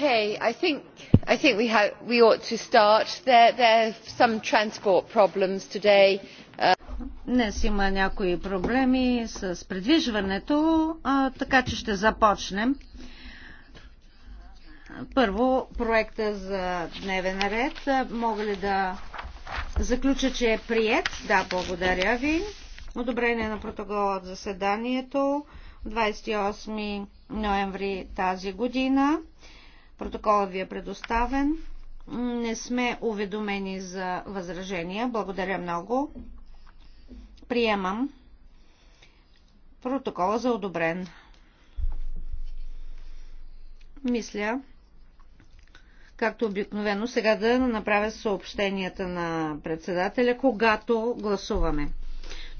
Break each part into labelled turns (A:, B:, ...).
A: I think, we, ought to start. There, are some transport problems today. Uh, Днес има някои проблеми с предвижването, така че ще започнем. Първо, проекта за дневен ред. Мога ли да заключа, че е прият? Да, благодаря ви. Одобрение на протокола от заседанието 28 ноември тази година. Протоколът ви е предоставен. Не сме уведомени за възражения. Благодаря много. Приемам протокола за одобрен. Мисля, както обикновено, сега да направя съобщенията на председателя, когато гласуваме.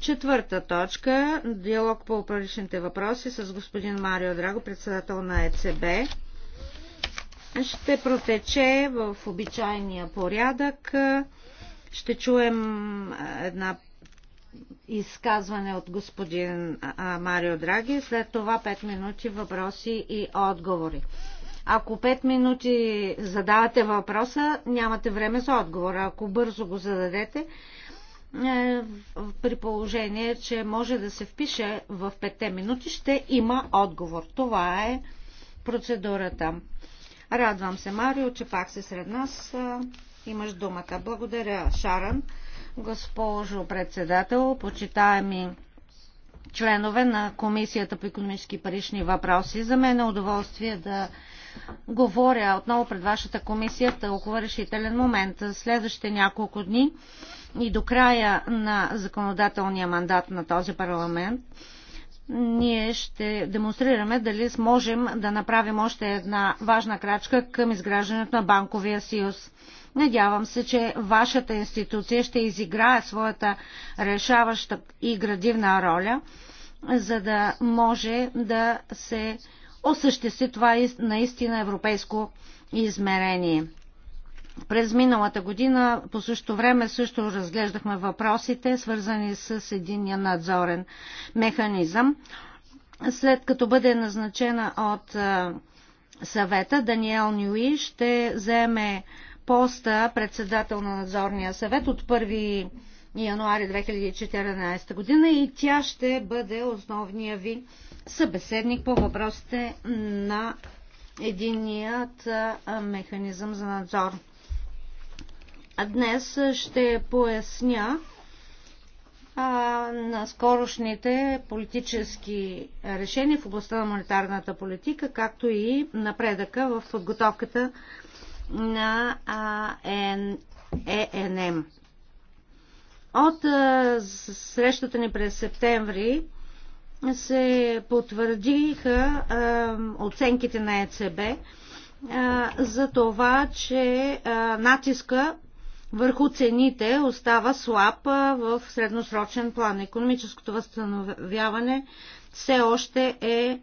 A: Четвърта точка – диалог по управличните въпроси с господин Марио Драго, председател на ЕЦБ ще протече в обичайния порядък. Ще чуем една изказване от господин Марио Драги, след това 5 минути въпроси и отговори. Ако 5 минути задавате въпроса, нямате време за отговор. Ако бързо го зададете, е, при положение, че може да се впише в 5 минути, ще има отговор. Това е процедурата. Радвам се, Марио, че пак си сред нас. Имаш думата. Благодаря, Шаран. Госпожо председател, почитаеми членове на Комисията по економически и парични въпроси. За мен е удоволствие да говоря отново пред вашата комисия в толкова решителен момент. Следващите няколко дни и до края на законодателния мандат на този парламент ние ще демонстрираме дали можем да направим още една важна крачка към изграждането на банковия съюз. Надявам се, че вашата институция ще изиграе своята решаваща и градивна роля, за да може да се осъществи това наистина европейско измерение. През миналата година по същото време също разглеждахме въпросите, свързани с единия надзорен механизъм. След като бъде назначена от съвета, Даниел Нюи ще заеме поста председател на надзорния съвет от 1 януари 2014 година и тя ще бъде основния ви събеседник по въпросите на единият механизъм за надзор. А Днес ще поясня на скорошните политически решения в областта на монетарната политика, както и напредъка в подготовката на ЕНМ. От срещата ни през септември се потвърдиха оценките на ЕЦБ за това, че натиска върху цените остава слаб в средносрочен план. Економическото възстановяване все още е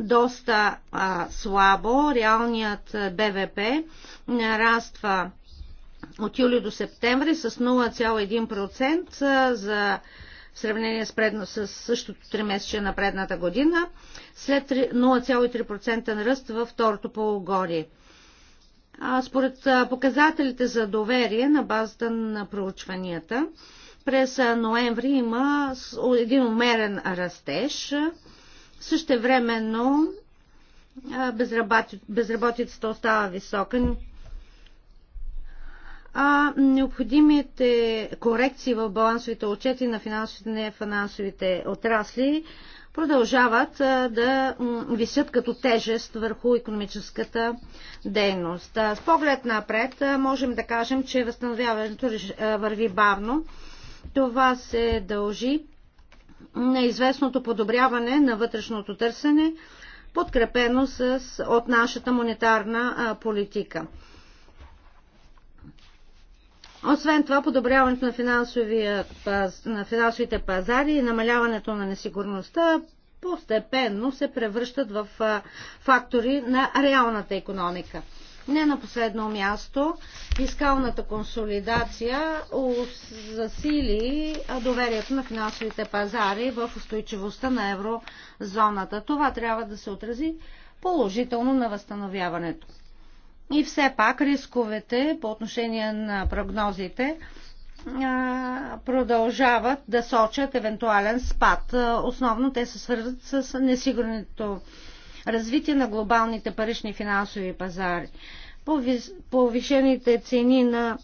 A: доста а, слабо. Реалният БВП нараства от юли до септември с 0,1% за в сравнение с, предно, с същото месече на предната година, след 0,3% на ръст във второто полугодие според показателите за доверие на базата на проучванията. През ноември има един умерен растеж. Същевременно безработицата остава висока. А необходимите корекции в балансовите отчети на финансовите и нефинансовите отрасли продължават да висят като тежест върху економическата дейност. С поглед напред можем да кажем, че възстановяването върви бавно. Това се дължи на известното подобряване на вътрешното търсене, подкрепено с, от нашата монетарна политика. Освен това, подобряването на, на финансовите пазари и намаляването на несигурността постепенно се превръщат в фактори на реалната економика. Не на последно място, фискалната консолидация засили доверието на финансовите пазари в устойчивостта на еврозоната. Това трябва да се отрази положително на възстановяването. И все пак рисковете по отношение на прогнозите продължават да сочат евентуален спад. Основно те се свързват с несигурното развитие на глобалните парични финансови пазари. Повишените цени на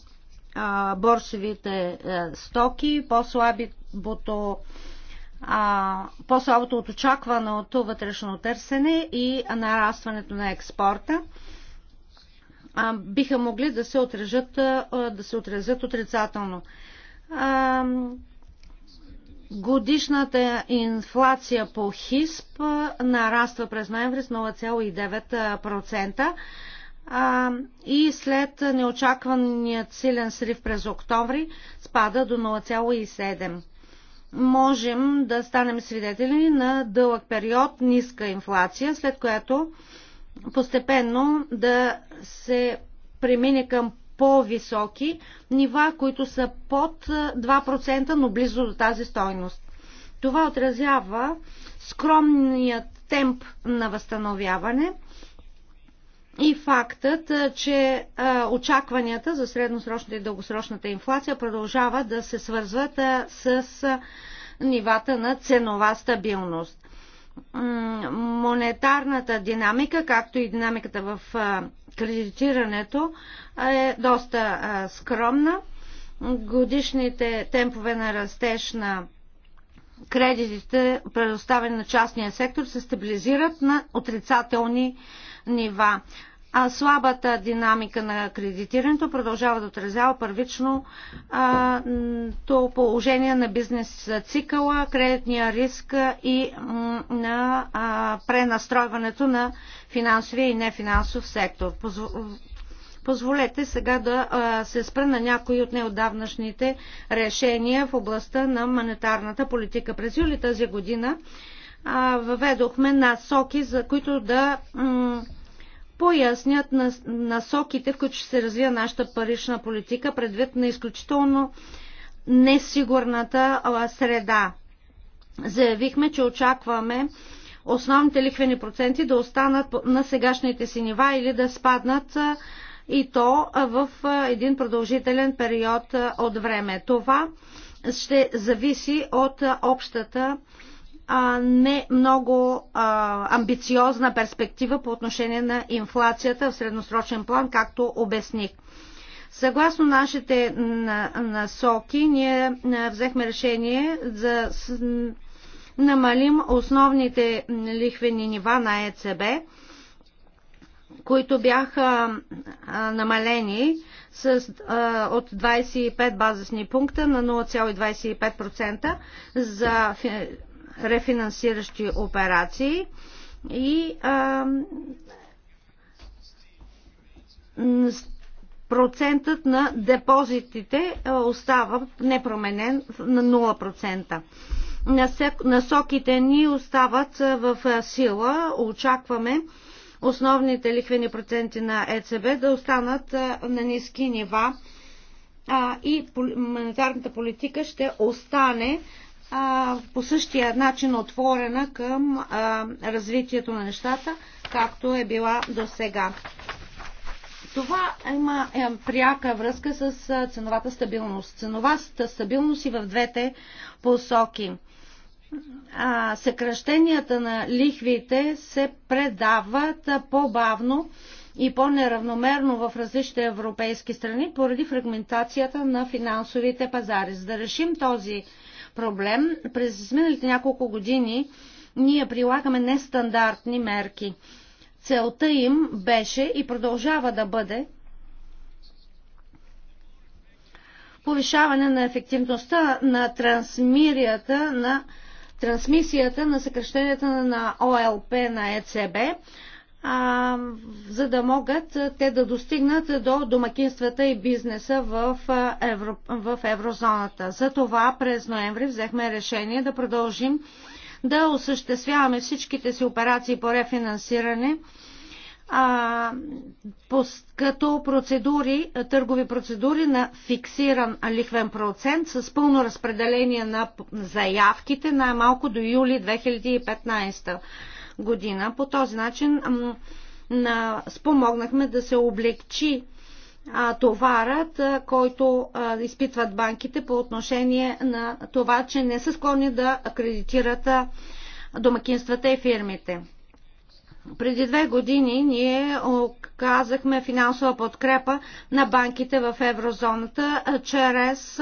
A: борсовите стоки, по-слабото по-слабото от очакваното вътрешно търсене и нарастването на експорта а, биха могли да се отрежат, а, да се отрежат отрицателно. А, годишната инфлация по ХИСП нараства през ноември с 0,9% и след неочакваният силен срив през октомври спада до 0,7. Можем да станем свидетели на дълъг период ниска инфлация, след което постепенно да се премине към по-високи нива, които са под 2%, но близо до тази стойност. Това отразява скромният темп на възстановяване и фактът, че очакванията за средносрочната и дългосрочната инфлация продължават да се свързват с нивата на ценова стабилност монетарната динамика, както и динамиката в кредитирането, е доста скромна. Годишните темпове на растеж на кредитите, предоставени на частния сектор, се стабилизират на отрицателни нива а слабата динамика на кредитирането продължава да отразява първично а, то положение на бизнес цикъла, кредитния риск и м, на а, пренастройването на финансовия и нефинансов сектор. Позволете сега да се спра на някои от неодавнашните решения в областта на монетарната политика. През юли тази година въведохме насоки, за които да пояснят насоките, в които ще се развие нашата парична политика, предвид на изключително несигурната среда. Заявихме, че очакваме основните лихвени проценти да останат на сегашните си нива или да спаднат и то в един продължителен период от време. Това ще зависи от общата не много а, амбициозна перспектива по отношение на инфлацията в средносрочен план, както обясних. Съгласно нашите насоки, ние взехме решение да намалим основните лихвени нива на ЕЦБ, които бяха намалени с, а, от 25 базисни пункта на 0,25% за рефинансиращи операции и процентът на депозитите остава непроменен на 0%. Насоките ни остават в сила. Очакваме основните лихвени проценти на ЕЦБ да останат на ниски нива и монетарната политика ще остане а, по същия начин отворена към а, развитието на нещата, както е била до сега. Това има е, пряка връзка с ценовата стабилност. Ценовата стабилност и в двете посоки. А, съкръщенията на лихвите се предават по-бавно и по-неравномерно в различните европейски страни поради фрагментацията на финансовите пазари. За да решим този проблем. През изминалите няколко години ние прилагаме нестандартни мерки. Целта им беше и продължава да бъде повишаване на ефективността на трансмирията на трансмисията на съкрещенията на ОЛП на ЕЦБ, а, за да могат те да достигнат до домакинствата и бизнеса в, евро, в еврозоната. За това през ноември взехме решение да продължим да осъществяваме всичките си операции по рефинансиране а, по, като процедури, търгови процедури на фиксиран лихвен процент с пълно разпределение на заявките най-малко до юли 2015 година. По този начин на, спомогнахме да се облегчи а, товарът, а, който а, изпитват банките по отношение на това, че не са склонни да акредитират а, домакинствата и фирмите. Преди две години ние оказахме финансова подкрепа на банките в еврозоната чрез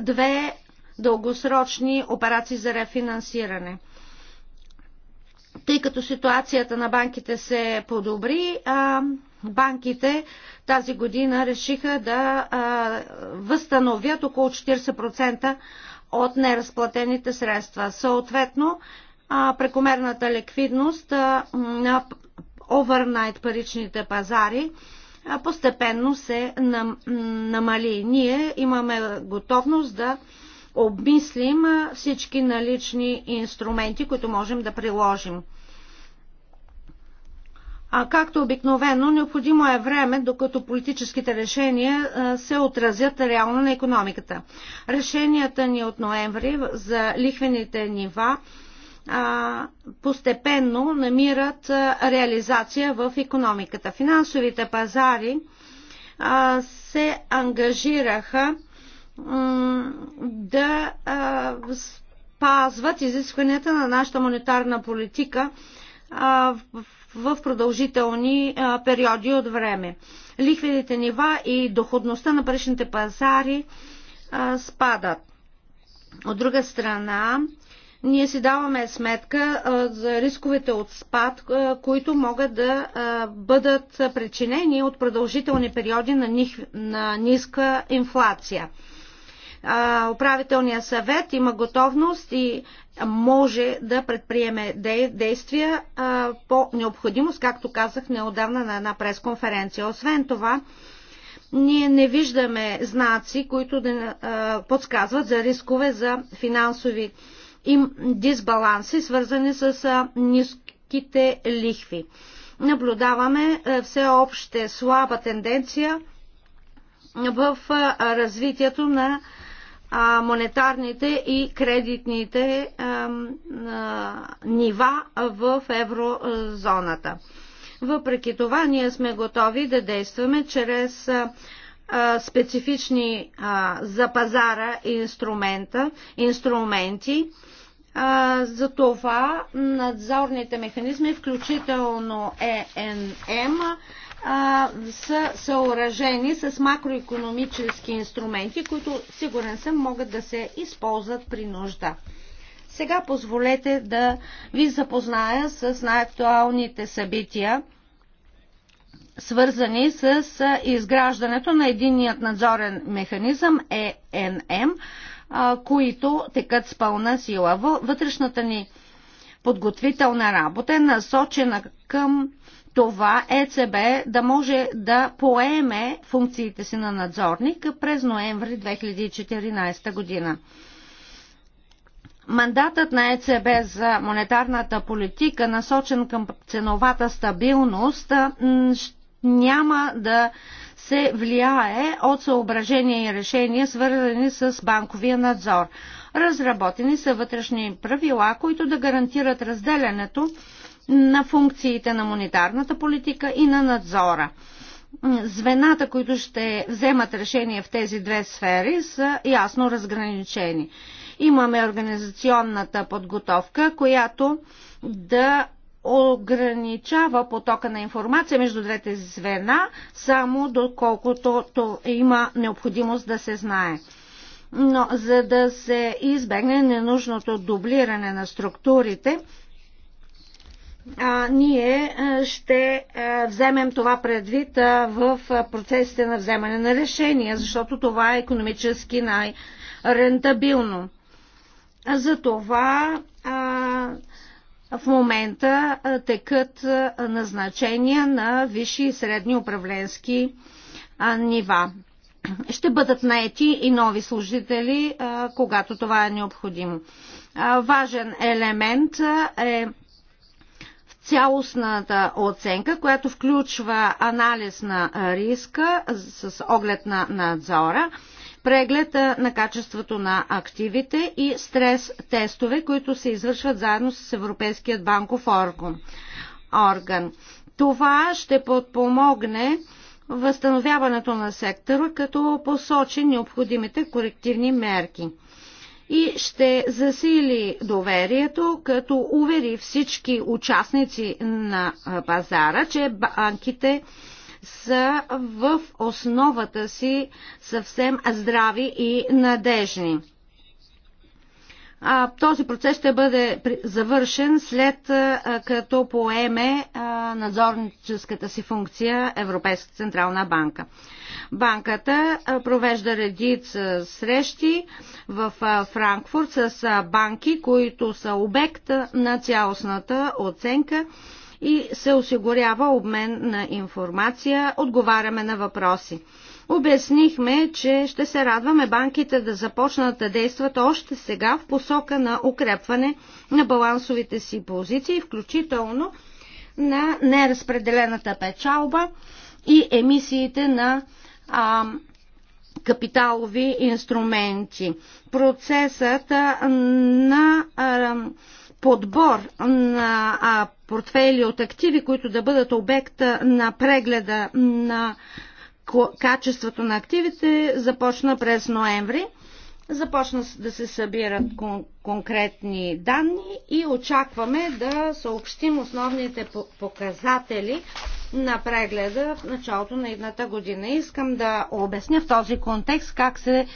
A: две дългосрочни операции за рефинансиране тъй като ситуацията на банките се подобри, а, банките тази година решиха да а, възстановят около 40% от неразплатените средства. Съответно, а, прекомерната ликвидност а, на овернайт паричните пазари а, постепенно се нам, намали. Ние имаме готовност да обмислим всички налични инструменти, които можем да приложим. А както обикновено, необходимо е време, докато политическите решения се отразят реално на економиката. Решенията ни от ноември за лихвените нива постепенно намират реализация в економиката. Финансовите пазари се ангажираха да спазват изискванията на нашата монетарна политика в продължителни периоди от време. Лихвените нива и доходността на паричните пазари спадат. От друга страна, ние си даваме сметка за рисковете от спад, които могат да бъдат причинени от продължителни периоди на ниска инфлация управителния съвет има готовност и може да предприеме действия по необходимост, както казах неодавна на една пресконференция. Освен това, ние не виждаме знаци, които да подсказват за рискове за финансови им дисбаланси, свързани с ниските лихви. Наблюдаваме все още слаба тенденция в развитието на а, монетарните и кредитните а, а, нива в еврозоната. Въпреки това, ние сме готови да действаме чрез специфични за пазара инструмента, инструменти. за това надзорните механизми, включително ЕНМ, а, са съоръжени с макроекономически инструменти, които сигурен съм могат да се използват при нужда. Сега позволете да ви запозная с най-актуалните събития, свързани с изграждането на единният надзорен механизъм е ЕНМ, които текат с пълна сила. Вътрешната ни подготвителна работа е насочена към това ЕЦБ да може да поеме функциите си на надзорник през ноември 2014 година. Мандатът на ЕЦБ за монетарната политика, насочен към ценовата стабилност, няма да се влияе от съображения и решения, свързани с банковия надзор. Разработени са вътрешни правила, които да гарантират разделянето на функциите на монетарната политика и на надзора. Звената, които ще вземат решение в тези две сфери, са ясно разграничени. Имаме организационната подготовка, която да ограничава потока на информация между двете звена, само доколкото то има необходимост да се знае. Но за да се избегне ненужното дублиране на структурите, а, ние ще а, вземем това предвид а, в процесите на вземане на решения, защото това е економически най-рентабилно. Затова в момента текат назначения на висши и средни управленски нива. Ще бъдат наети и нови служители, когато това е необходимо. Важен елемент е цялостната оценка, която включва анализ на риска с оглед на надзора, преглед на качеството на активите и стрес тестове, които се извършват заедно с Европейският банков орган. Това ще подпомогне възстановяването на сектора, като посочи необходимите корективни мерки и ще засили доверието, като увери всички участници на пазара, че банките са в основата си съвсем здрави и надежни. А, този процес ще бъде завършен след а, като поеме а, надзорническата си функция Европейска централна банка. Банката а, провежда редица срещи в а, Франкфурт с а, банки, които са обект на цялостната оценка и се осигурява обмен на информация. Отговаряме на въпроси. Обяснихме, че ще се радваме банките да започнат да действат още сега в посока на укрепване на балансовите си позиции, включително на неразпределената печалба и емисиите на а, капиталови инструменти. Процесът на а, подбор на а, портфели от активи, които да бъдат обекта на прегледа на качеството на активите започна през ноември. Започна да се събират кон- конкретни данни и очакваме да съобщим основните показатели на прегледа в началото на едната година. Искам да обясня в този контекст как се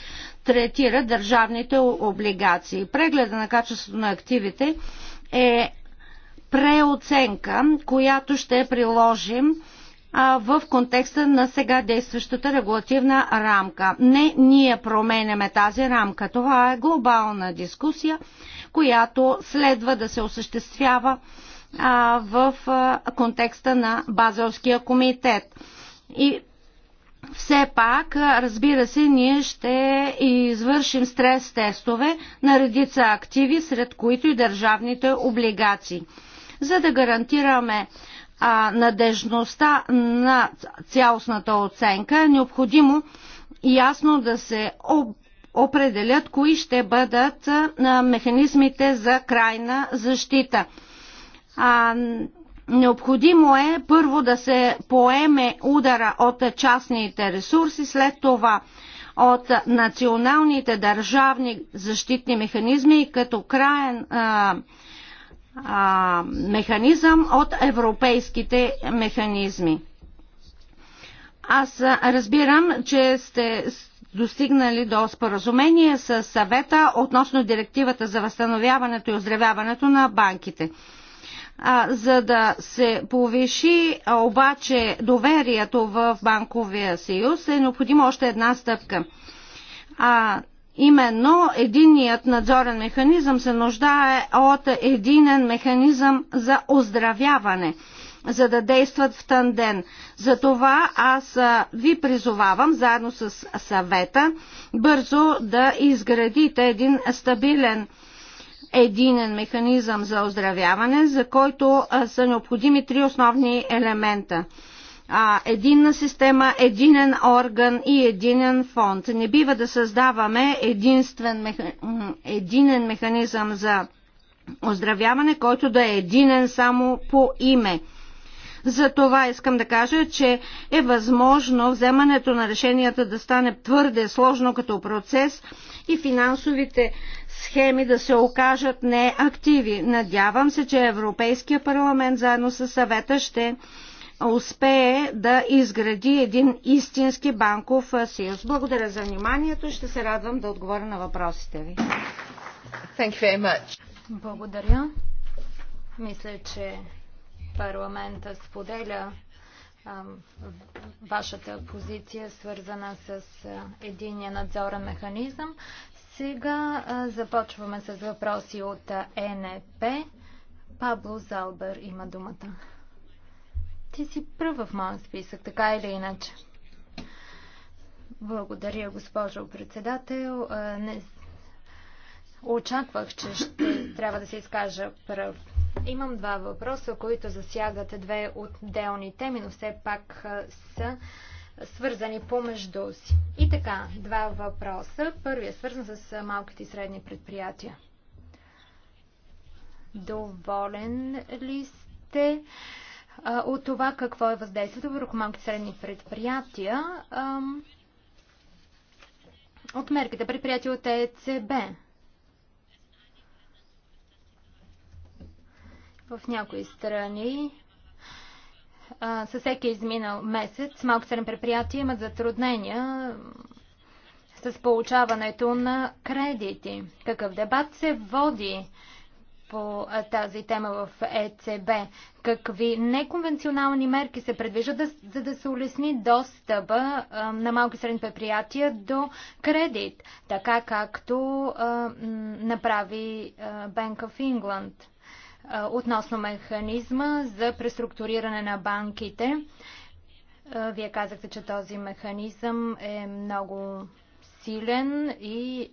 A: третират държавните облигации. Прегледа на качеството на активите е преоценка, която ще приложим в контекста на сега действащата регулативна рамка. Не ние променяме тази рамка. Това е глобална дискусия, която следва да се осъществява в контекста на Базелския комитет. И все пак, разбира се, ние ще извършим стрес тестове на редица активи, сред които и държавните облигации, за да гарантираме а, надежността на цялостната оценка, е необходимо ясно да се об определят кои ще бъдат механизмите за крайна защита. А, необходимо е първо да се поеме удара от частните ресурси, след това от националните държавни защитни механизми като крайен а, а, механизъм от европейските механизми. Аз разбирам, че сте достигнали до споразумение с съвета относно директивата за възстановяването и оздравяването на банките. А, за да се повиши а, обаче доверието в банковия съюз е необходимо още една стъпка. А, Именно единият надзорен механизъм се нуждае от единен механизъм за оздравяване за да действат в танден. Затова аз ви призовавам, заедно с съвета, бързо да изградите един стабилен единен механизъм за оздравяване, за който са необходими три основни елемента а, единна система, единен орган и единен фонд. Не бива да създаваме единствен меха... единен механизъм за оздравяване, който да е единен само по име. За това искам да кажа, че е възможно вземането на решенията да стане твърде сложно като процес и финансовите схеми да се окажат неактиви. Надявам се, че Европейския парламент заедно с съвета ще успее да изгради един истински банков съюз. Благодаря за вниманието. Ще се радвам да отговоря на въпросите ви. Thank you very much. Благодаря.
B: Мисля, че парламента споделя вашата позиция, свързана с единия надзорен механизъм. Сега започваме с въпроси от ЕНП. Пабло Залбер има думата. Ти си пръв в моят списък, така или иначе. Благодаря, госпожо председател. Не... Очаквах, че ще трябва да се изкажа пръв. Имам два въпроса, които засягат две отделни теми, но все пак са свързани помежду си. И така, два въпроса. Първият е свързан с малките и средни предприятия. Доволен ли сте? от това какво е въздействието върху малки средни предприятия от мерките предприятия от ЕЦБ. В някои страни със всеки изминал месец малки средни предприятия имат затруднения с получаването на кредити. Какъв дебат се води? по тази тема в ЕЦБ. Какви неконвенционални мерки се предвиждат, да, за да се улесни достъпа а, на малки средни предприятия до кредит, така както а, направи а, Bank of England относно механизма за преструктуриране на банките. Вие казахте, че този механизъм е много силен и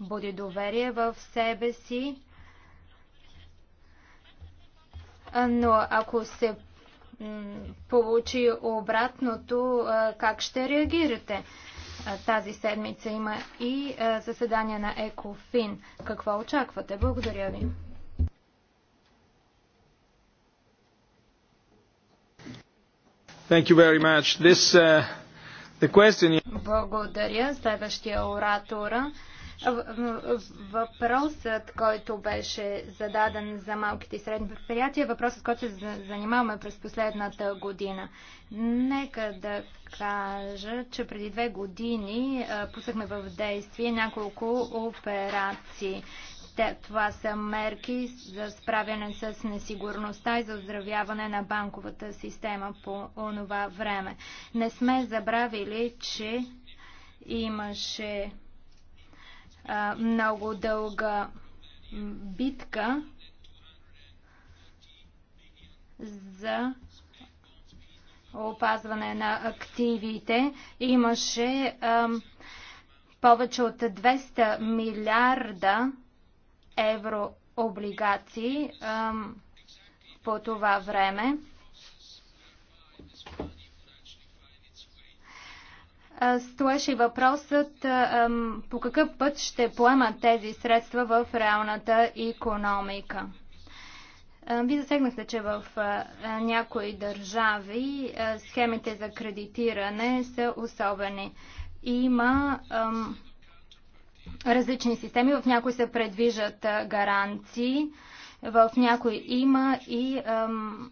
B: буди доверие в себе си но ако се получи обратното, как ще реагирате? Тази седмица има и заседание на ЕКОФИН. Какво очаквате? Благодаря ви.
C: Thank you very much. This, uh, the question...
B: Благодаря. Следващия оратора. Въпросът, който беше зададен за малките и средни предприятия, е въпросът, който се занимаваме през последната година. Нека да кажа, че преди две години пуснахме в действие няколко операции. Това са мерки за справяне с несигурността и за оздравяване на банковата система по онова време. Не сме забравили, че имаше много дълга битка за опазване на активите. Имаше повече от 200 милиарда евро облигации по това време. стоеше въпросът по какъв път ще поемат тези средства в реалната економика. Вие засегнахте, че в някои държави схемите за кредитиране са особени. Има различни системи, в някои се предвижат гаранции, в някои има и ам,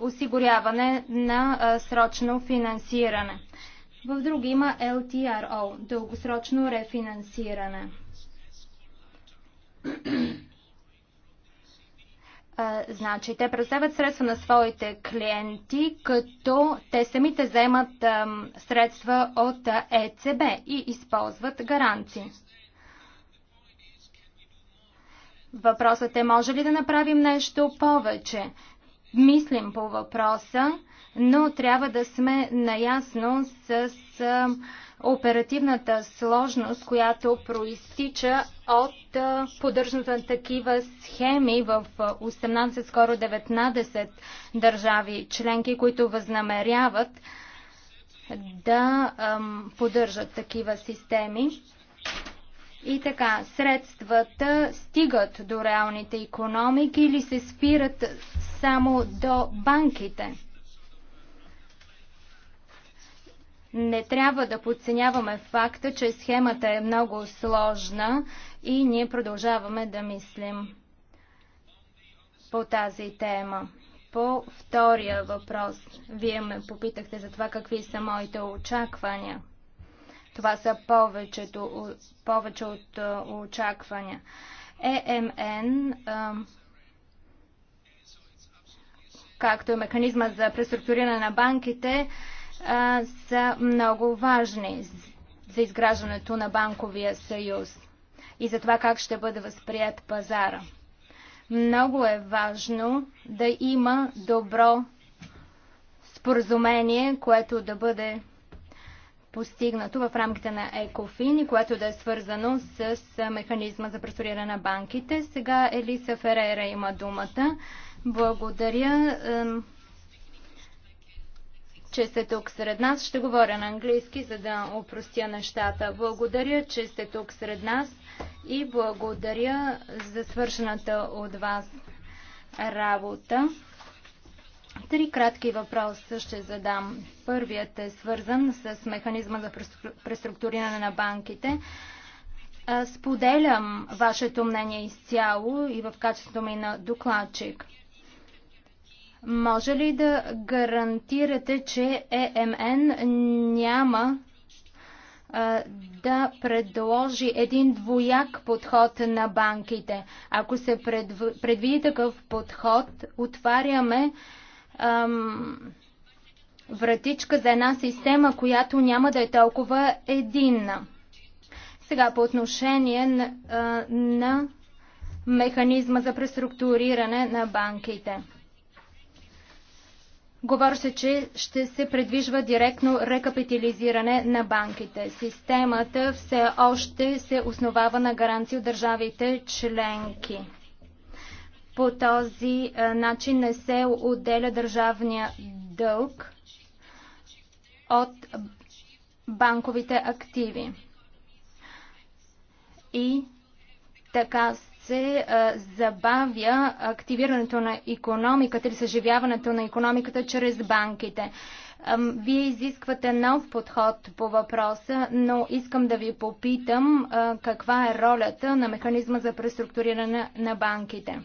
B: осигуряване на срочно финансиране. В други има LTRO, дългосрочно рефинансиране. значи, те представят средства на своите клиенти, като те самите вземат средства от ЕЦБ и използват гаранции. Въпросът е, може ли да направим нещо повече? мислим по въпроса, но трябва да сме наясно с оперативната сложност, която проистича от поддържането на такива схеми в 18, скоро 19 държави членки, които възнамеряват да поддържат такива системи. И така, средствата стигат до реалните економики или се спират само до банките. Не трябва да подценяваме факта, че схемата е много сложна и ние продължаваме да мислим по тази тема. По втория въпрос, вие ме попитахте за това какви са моите очаквания. Това са повечето, повече от очаквания. ЕМН както и механизма за преструктуриране на банките, са много важни за изграждането на банковия съюз и за това как ще бъде възприят пазара. Много е важно да има добро споразумение, което да бъде постигнато в рамките на ЕКОФИН и което да е свързано с механизма за преструктуриране на банките. Сега Елиса Ферера има думата. Благодаря, че сте тук сред нас. Ще говоря на английски, за да упростя нещата. Благодаря, че сте тук сред нас и благодаря за свършената от вас работа. Три кратки въпроса ще задам. Първият е свързан с механизма за преструктуриране на банките. Споделям вашето мнение изцяло и в качеството ми на докладчик. Може ли да гарантирате, че е ЕМН няма а, да предложи един двояк подход на банките? Ако се предв... предвиди такъв подход, отваряме ам, вратичка за една система, която няма да е толкова единна. Сега по отношение на, а, на механизма за преструктуриране на банките. Говореше, се, че ще се предвижва директно рекапитализиране на банките. Системата все още се основава на гаранции от държавите членки. По този начин не се отделя държавния дълг от банковите активи. И така се забавя активирането на економиката или съживяването на економиката чрез банките. вие изисквате нов подход по въпроса, но искам да ви попитам каква е ролята на механизма за преструктуриране на банките.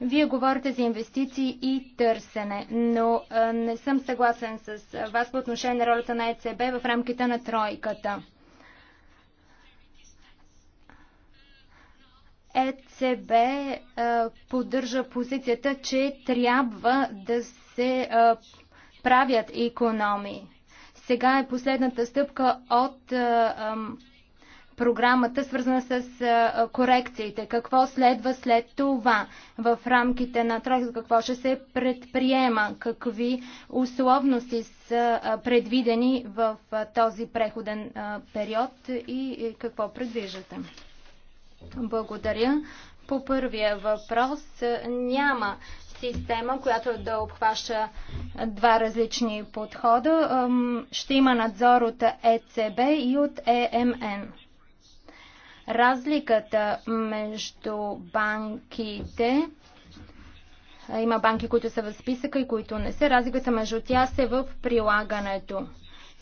B: Вие говорите за инвестиции и търсене, но не съм съгласен с вас по отношение на ролята на ЕЦБ в рамките на тройката. ЕЦБ е, поддържа позицията, че трябва да се е, правят економии. Сега е последната стъпка от е, програмата, свързана с корекциите. Какво следва след това в рамките на тройка? Какво ще се предприема? Какви условности са предвидени в този преходен период и какво предвиждате? Благодаря. По първия въпрос няма система, която да обхваща два различни подхода. Ще има надзор от ЕЦБ и от е ЕМН. Разликата между банките има банки, които са в списъка и които не са. Разликата между тях е в прилагането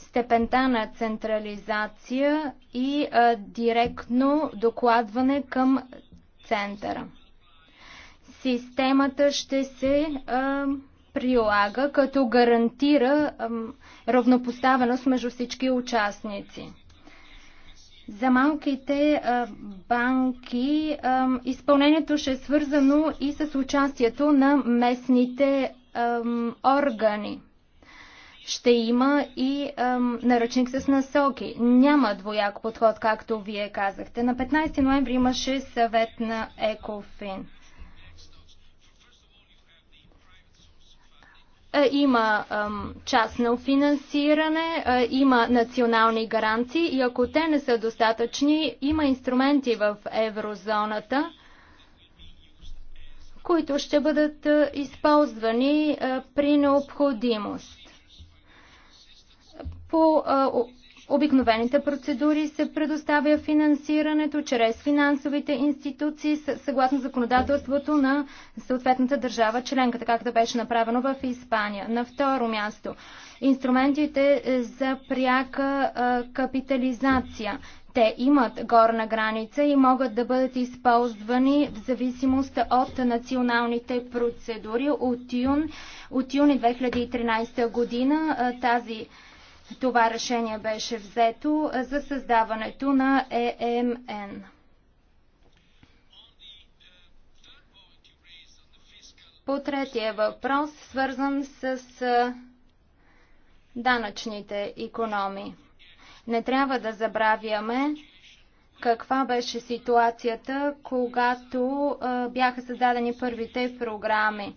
B: степента на централизация и а, директно докладване към центъра. Системата ще се а, прилага, като гарантира а, равнопоставеност между всички участници. За малките а, банки а, изпълнението ще е свързано и с участието на местните а, органи ще има и ем, наръчник с насоки. Няма двояк подход, както вие казахте. На 15 ноември имаше съвет на ЕКОФИН. Е, има ам, частно финансиране, е, има национални гаранции и ако те не са достатъчни, има инструменти в еврозоната които ще бъдат е, използвани е, при необходимост. По а, обикновените процедури се предоставя финансирането чрез финансовите институции съгласно законодателството на съответната държава членка, така както беше направено в Испания. На второ място, инструментите е, за пряка а, капитализация. Те имат горна граница и могат да бъдат използвани в зависимост от националните процедури. От юни, от юни 2013 година тази това решение беше взето за създаването на ЕМН. По третия въпрос, свързан с данъчните економи. Не трябва да забравяме каква беше ситуацията, когато бяха създадени първите програми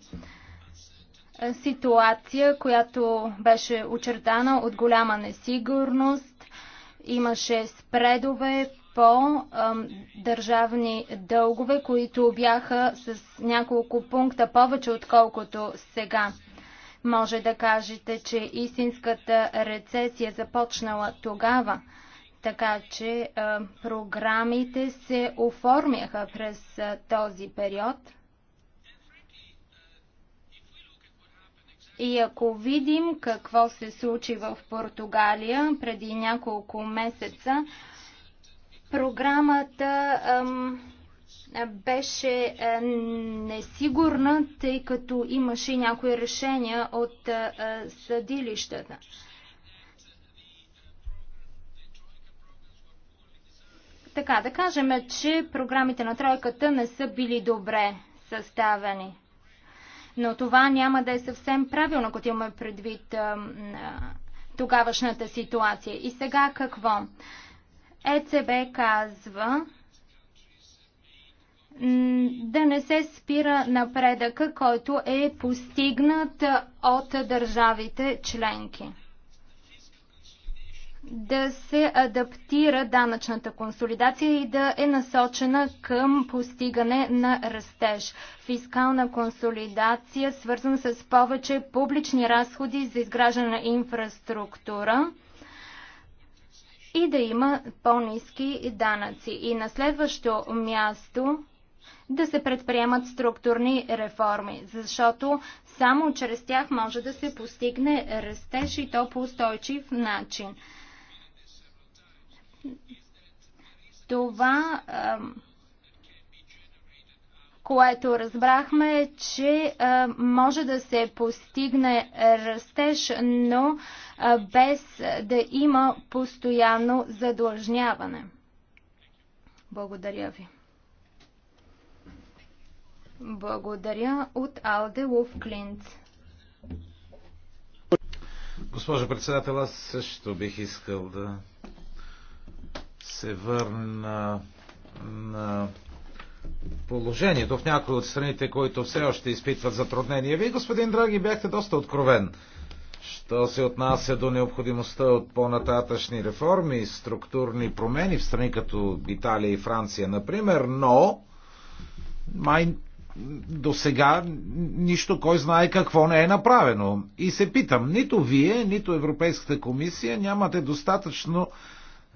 B: ситуация, която беше очертана от голяма несигурност. Имаше спредове по държавни дългове, които бяха с няколко пункта повече, отколкото сега. Може да кажете, че истинската рецесия започнала тогава, така че а, програмите се оформяха през а, този период. И ако видим какво се случи в Португалия преди няколко месеца, програмата ам, беше а, е, несигурна, тъй като имаше някои решения от а, е, е, съдилищата. Така, да кажем, че програмите на тройката не са били добре съставени. Но това няма да е съвсем правилно, като имаме предвид тогавашната ситуация. И сега какво? ЕЦБ казва да не се спира напредъка, който е постигнат от държавите членки да се адаптира данъчната консолидация и да е насочена към постигане на растеж. Фискална консолидация, свързана с повече публични разходи за изграждане на инфраструктура и да има по-низки данъци. И на следващо място да се предприемат структурни реформи, защото само чрез тях може да се постигне растеж и то по устойчив начин. Това, което разбрахме, е, че може да се постигне растеж, но без да има постоянно задлъжняване. Благодаря ви. Благодаря от Алде Луф Клинц.
D: Госпожо председател, аз също бих искал да се върна на положението в някои от страните, които все още изпитват затруднения. Вие, господин Драги, бяхте доста откровен. Що се отнася до необходимостта от по-нататъчни реформи, структурни промени в страни като Италия и Франция, например, но май до сега нищо кой знае какво не е направено. И се питам, нито вие, нито Европейската комисия нямате достатъчно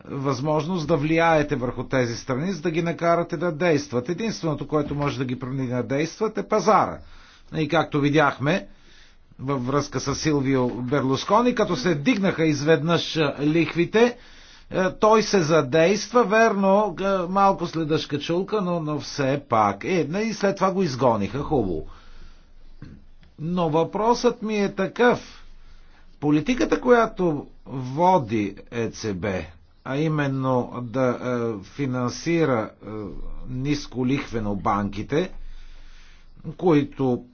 D: възможност да влияете върху тези страни, за да ги накарате да действат. Единственото, което може да ги принуди да действат е пазара. И както видяхме във връзка с Силвио Берлускони, като се дигнаха изведнъж лихвите, е, той се задейства, верно, е, малко след чулка, но, но все пак. Е, и след това го изгониха, хубаво. Но въпросът ми е такъв. Политиката, която води ЕЦБ, а именно да е, финансира е, ниско лихвено банките, които,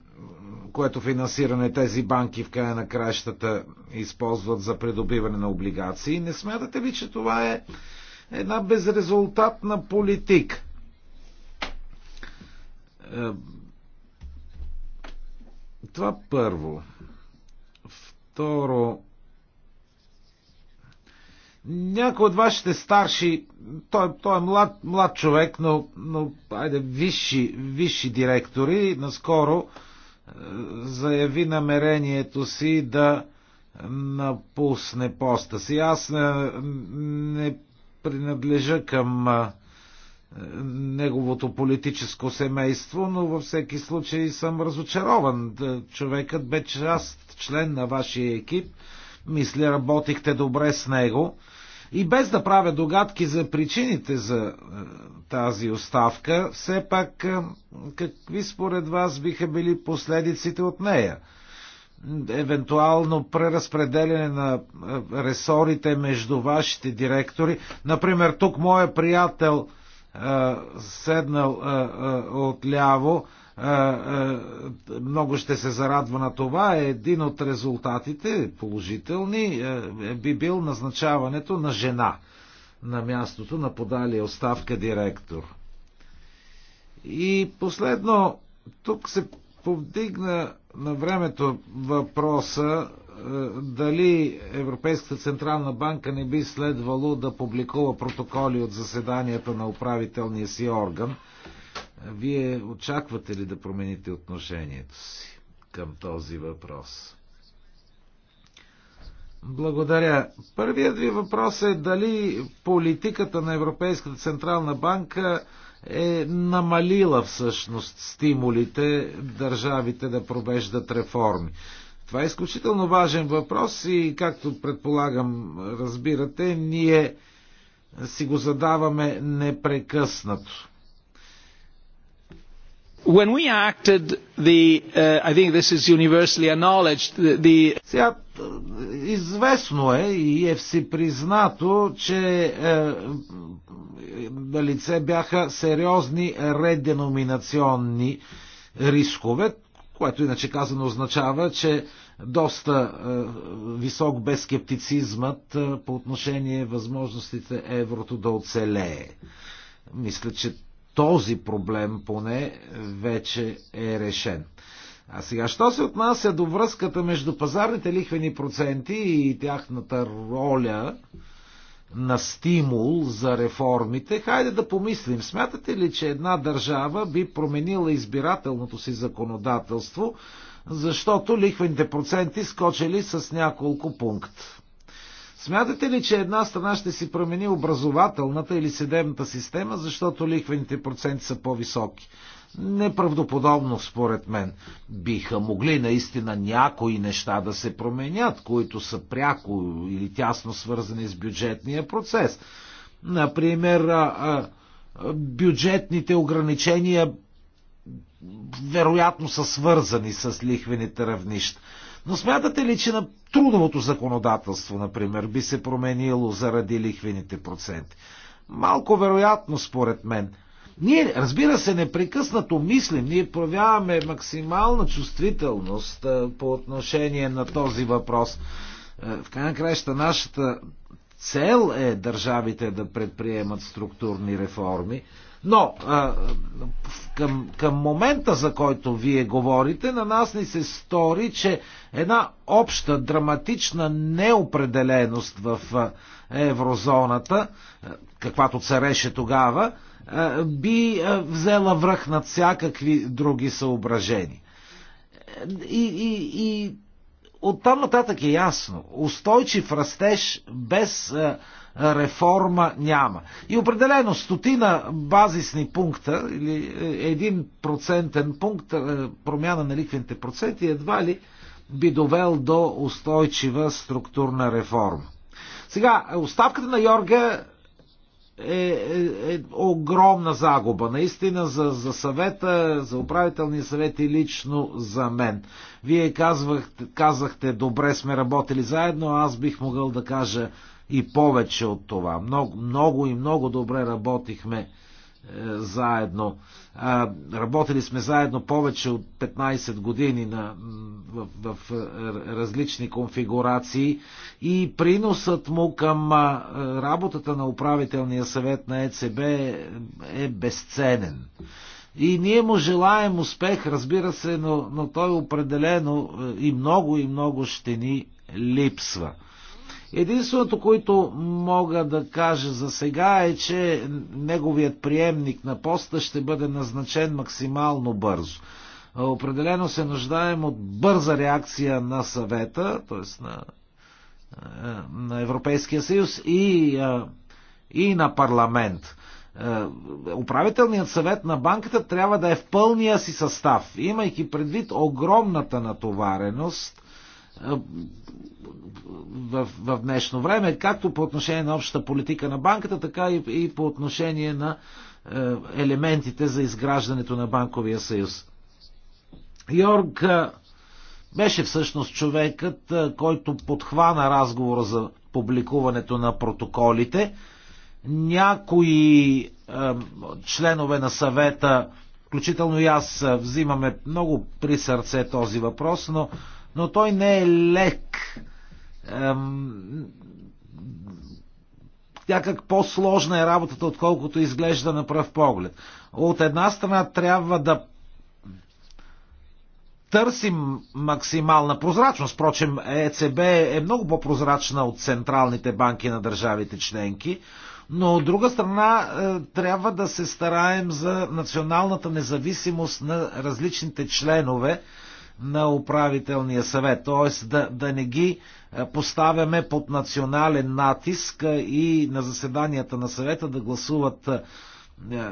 D: което финансиране тези банки в края на кращата използват за придобиване на облигации. Не смятате ли, че това е една безрезултатна политика? Е, това първо. Второ, някой от вашите старши, той, той е млад, млад човек, но, но айде, висши, висши директори, наскоро е, заяви намерението си да напусне поста си. Аз не, не принадлежа към е, неговото политическо семейство, но във всеки случай съм разочарован. Е, човекът бе част, член на вашия екип. Мисля, работихте добре с него и без да правя догадки за причините за е, тази оставка, все пак е, какви според вас биха били последиците от нея? евентуално преразпределяне на е, ресорите между вашите директори. Например, тук моя приятел седнал отляво е, е, много ще се зарадва на това. Един от резултатите, положителни, е, би бил назначаването на жена на мястото на подалия оставка директор. И последно, тук се повдигна на времето въпроса дали Европейската Централна банка не би следвало да публикува протоколи от заседанията на управителния си орган – вие очаквате ли да промените отношението си към този въпрос? Благодаря. Първият ви въпрос е дали политиката на Европейската Централна банка е намалила всъщност стимулите държавите да провеждат реформи. Това е изключително важен въпрос и, както предполагам, разбирате, ние си го задаваме непрекъснато. When we acted, the, uh, I think this is universally acknowledged, the, the... Сега, известно е и е всепризнато, че е, на лице бяха сериозни реденоминационни рискове, което иначе казано означава, че доста е, висок бе скептицизмът е, по отношение възможностите еврото да оцелее. Мисля, че този проблем поне вече е решен. А сега, що се отнася до връзката между пазарните лихвени проценти и тяхната роля на стимул за реформите, хайде да помислим. Смятате ли, че една държава би променила избирателното си законодателство, защото лихвените проценти скочили с няколко пункт? Смятате ли, че една страна ще си промени образователната или съдебната система, защото лихвените проценти са по-високи? Неправдоподобно, според мен. Биха могли наистина някои неща да се променят, които са пряко или тясно свързани с бюджетния процес. Например, бюджетните ограничения вероятно са свързани с лихвените равнища. Но смятате ли, че на трудовото законодателство, например, би се променило заради лихвените проценти? Малко вероятно, според мен. Ние, разбира се, непрекъснато мислим, ние проявяваме максимална чувствителност по отношение на този въпрос. В крайна краища нашата цел е държавите да предприемат структурни реформи, но а, към, към момента, за който вие говорите, на нас ни се стори, че една обща драматична неопределеност в еврозоната, каквато цареше тогава, би взела връх над всякакви други съображения. И, и, и оттам нататък е ясно. Устойчив растеж без реформа няма. И определено стотина базисни пункта или е, един процентен пункт е, промяна на ликвените проценти едва ли би довел до устойчива структурна реформа. Сега, оставката на Йорга е, е, е огромна загуба, наистина, за, за съвета, за управителния съвет и лично за мен. Вие казвахте, казахте, добре сме работили заедно, аз бих могъл да кажа и повече от това. Много, много и много добре работихме е, заедно. Е, работили сме заедно повече от 15 години на, в, в, в е, различни конфигурации и приносът му към е, работата на управителния съвет на ЕЦБ е, е безценен. И ние му желаем успех, разбира се, но, но той определено е, и много и много ще ни липсва. Единственото, което мога да кажа за сега е, че неговият приемник на поста ще бъде назначен максимално бързо. Определено се нуждаем от бърза реакция на съвета, т.е. На, на Европейския съюз и, и на парламент управителният съвет на банката трябва да е в пълния си състав, имайки предвид огромната натовареност в, в днешно време, както по отношение на общата политика на банката, така и, и по отношение на е, елементите за изграждането на банковия съюз. Йорг е, беше всъщност човекът, е, който подхвана разговора за публикуването на протоколите. Някои е, членове на съвета, включително и аз, е, взимаме много при сърце този въпрос, но е, но той не е лек. Ем, по-сложна е работата, отколкото изглежда на пръв поглед. От една страна трябва да търсим максимална прозрачност. Впрочем, ЕЦБ е много по-прозрачна от централните банки на държавите членки, но от друга страна е, трябва да се стараем за националната независимост на различните членове на управителния съвет. Т.е. Да, да не ги е, поставяме под национален натиск е, и на заседанията на съвета да гласуват е,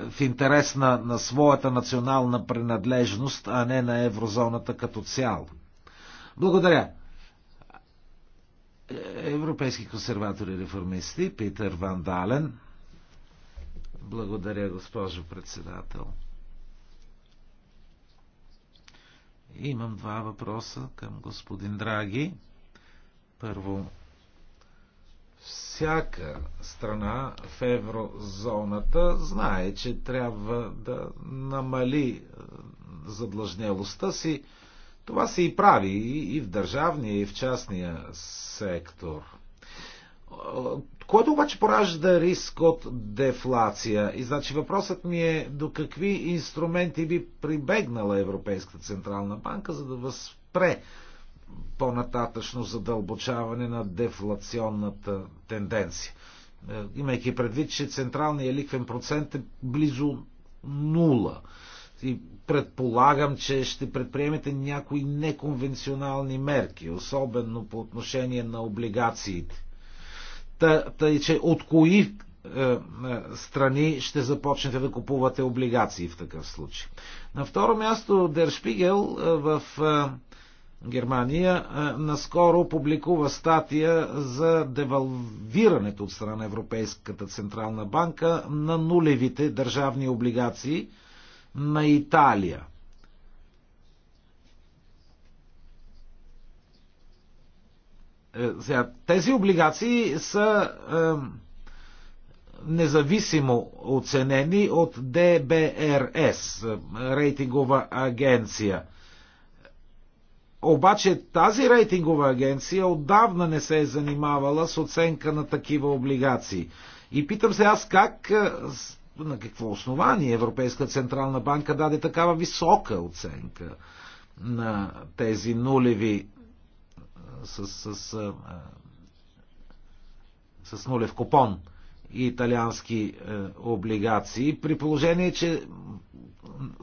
D: в интерес на, на своята национална принадлежност, а не на еврозоната като цяло. Благодаря. Европейски консерватори и реформисти, Питер Ван Дален. Благодаря, госпожо председател. Имам два въпроса към господин Драги. Първо, всяка страна в еврозоната знае, че трябва да намали е, задлъжнялостта си. Това се и прави и в държавния, и в частния сектор. Е, което обаче поражда риск от дефлация. И значи въпросът ми е до какви инструменти би прибегнала Европейската Централна банка, за да възпре по-нататъчно задълбочаване на дефлационната тенденция. Е, имайки предвид, че централният ликвен процент е близо нула. И предполагам, че ще предприемете някои неконвенционални мерки, особено по отношение на облигациите тъй, че от кои е, е, страни ще започнете да купувате облигации в такъв случай. На второ място Дершпигел в е, Германия наскоро публикува статия за девалвирането от страна на Европейската централна банка на нулевите държавни облигации на Италия – Е, тези облигации са е, независимо оценени от ДБРС, рейтингова агенция. Обаче тази рейтингова агенция отдавна не се е занимавала с оценка на такива облигации. И питам се аз как, е, на какво основание Европейска Централна банка даде такава висока оценка на тези нулеви с, с, с, с нулев купон и италиански е, облигации, при положение, че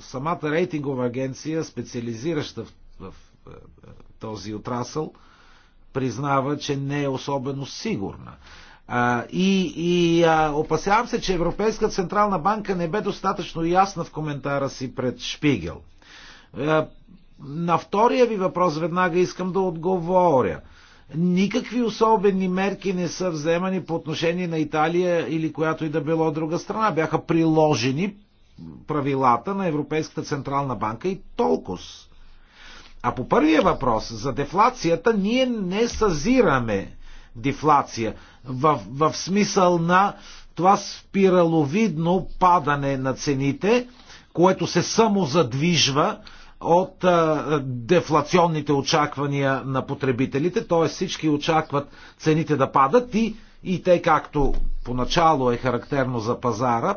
D: самата рейтингова агенция, специализираща в, в, в е, този отрасъл, признава, че не е особено сигурна. А, и и а, опасявам се, че Европейска централна банка не бе достатъчно ясна в коментара си пред Шпигел. Е, на втория ви въпрос веднага искам да отговоря. Никакви особени мерки не са вземани по отношение на Италия или която и да било друга страна. Бяха приложени правилата на Европейската централна банка и толкова. А по първия въпрос за дефлацията ние не съзираме дефлация в, в смисъл на това спираловидно падане на цените, което се самозадвижва от дефлационните очаквания на потребителите, т.е. всички очакват цените да падат и, и те, както поначало е характерно за пазара,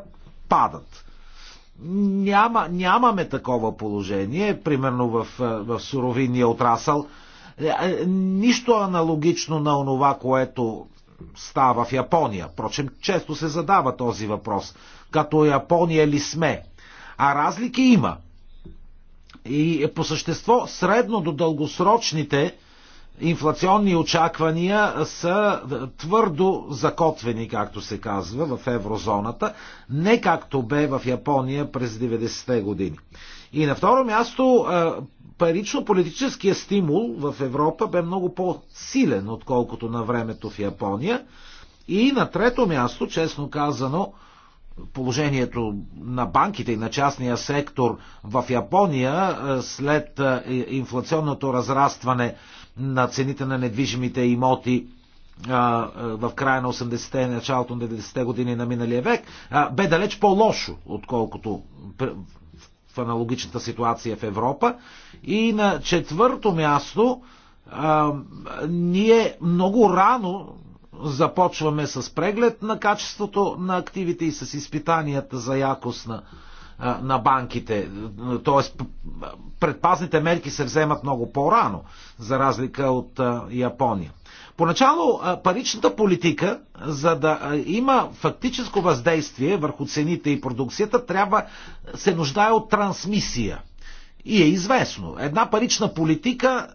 D: падат. Няма, нямаме такова положение, примерно в, в суровинния отрасъл. Е, е, нищо аналогично на онова, което става в Япония. Впрочем, често се задава този въпрос. Като Япония ли сме? А разлики има. И е по същество средно до дългосрочните инфлационни очаквания са е, твърдо закотвени, както се казва, в еврозоната, не както бе в Япония през 90-те години. И на второ място, е, парично-политическия стимул в Европа бе много по-силен, отколкото на времето в Япония. И на трето място, честно казано, положението на банките и на частния сектор в Япония е, след е, инфлационното разрастване на цените на недвижимите имоти е, в края на 80-те и началото на 90-те години на миналия век, бе далеч по-лошо, отколкото в аналогичната ситуация в Европа. И на четвърто място, ние много рано започваме с преглед на качеството на активите и с изпитанията за якост на, на банките. Тоест, предпазните мерки се вземат много по-рано, за разлика от Япония. Поначало паричната политика, за да има фактическо въздействие върху цените и продукцията, трябва се нуждае от трансмисия. И е известно. Една парична политика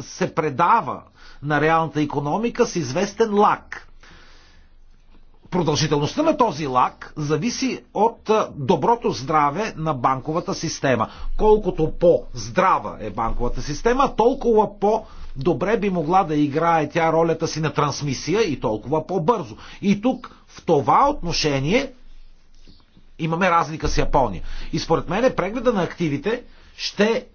D: се предава на реалната економика с известен лак. Продължителността на този лак зависи от доброто здраве на банковата система. Колкото по-здрава е банковата система, толкова по- добре би могла да играе тя ролята си на трансмисия и толкова по-бързо. И тук в това отношение имаме разлика с Япония. И според мен прегледа на активите ще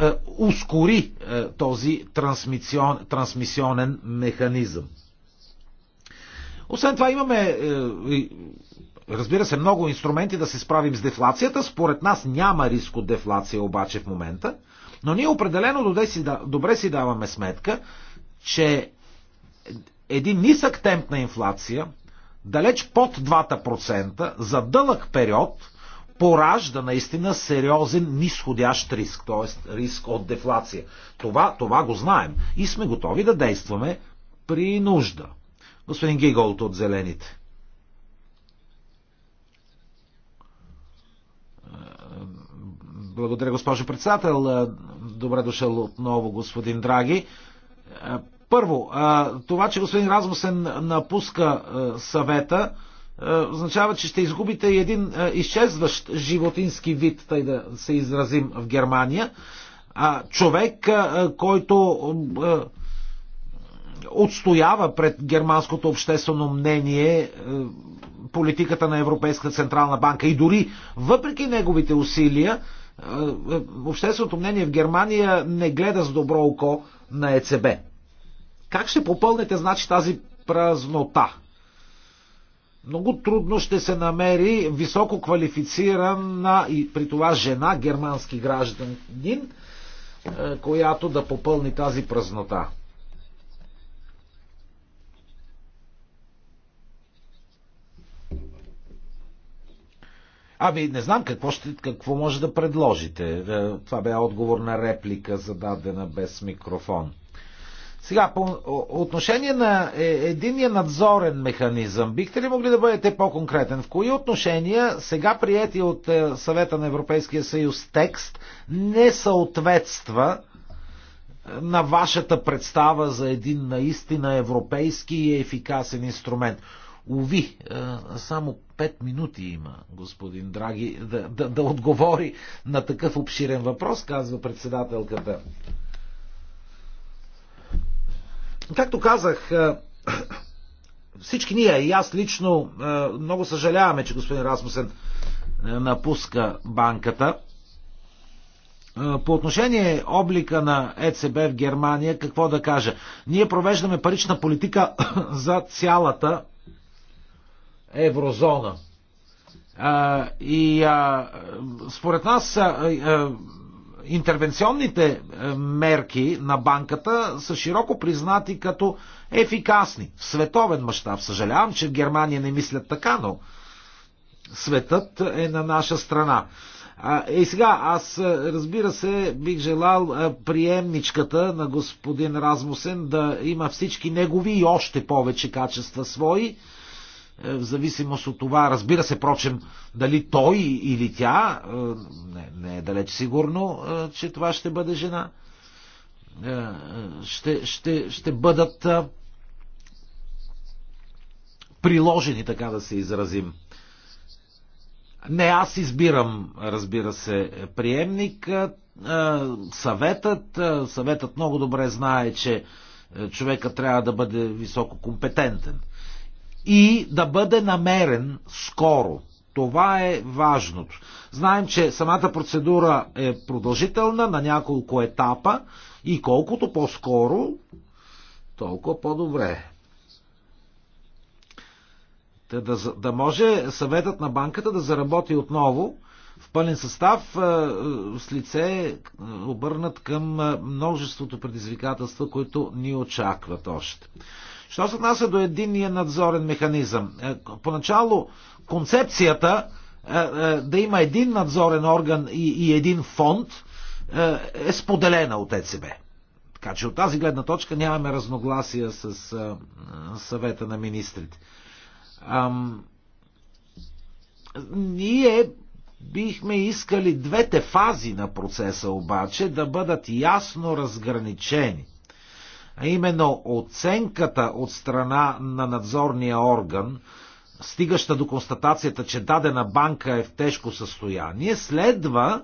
D: е, ускори е, този трансмисион, трансмисионен механизъм. Освен това имаме, е, разбира се, много инструменти да се справим с дефлацията. Според нас няма риск от дефлация обаче в момента. Но ние определено добре си даваме сметка, че един нисък темп на инфлация, далеч под 2% за дълъг период, поражда наистина сериозен нисходящ риск, т.е. риск от дефлация. Това, това го знаем и сме готови да действаме при нужда. Господин Гиголт от Зелените. Благодаря, госпожо председател. Добре дошъл отново, господин Драги. Първо, това, че господин Размусен напуска съвета, е, означава, че ще изгубите и един е, изчезващ животински вид, тъй да се изразим в Германия. А, човек, е, който отстоява пред германското обществено мнение политиката на Европейска централна банка и дори въпреки неговите усилия, общественото мнение в Германия не гледа с добро око на ЕЦБ. Как ще попълните, значи, тази празнота? много трудно ще се намери високо квалифицирана и при това жена, германски гражданин, е, която да попълни тази празнота. Ами, не знам какво, ще, какво може да предложите. Е, това бе отговор на реплика, зададена без микрофон. Сега, по отношение на е, единия надзорен механизъм, бихте ли могли да бъдете по-конкретен? В кои отношения сега приети от е, съвета на Европейския съюз текст не съответства е, на вашата представа за един наистина европейски и ефикасен инструмент? Уви, само 5 минути има господин Драги да, да, да отговори на такъв обширен въпрос, казва председателката. Както казах, е, всички ние и аз лично е, много съжаляваме, че господин Расмусен е, напуска банката. По отношение облика на ЕЦБ в Германия, какво да кажа? Ние провеждаме парична политика за цялата еврозона. И според нас интервенционните е, мерки на банката са широко признати като ефикасни в световен мащаб. Съжалявам, че в Германия не мислят така, но светът е на наша страна. И сега, аз е, разбира се, бих желал е, приемничката на господин Размусен да има всички негови и още повече качества свои, е, в зависимост от това, разбира се, прочем, дали той или тя, е, не, не е далеч сигурно, е, че това ще бъде жена, ще, ще, ще бъдат приложени, така да се изразим. Не аз избирам, разбира се, приемник, съветът. Съветът много добре знае, че човека трябва да бъде високо компетентен и да бъде намерен скоро. Това е важното. Знаем, че самата процедура е продължителна на няколко етапа и колкото по-скоро, толкова по-добре. Да, да, да може съветът на банката да заработи отново в пълен състав е, е, с лице е, обърнат към множеството предизвикателства, които ни очакват още. Що се отнася до единния надзорен механизъм? Е, поначало концепцията е, е, да има един надзорен орган и един фонд е споделена от ЕЦБ. Така че от тази гледна точка нямаме разногласия с съвета на министрите. ние бихме искали двете фази на процеса обаче да бъдат ясно разграничени – а именно оценката от страна на надзорния орган, стигаща до констатацията, че дадена банка е в тежко състояние, следва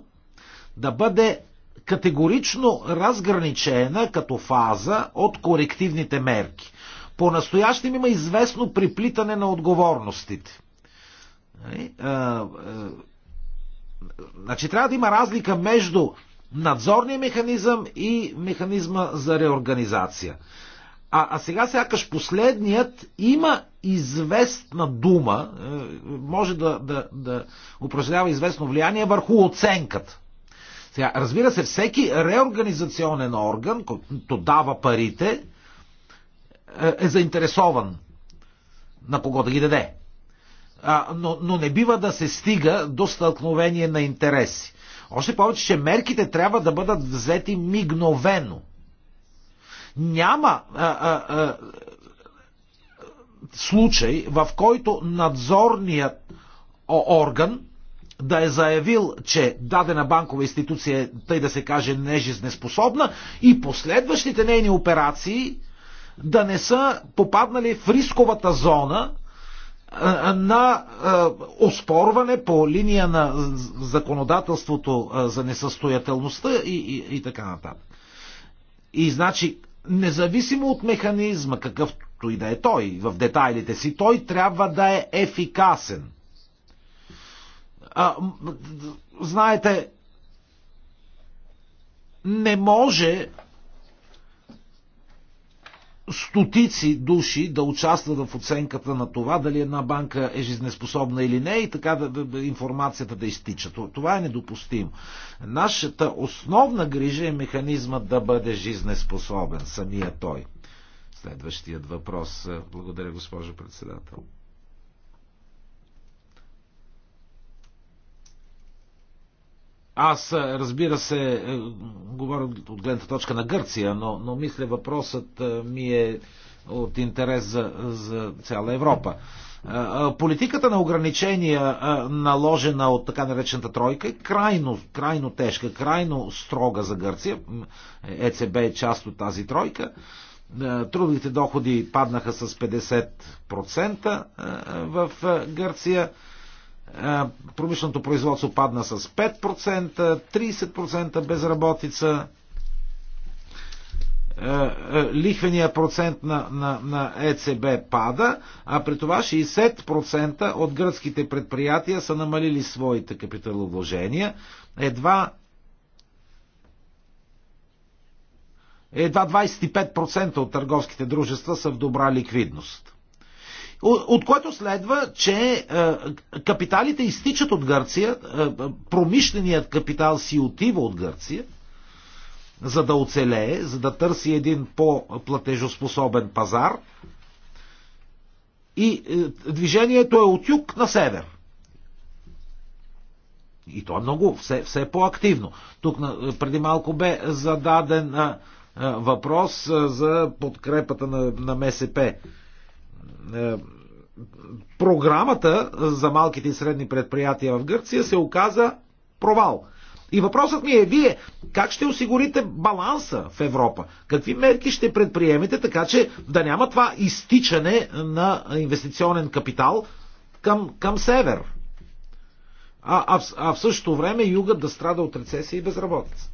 D: да бъде категорично разграничена като фаза от корективните мерки. По-настоящем има известно приплитане на отговорностите. Нали? Значи трябва да има разлика между надзорния механизъм и механизма за реорганизация. А, а сега сякаш последният има известна дума, е, може да, да, да упражнява известно влияние върху оценката. Сега, разбира се, всеки реорганизационен орган, който дава парите, е, е заинтересован на кого да ги даде. Но, но не бива да се стига до стълкновение на интереси. Още повече, че мерките трябва да бъдат взети мигновено. Няма а, а, а, случай, в който надзорният орган да е заявил, че дадена банкова институция е, тъй да се каже, нежизнеспособна е и последващите нейни операции да не са попаднали в рисковата зона на оспорване по линия на законодателството за несъстоятелността и, и, и така нататък. И значи, независимо от механизма, какъвто и да е той, в детайлите си, той трябва да е ефикасен. А, знаете, не може стотици души да участват в оценката на това дали една банка е жизнеспособна или не и така да, да, да, информацията да изтича. Това е недопустимо. Нашата основна грижа е механизма да бъде жизнеспособен, самия той. Следващият въпрос. Благодаря, госпожо председател. Аз, е, разбира се, е, говоря от гледната точка на Гърция, но, но мисля въпросът е, ми е от интерес за, за цяла Европа. Политиката на ограничения, наложена от така наречената тройка, е крайно, крайно тежка, крайно строга за Гърция. ЕЦБ е част от тази тройка. Трудовите доходи паднаха с 50% в Гърция. Е, промишленото производство падна с 5%, 30% безработица, е, е, лихвения процент на, на, на ЕЦБ пада, а при това 60% от гръцките предприятия са намалили своите капиталовложения. Едва едва 25% от търговските дружества са в добра ликвидност от което следва, че е, капиталите изтичат от Гърция, е, промишленият капитал си отива от Гърция, за да оцелее, за да търси един по-платежоспособен пазар. И е, движението е от юг на север. И то е много, все, все по-активно. Тук преди малко бе зададен а, а, въпрос а, за подкрепата на, на МСП програмата за малките и средни предприятия в Гърция се оказа провал. И въпросът ми е вие, как ще осигурите баланса в Европа? Какви мерки ще предприемете, така че да няма това изтичане на инвестиционен капитал към, към север? А, а, в, а в същото време югът да страда от рецесия и безработица.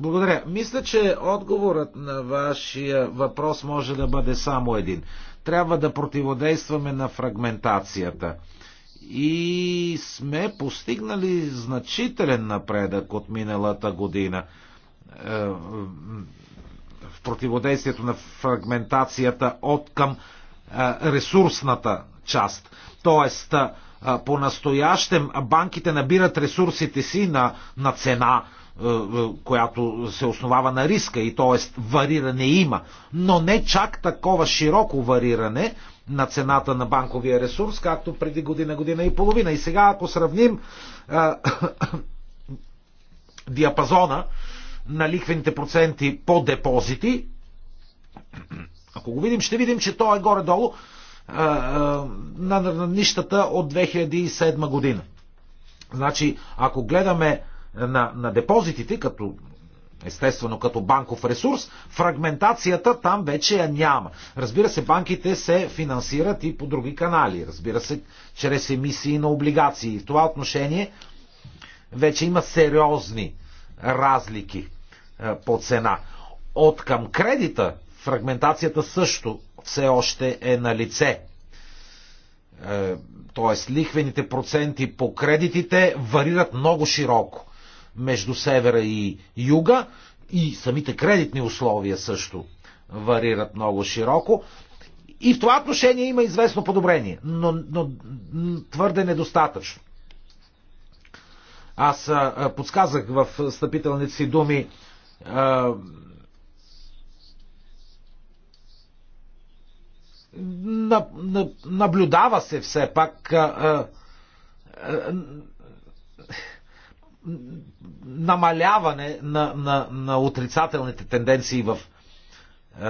D: Благодаря. Мисля, че отговорът на вашия въпрос може да бъде само един. Трябва да противодействаме на фрагментацията. И сме постигнали значителен напредък от миналата година е, в противодействието на фрагментацията от към е, ресурсната част. Тоест, е, по-настоящем банките набират ресурсите си на, на цена, е, е, която се основава на риска и т.е. вариране има, но не чак такова широко вариране на цената на банковия ресурс, както преди година, година и половина. И сега, ако сравним а, е, диапазона на лихвените проценти по депозити, ако го видим, ще видим, че то е горе-долу на нищата от 2007 година. Значи, ако гледаме на, на депозитите, като естествено като банков ресурс, фрагментацията там вече я няма. Разбира се, банките се финансират и по други канали, разбира се, чрез емисии на облигации. В това отношение вече има сериозни разлики е, по цена. От към кредита фрагментацията също все още е на лице. Е, тоест, лихвените проценти по кредитите варират много широко между севера и юга и самите кредитни условия също варират много широко. И в това отношение има известно подобрение, но, но твърде недостатъчно. Аз а, подсказах в стъпителните си думи а, на, на, наблюдава се все пак а, а, а, намаляване на, на, на отрицателните тенденции в, е,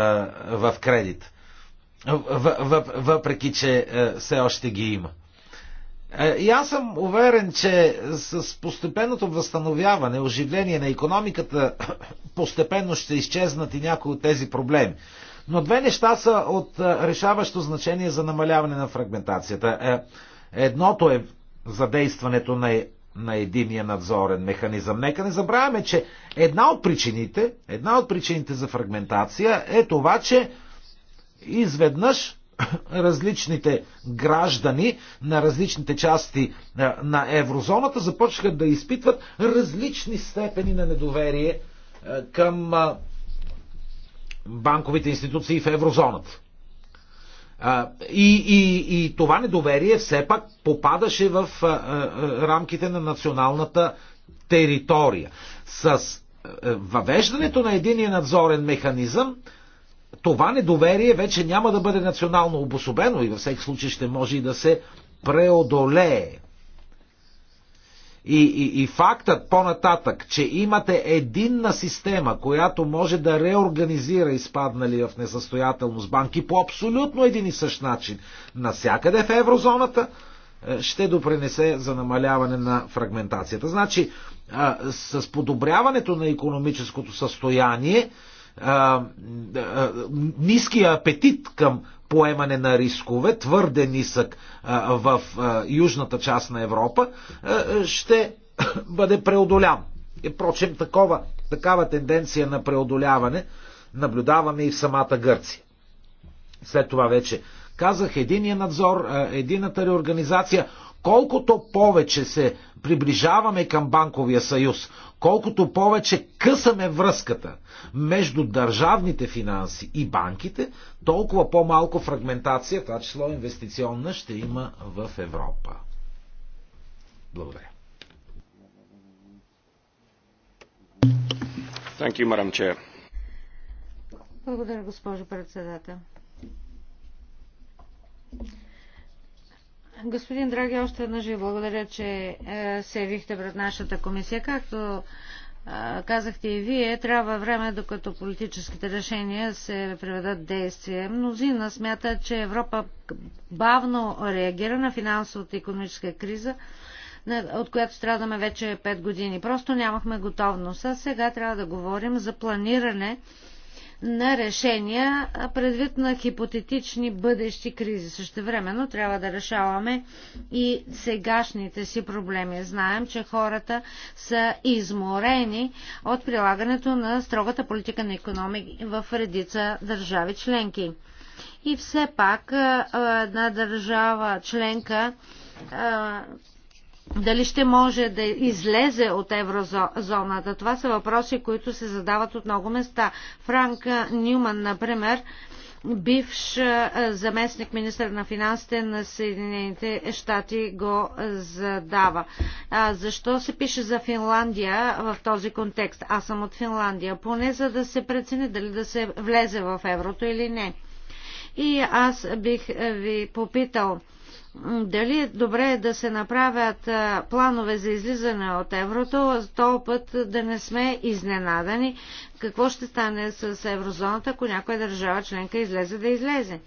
D: в кредит. Въпреки, че е, все още ги има. Е, и аз съм уверен, че с постепенното възстановяване, оживление на економиката, постепенно ще изчезнат и някои от тези проблеми. Но две неща са от решаващо значение за намаляване на фрагментацията. Едното е задействането на на единия надзорен механизъм. Нека не забравяме, че една от причините, една от причините за фрагментация е това, че изведнъж различните граждани на различните части на еврозоната започнаха да изпитват различни степени на недоверие към банковите институции в еврозоната. И, и, и това недоверие все пак попадаше в рамките на националната територия. С въвеждането на единия надзорен механизъм, това недоверие вече няма да бъде национално обособено и във всеки случай ще може и да се преодолее. И, и, и фактът по-нататък, че имате единна система, която може да реорганизира изпаднали в несъстоятелност банки по абсолютно един и същ начин навсякъде в еврозоната, е, ще допренесе за намаляване на фрагментацията. Значи, с подобряването на економическото състояние, ниския апетит към поемане на рискове, твърде нисък в южната част на Европа, ще бъде преодолян. И прочим, такова, такава тенденция на преодоляване наблюдаваме и в самата Гърция. След това вече казах, единия надзор, едината реорганизация, колкото повече се приближаваме към банковия съюз, колкото повече късаме връзката между държавните финанси и банките, толкова по-малко фрагментация, това число инвестиционна, ще има в Европа. Благодаря. Thank
C: you, Madam Chair.
A: Благодаря, госпожо председател. Господин Драги, още веднъж ви благодаря, че е, се явихте пред нашата комисия. Както е, казахте и вие, трябва време, докато политическите решения се приведат действие. Мнозина смята, че Европа бавно реагира на финансовата и економическа криза, от която страдаме вече 5 години. Просто нямахме готовност. А сега трябва да говорим за планиране на решения предвид на хипотетични бъдещи кризи. Същевременно трябва да решаваме и сегашните си проблеми. Знаем, че хората са изморени от прилагането на строгата политика на економик в редица държави членки. И все пак една държава членка дали ще може да излезе от еврозоната. Това са въпроси, които се задават от много места. Франк Нюман, например, бивш заместник министър на финансите на Съединените щати го задава. А, защо се пише за Финландия в този контекст? Аз съм от Финландия, поне за да се прецени дали да се влезе в еврото или не. И аз бих ви попитал, дали е добре е да се направят планове за излизане от еврото, за този път да не сме изненадани какво ще стане с еврозоната, ако някоя държава членка излезе да излезе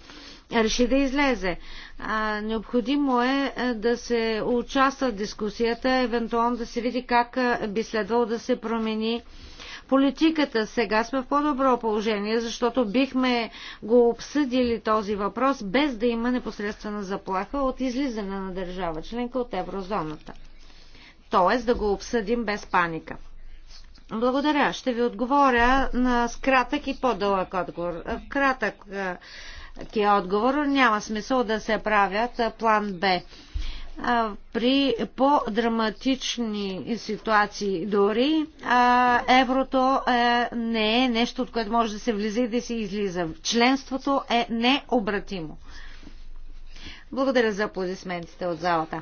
A: реши да излезе. А, необходимо е да се участва в дискусията, евентуално да се види как би следвало да се промени политиката. Сега сме в по-добро положение, защото бихме го обсъдили този въпрос без да има непосредствена заплаха от излизане на държава членка от еврозоната. Тоест да го обсъдим без паника. Благодаря. Ще ви отговоря на скратък и по-дълъг отговор. В кратък е, е отговор няма смисъл да се правят план Б при по-драматични ситуации дори а, еврото а, е, не е нещо, от което може да се влиза и да се излиза. Членството е необратимо. Благодаря за аплодисментите от залата.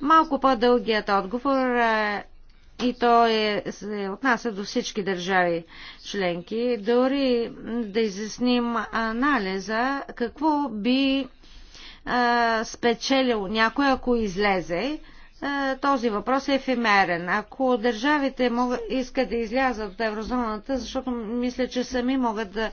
A: Малко по-дългият отговор а, е, и то е, се отнася до всички държави членки. Дори да изясним анализа, какво би а, спечелил някой, ако излезе, а, този въпрос е ефемерен. Ако държавите могат, искат да излязат от еврозоната, защото мисля, че сами могат да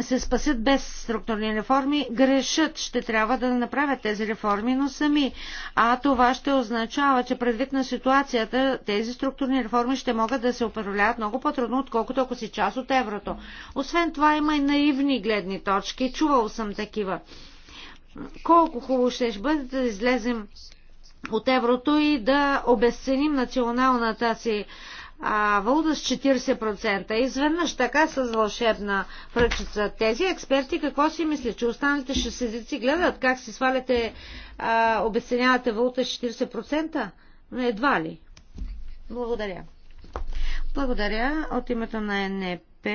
A: се спасят без структурни реформи, грешат. Ще трябва да направят тези реформи, но сами. А това ще означава, че предвид на ситуацията, тези структурни реформи ще могат да се управляват много по-трудно, отколкото ако си част от еврото. Освен това има и наивни гледни точки. Чувал съм такива. Колко хубаво ще бъде да излезем от еврото и да обесценим националната си а, валута с 40%. Изведнъж така с вълшебна пръчица. Тези експерти какво си мислят, че останалите ще седят и гледат как си сваляте, а, обесценявате валута с 40%? Едва ли. Благодаря. Благодаря. От името на НП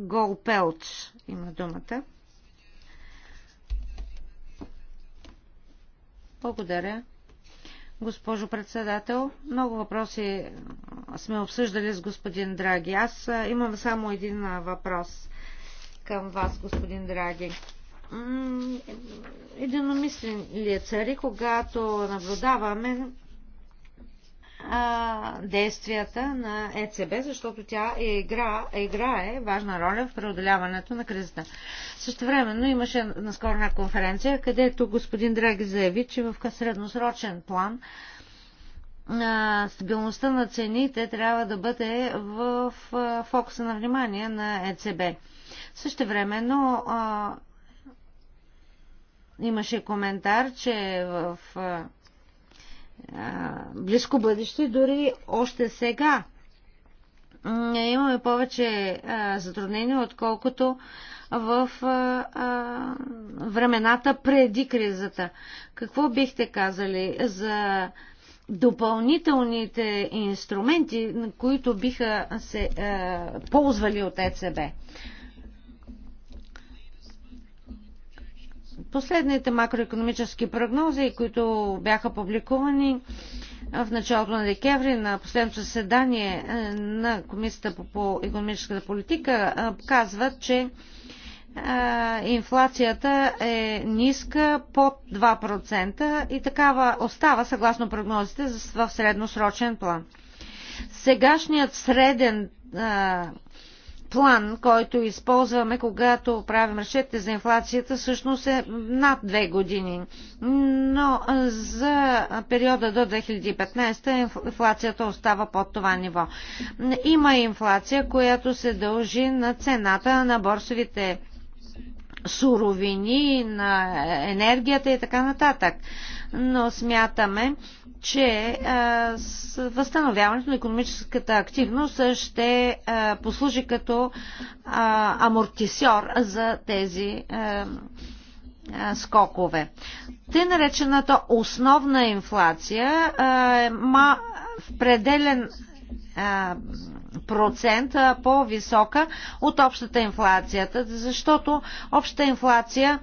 A: Гол Пелч има думата. Благодаря. Госпожо председател, много въпроси сме обсъждали с господин Драги. Аз имам само един въпрос към вас, господин Драги. Единомислен ли е цари, когато наблюдаваме а, действията на ЕЦБ, защото тя е игра, играе важна роля в преодоляването на кризата. Също времено имаше наскоро една конференция, където господин Драги заяви, че в средносрочен план а, стабилността на цените трябва да бъде в а, фокуса на внимание на ЕЦБ. Също времено имаше коментар, че в а, близко бъдеще, дори още сега имаме повече а, затруднения, отколкото в а, а, времената преди кризата. Какво бихте казали за допълнителните инструменти, които биха се а, ползвали от ЕЦБ? Последните макроекономически прогнози, които бяха публикувани в началото на декември на последното заседание е, на Комисията по, по економическата политика, е, казват, че е, инфлацията е ниска под 2% и такава остава съгласно прогнозите в средносрочен план. Сегашният среден план, който използваме, когато правим разчетите за инфлацията, всъщност е над две години. Но за периода до 2015 инфлацията остава под това ниво. Има инфлация, която се дължи на цената на борсовите суровини, на енергията и така нататък. Но смятаме, че възстановяването на економическата активност ще послужи като амортисьор за тези скокове. Те наречената основна инфлация има в пределен процент по-висока от общата инфлацията, защото общата инфлация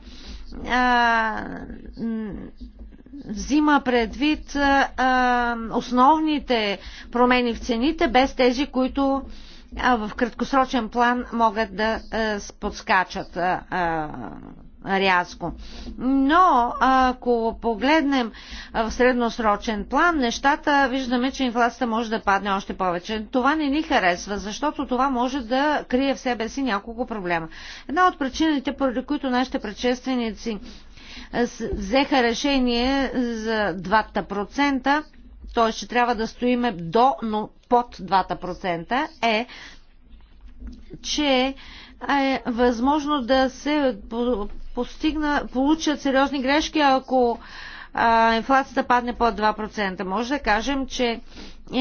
A: взима предвид а, основните промени в цените, без тези, които а, в краткосрочен план могат да а, подскачат а, рязко. Но ако погледнем в средносрочен план, нещата виждаме, че инфлацията може да падне още повече. Това не ни харесва, защото това може да крие в себе си няколко проблема. Една от причините, поради които нашите предшественици взеха решение за 2%, т.е. ще трябва да стоиме до, но под 2%, е, че е възможно да се постигна, получат сериозни грешки, ако а, инфлацията падне под 2%. Може да кажем, че а,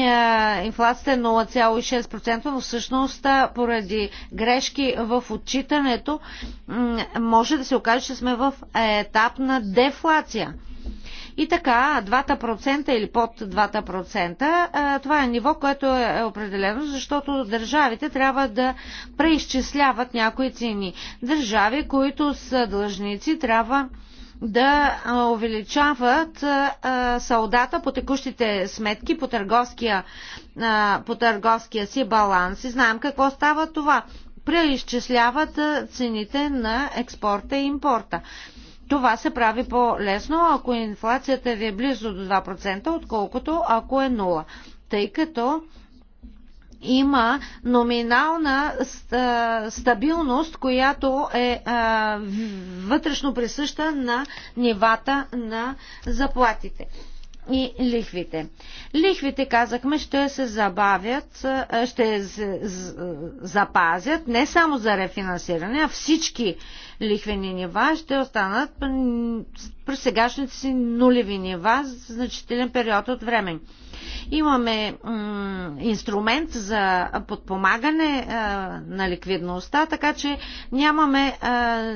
A: е, инфлацията е 0,6%, но всъщност поради грешки в отчитането може да се окаже, че сме в е, етап на дефлация. И така, 2% или под 2%, това е ниво, което е, е определено, защото държавите трябва да преизчисляват някои цени. Държави, които са длъжници, трябва да увеличават салдата по текущите сметки, по търговския, по търговския си баланс. И знаем какво става това. Преизчисляват цените на експорта и импорта. Това се прави по-лесно, ако инфлацията ви е близо до 2%, отколкото ако е 0, тъй като има номинална стабилност, която е вътрешно присъща на нивата на заплатите и лихвите. Лихвите, казахме, ще се забавят, ще се запазят не само за рефинансиране, а всички лихвени нива ще останат при сегашните си нулеви нива за значителен период от време. Имаме инструмент за подпомагане на ликвидността, така че нямаме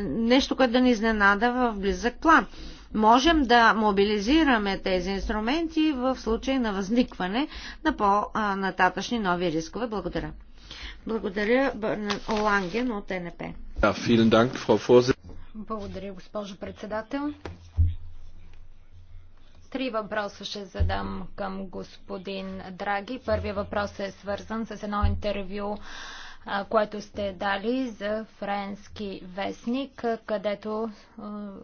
A: нещо, което да ни изненада в близък план можем да мобилизираме тези инструменти в случай на възникване на по-нататъчни нови рискове. Благодаря. Благодаря Бърнен Оланген от НП. Благодаря, госпожо председател.
B: Три въпроса ще задам към господин Драги. Първият въпрос е свързан с едно интервю, което сте дали за френски вестник, където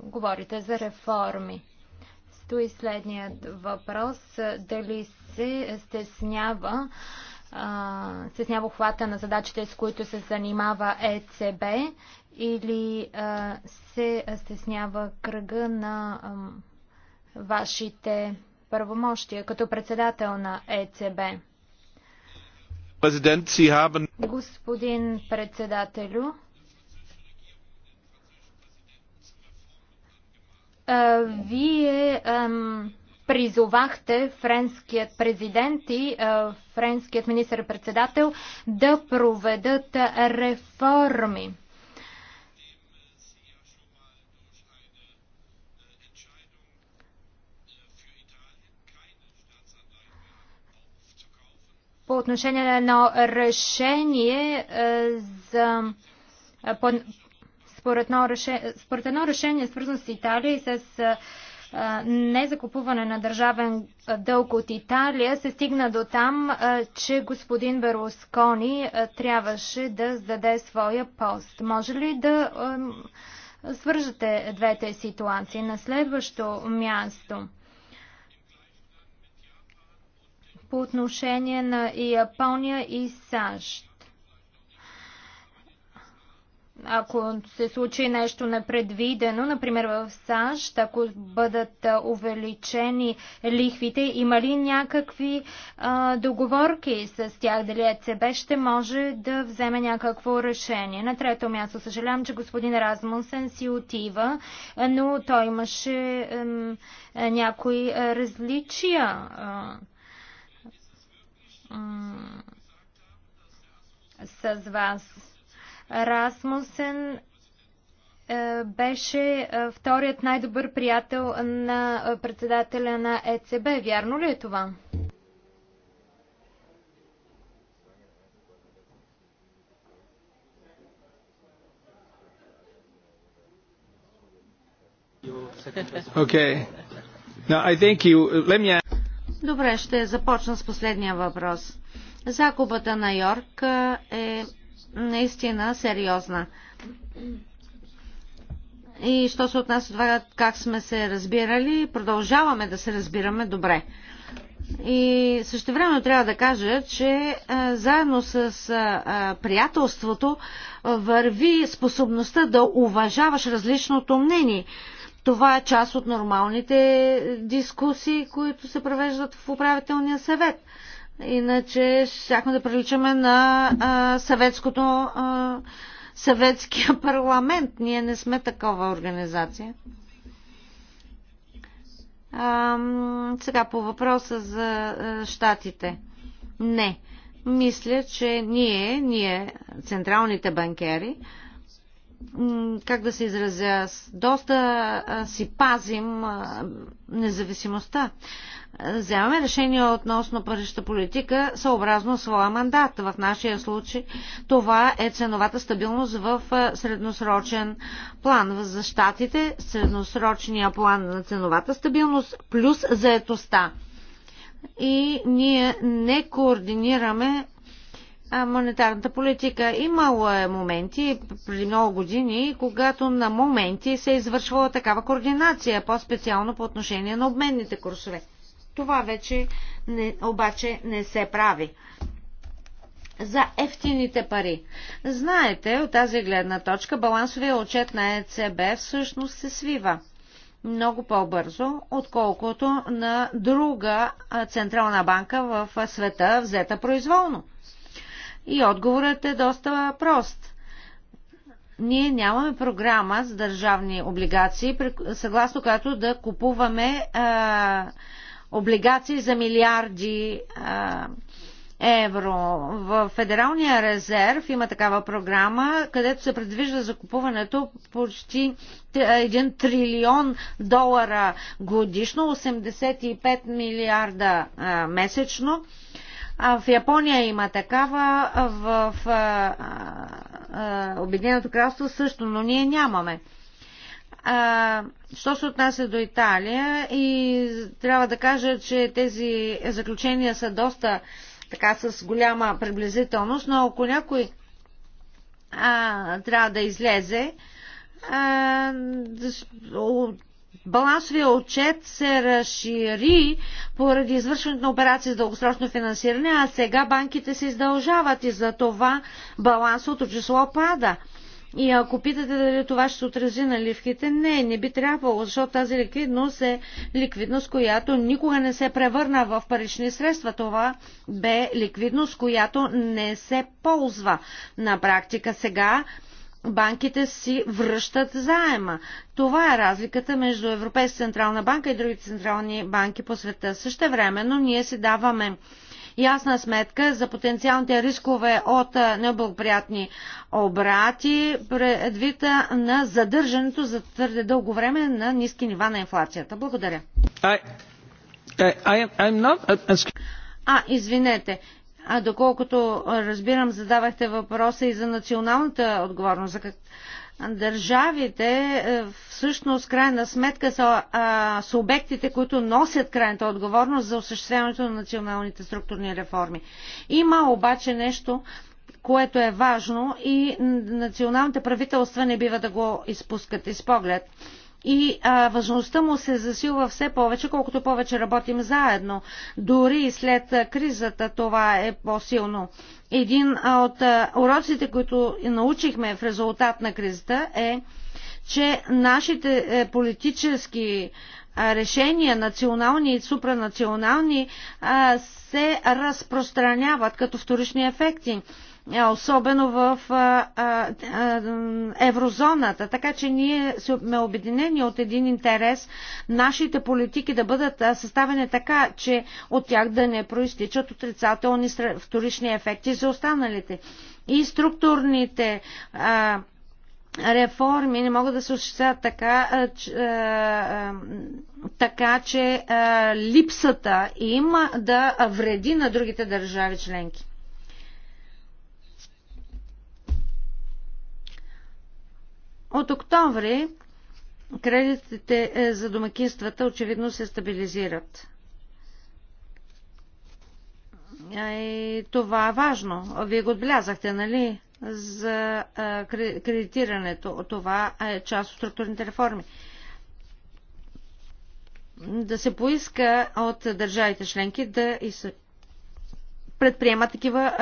B: говорите за реформи. Стои следният въпрос. Дали се стеснява стеснява хвата на задачите, с които се занимава ЕЦБ или се стеснява кръга на вашите правомощия като председател на ЕЦБ. Господин председателю, вие призовахте френският президент и френският министър-председател да проведат реформи. по отношение на едно решение е, за е, според едно решение, според едно решение свързано с Италия и с е, незакупуване на държавен дълг от Италия, се стигна до там, че господин Берлускони трябваше да сдаде своя пост. Може ли да свържете двете ситуации? На следващо място – по отношение на Япония и САЩ. Ако се случи нещо непредвидено, например в САЩ, ако бъдат увеличени лихвите, има ли някакви а, договорки с тях? Дали ЕЦБ ще може да вземе някакво решение? На трето място, съжалявам, че господин Размунсен си отива, но той имаше а, някои различия. А, с вас. Расмусен е, беше е, вторият най-добър приятел на е, председателя на ЕЦБ. Вярно ли е това?
C: Okay. Now I think you let me
A: Добре, ще започна с последния въпрос. Закупата на Йорк е, е наистина сериозна. И що се отнася това как сме се разбирали, продължаваме да се разбираме добре. И също време трябва да кажа, че а, е, заедно с а, е, приятелството върви способността да уважаваш различното мнение. Това е част от нормалните дискусии, които се превеждат в управителния съвет. Иначе щяхме да приличаме на а, съветското, а, съветския парламент. Ние не сме такова организация. А, сега по въпроса за а, щатите. Не. Мисля, че ние, ние, централните банкери, а, как да се изразя, доста си пазим независимостта. Вземаме решение относно парища политика съобразно своя мандат. В нашия случай това е ценовата стабилност в средносрочен план. За щатите средносрочния план на ценовата стабилност плюс заетостта. И ние не координираме монетарната политика. Имало е моменти преди много години, когато на моменти се е извършвала такава координация, по-специално по отношение на обменните курсове. Това вече не, обаче не се прави. За ефтините пари. Знаете, от тази гледна точка балансовия отчет на ЕЦБ всъщност се свива много по-бързо, отколкото на друга централна банка в света, взета произволно. И отговорът е доста прост. Ние нямаме програма с държавни облигации, съгласно която да купуваме а, облигации за милиарди а, евро. В Федералния резерв има такава програма, където се предвижда закупуването почти 1 трилион долара годишно, 85 милиарда а, месечно в Япония има такава, в а, а, Обединеното кралство също, но ние нямаме. А, що се отнася до Италия и трябва да кажа, че тези заключения са доста така с голяма приблизителност, но ако някой а, трябва да излезе, а, балансовия отчет се разшири поради извършването на операции с дългосрочно финансиране, а сега банките се издължават и за това балансовото число пада. И ако питате дали това ще се отрази на ливките, не, не би трябвало, защото тази ликвидност е ликвидност, която никога не се превърна в парични средства. Това бе ликвидност, която не се ползва. На практика сега банките си връщат заема. Това е разликата между Европейска централна банка и другите централни банки по света. Също времено ние си даваме ясна сметка за потенциалните рискове от неблагоприятни обрати, предвид на задържането за твърде дълго време на ниски нива на инфлацията. Благодаря.
C: I, I, not...
A: А, извинете, а доколкото разбирам, задавахте въпроса и за националната отговорност. За как... Държавите е, всъщност крайна сметка са а, субектите, които носят крайната отговорност за осъществяването на националните структурни реформи. Има обаче нещо, което е важно и националните правителства не бива да го изпускат из поглед и а, важността му се засилва все повече, колкото повече работим заедно. Дори и след а, кризата това е по-силно. Един а, от а, уроците, които научихме в резултат на кризата е, че нашите а, е, политически а, решения, национални и супранационални, а, се разпространяват като вторични ефекти особено в еврозоната. Така че ние сме обединени от един интерес нашите политики да бъдат съставени така, че от тях да не проистичат отрицателни вторични ефекти за останалите. И структурните реформи не могат да се осъществяват така, така, че липсата им да вреди на другите държави членки. От октомври кредитите е, за домакинствата очевидно се стабилизират. И това е важно. Вие го отбелязахте, нали? За кредитирането. Това е част от структурните реформи. Да се поиска от държавите членки да предприемат такива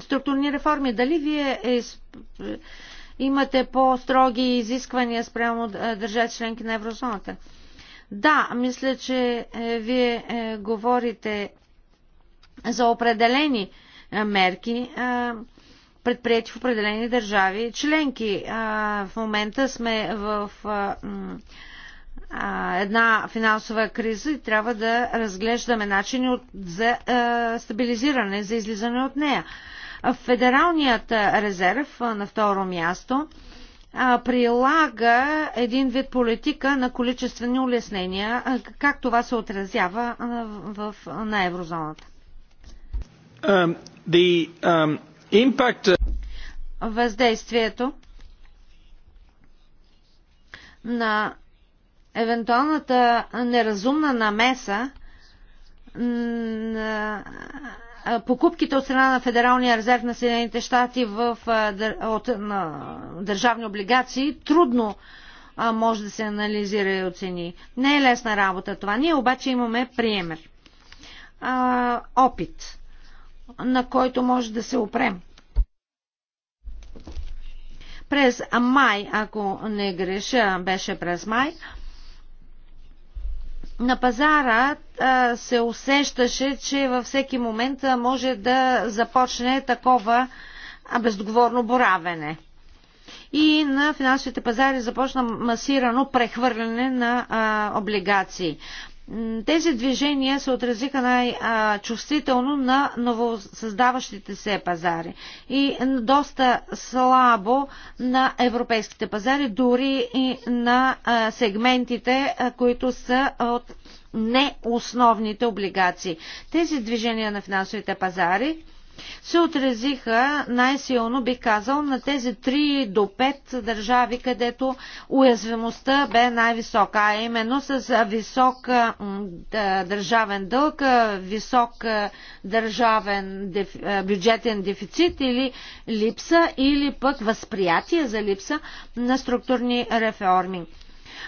A: структурни реформи. Дали вие е имате по-строги изисквания спрямо държави членки на еврозоната. Да, мисля, че е, вие е, говорите за определени е, мерки, предприяти в определени държави членки. В момента сме в една финансова криза и трябва да разглеждаме начини за стабилизиране, за излизане от нея. В Федералният резерв на второ място прилага един вид политика на количествени улеснения. Как това се отразява в, на еврозоната?
C: Um, the, um, impact... Uh,
A: Въздействието на евентуалната неразумна намеса на покупките от страна на Федералния резерв на Съединените щати в, от, на държавни облигации трудно а, може да се анализира и оцени. Не е лесна работа това. Ние обаче имаме приемер. А, опит, на който може да се опрем. През май, ако не греша, беше през май, на пазара а, се усещаше, че във всеки момент може да започне такова бездоговорно боравене. И на финансовите пазари започна масирано прехвърляне на а, облигации. Тези движения се отразиха най-чувствително на новосъздаващите се пазари и доста слабо на европейските пазари, дори и на сегментите, които са от неосновните облигации. Тези движения на финансовите пазари се отразиха най-силно, би казал, на тези 3 до 5 държави, където уязвимостта бе най-висока, а именно с висок държавен дълг, висок държавен бюджетен дефицит или липса, или пък възприятие за липса на структурни реформи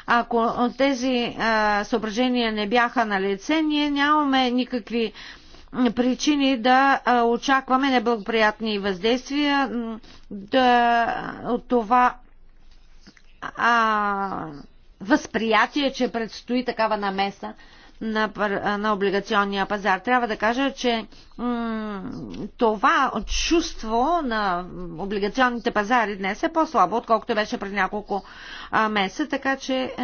A: ако тези а, съображения не бяха на лице, ние нямаме никакви причини да очакваме неблагоприятни въздействия да, от това а, възприятие, че предстои такава намеса на, на облигационния пазар. Трябва да кажа, че това чувство на облигационните пазари днес е по-слабо, отколкото беше преди няколко а, месеца, така че е,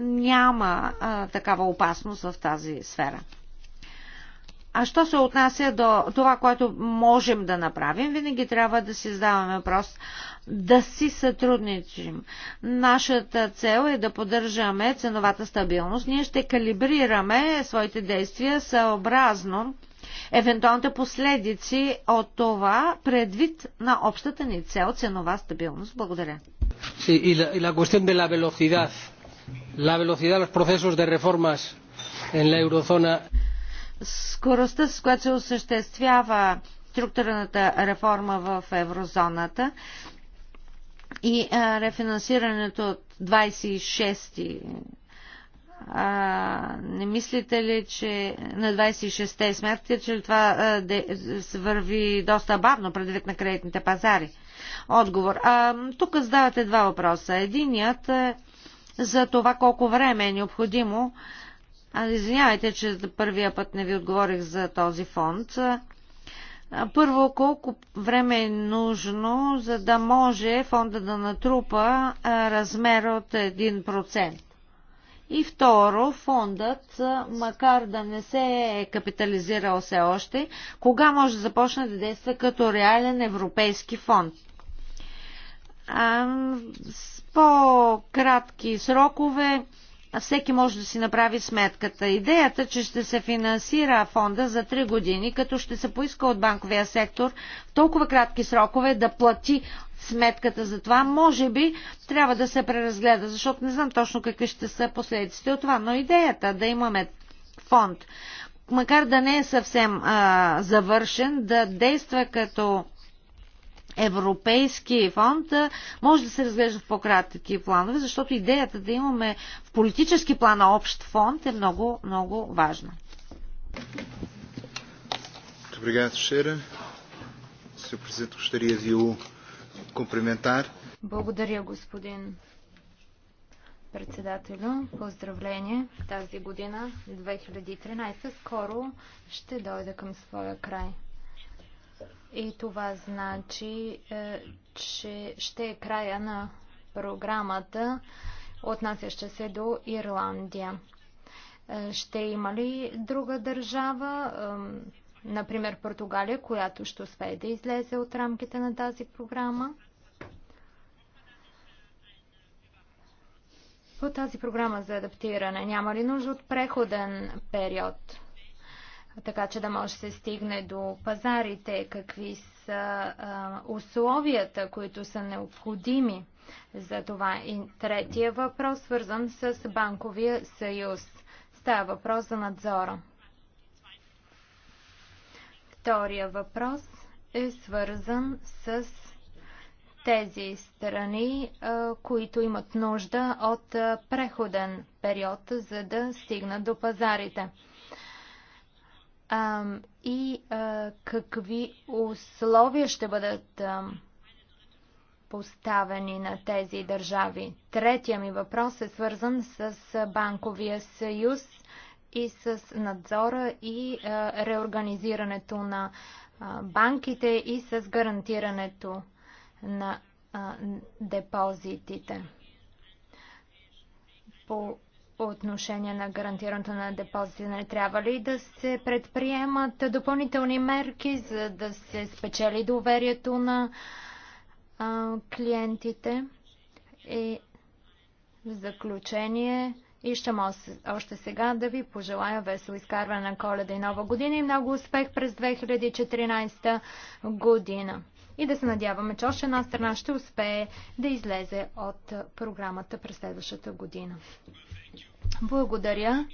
A: няма а, такава опасност в тази сфера. А що се отнася до това, което можем да направим, винаги трябва да си задаваме въпрос да си сътрудничим. Нашата цел е да поддържаме ценовата стабилност. Ние ще калибрираме своите действия съобразно евентуалните последици от това предвид на общата ни цел ценова стабилност. Благодаря.
C: Sí, y la, y la cuestión de la velocidad, la velocidad de los procesos de reformas en la eurozona
A: скоростта, с която се осъществява структурната реформа в еврозоната и а, рефинансирането от 26 а, не мислите ли, че на 26-те е смятате, че това а, де, върви доста бавно предвид на кредитните пазари? Отговор. А, тук задавате два въпроса. Единият е за това колко време е необходимо Извинявайте, че за първия път не ви отговорих за този фонд. Първо, колко време е нужно, за да може фонда да натрупа размер от 1%? И второ, фондът, макар да не се е капитализирал все още, кога може да започне да действа като реален европейски фонд? А, с по-кратки срокове, всеки може да си направи сметката. Идеята, че ще се финансира фонда за 3 години, като ще се поиска от банковия сектор в толкова кратки срокове да плати сметката за това, може би трябва да се преразгледа, защото не знам точно какви ще са последиците от това, но идеята да имаме фонд, макар да не е съвсем а, завършен, да действа като европейски фонд може да се разглежда в по-кратки планове, защото идеята да имаме в политически план общ фонд е много, много важна.
B: Благодаря, господин председателю. Поздравление тази година, 2013, скоро ще дойде към своя край. И това значи, е, че ще е края на програмата, отнасяща се до Ирландия. Е, ще има ли друга държава, например Португалия, която ще успее да излезе от рамките на тази програма? По тази програма за адаптиране няма ли нужда от преходен период? така че да може да се стигне до пазарите, какви са а, условията, които са необходими за това. И третия въпрос, свързан с банковия съюз. Става въпрос за надзора. Втория въпрос е свързан с тези страни, които имат нужда от преходен период, за да стигнат до пазарите а, и а, какви условия ще бъдат а, поставени на тези държави. Третия ми въпрос е свързан с Банковия съюз и с надзора и а, реорганизирането на а, банките и с гарантирането на а, депозитите. По по отношение на гарантирането на депозити? Не трябва ли да се предприемат допълнителни мерки, за да се спечели доверието на а, клиентите? И в заключение, и може още сега да ви пожелая весело изкарване на коледа и нова година и много успех през 2014 година. И да се надяваме, че още една страна ще успее да излезе от програмата през следващата година. Благодаря.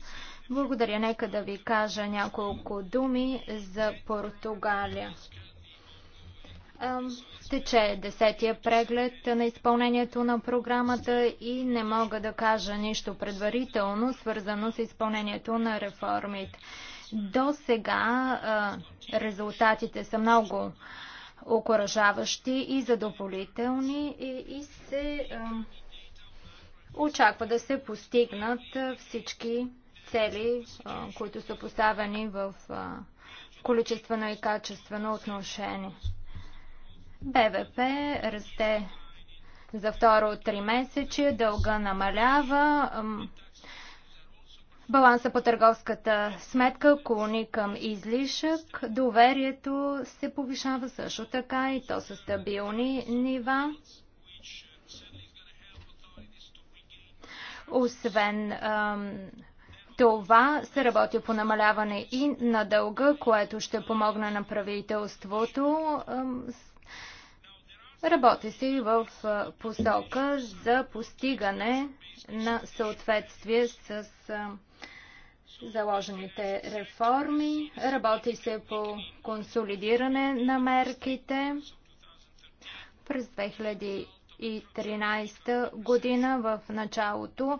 B: Благодаря. Нека да ви кажа няколко думи за Португалия. Тече десетия преглед на изпълнението на програмата и не мога да кажа нищо предварително, свързано с изпълнението на реформите. До сега резултатите са много окоръжаващи и задоволителни и, и се очаква да се постигнат всички цели, които са поставени в количествено и качествено отношение. БВП расте за второ три месече, дълга намалява, баланса по търговската сметка клони към излишък, доверието се повишава също така и то са стабилни нива. Освен това се работи по намаляване и на дълга, което ще помогне на правителството. Работи се и в посока за постигане на съответствие с заложените реформи. Работи се по консолидиране на мерките. През 2013 година в началото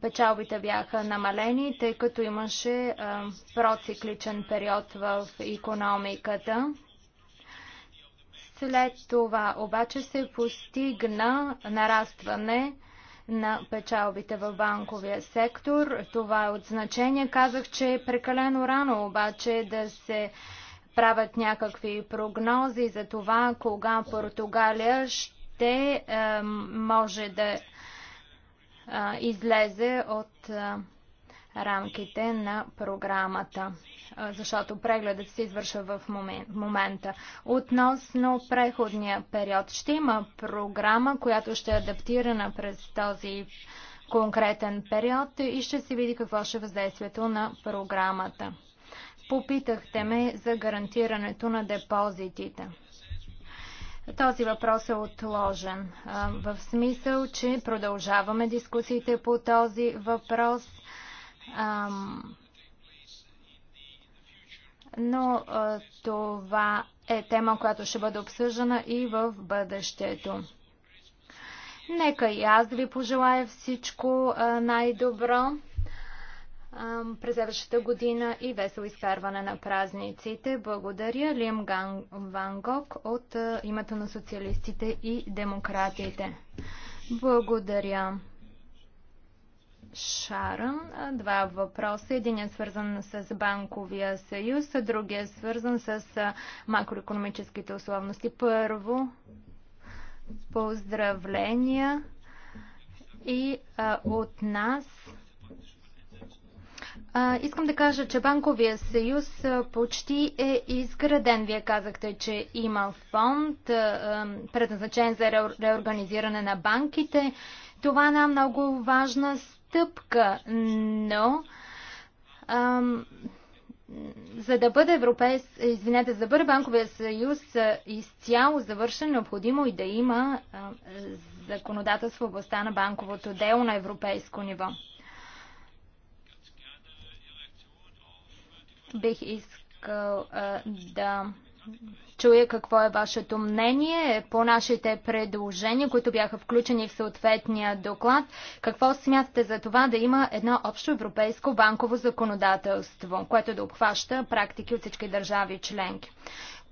B: печалбите бяха намалени, тъй като имаше процикличен период в економиката. След това обаче се постигна нарастване на печалбите в банковия сектор. Това е от значение. Казах, че е прекалено рано обаче да се правят някакви прогнози за това кога Португалия ще ще е, може да е, излезе от е, рамките на програмата, защото прегледът се извършва в момента. Относно преходния период, ще има програма, която ще е адаптирана през този конкретен период и ще се види какво ще е въздействието на програмата. Попитахте ме за гарантирането на депозитите. Този въпрос е отложен в смисъл, че продължаваме дискусиите по този въпрос. Но това е тема, която ще бъде обсъждана и в бъдещето. Нека и аз ви пожелая всичко най-добро през следващата година и весело изкарване на празниците. Благодаря Лим Ган, Ван Гог от името на социалистите и демократите. Благодаря. Шарън. Два въпроса. Един е свързан с банковия съюз, другия е свързан с макроекономическите условности. Първо, поздравления и а, от нас искам да кажа, че Банковия съюз почти е изграден. Вие казахте, че има фонд, предназначен за реорганизиране на банките. Това е една много важна стъпка, но за да бъде европейс, извинете, за да бъде банковия съюз изцяло завършен, необходимо и да има законодателство в областта на банковото дело на европейско ниво. Бих искал а, да чуя какво е вашето мнение по нашите предложения, които бяха включени в съответния доклад. Какво смятате за това да има едно общо европейско банково законодателство, което да обхваща практики от всички държави членки?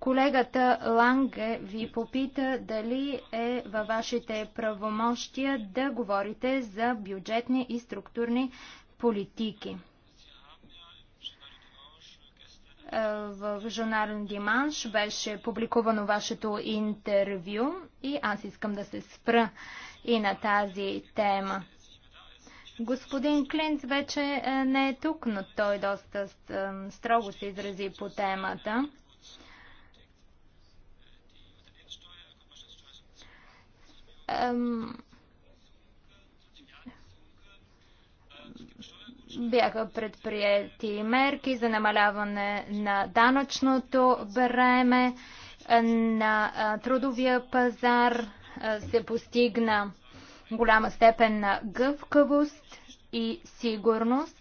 B: Колегата Ланге ви попита дали е във вашите правомощия да говорите за бюджетни и структурни политики. Е, в журнален Диманш беше публикувано вашето интервю и аз искам да се спра и на тази тема. Господин Клинц вече е, не е тук, но той доста е, строго се изрази по темата. Ем, бяха предприяти мерки за намаляване на данъчното бреме, на трудовия пазар се постигна голяма степен на гъвкавост и сигурност.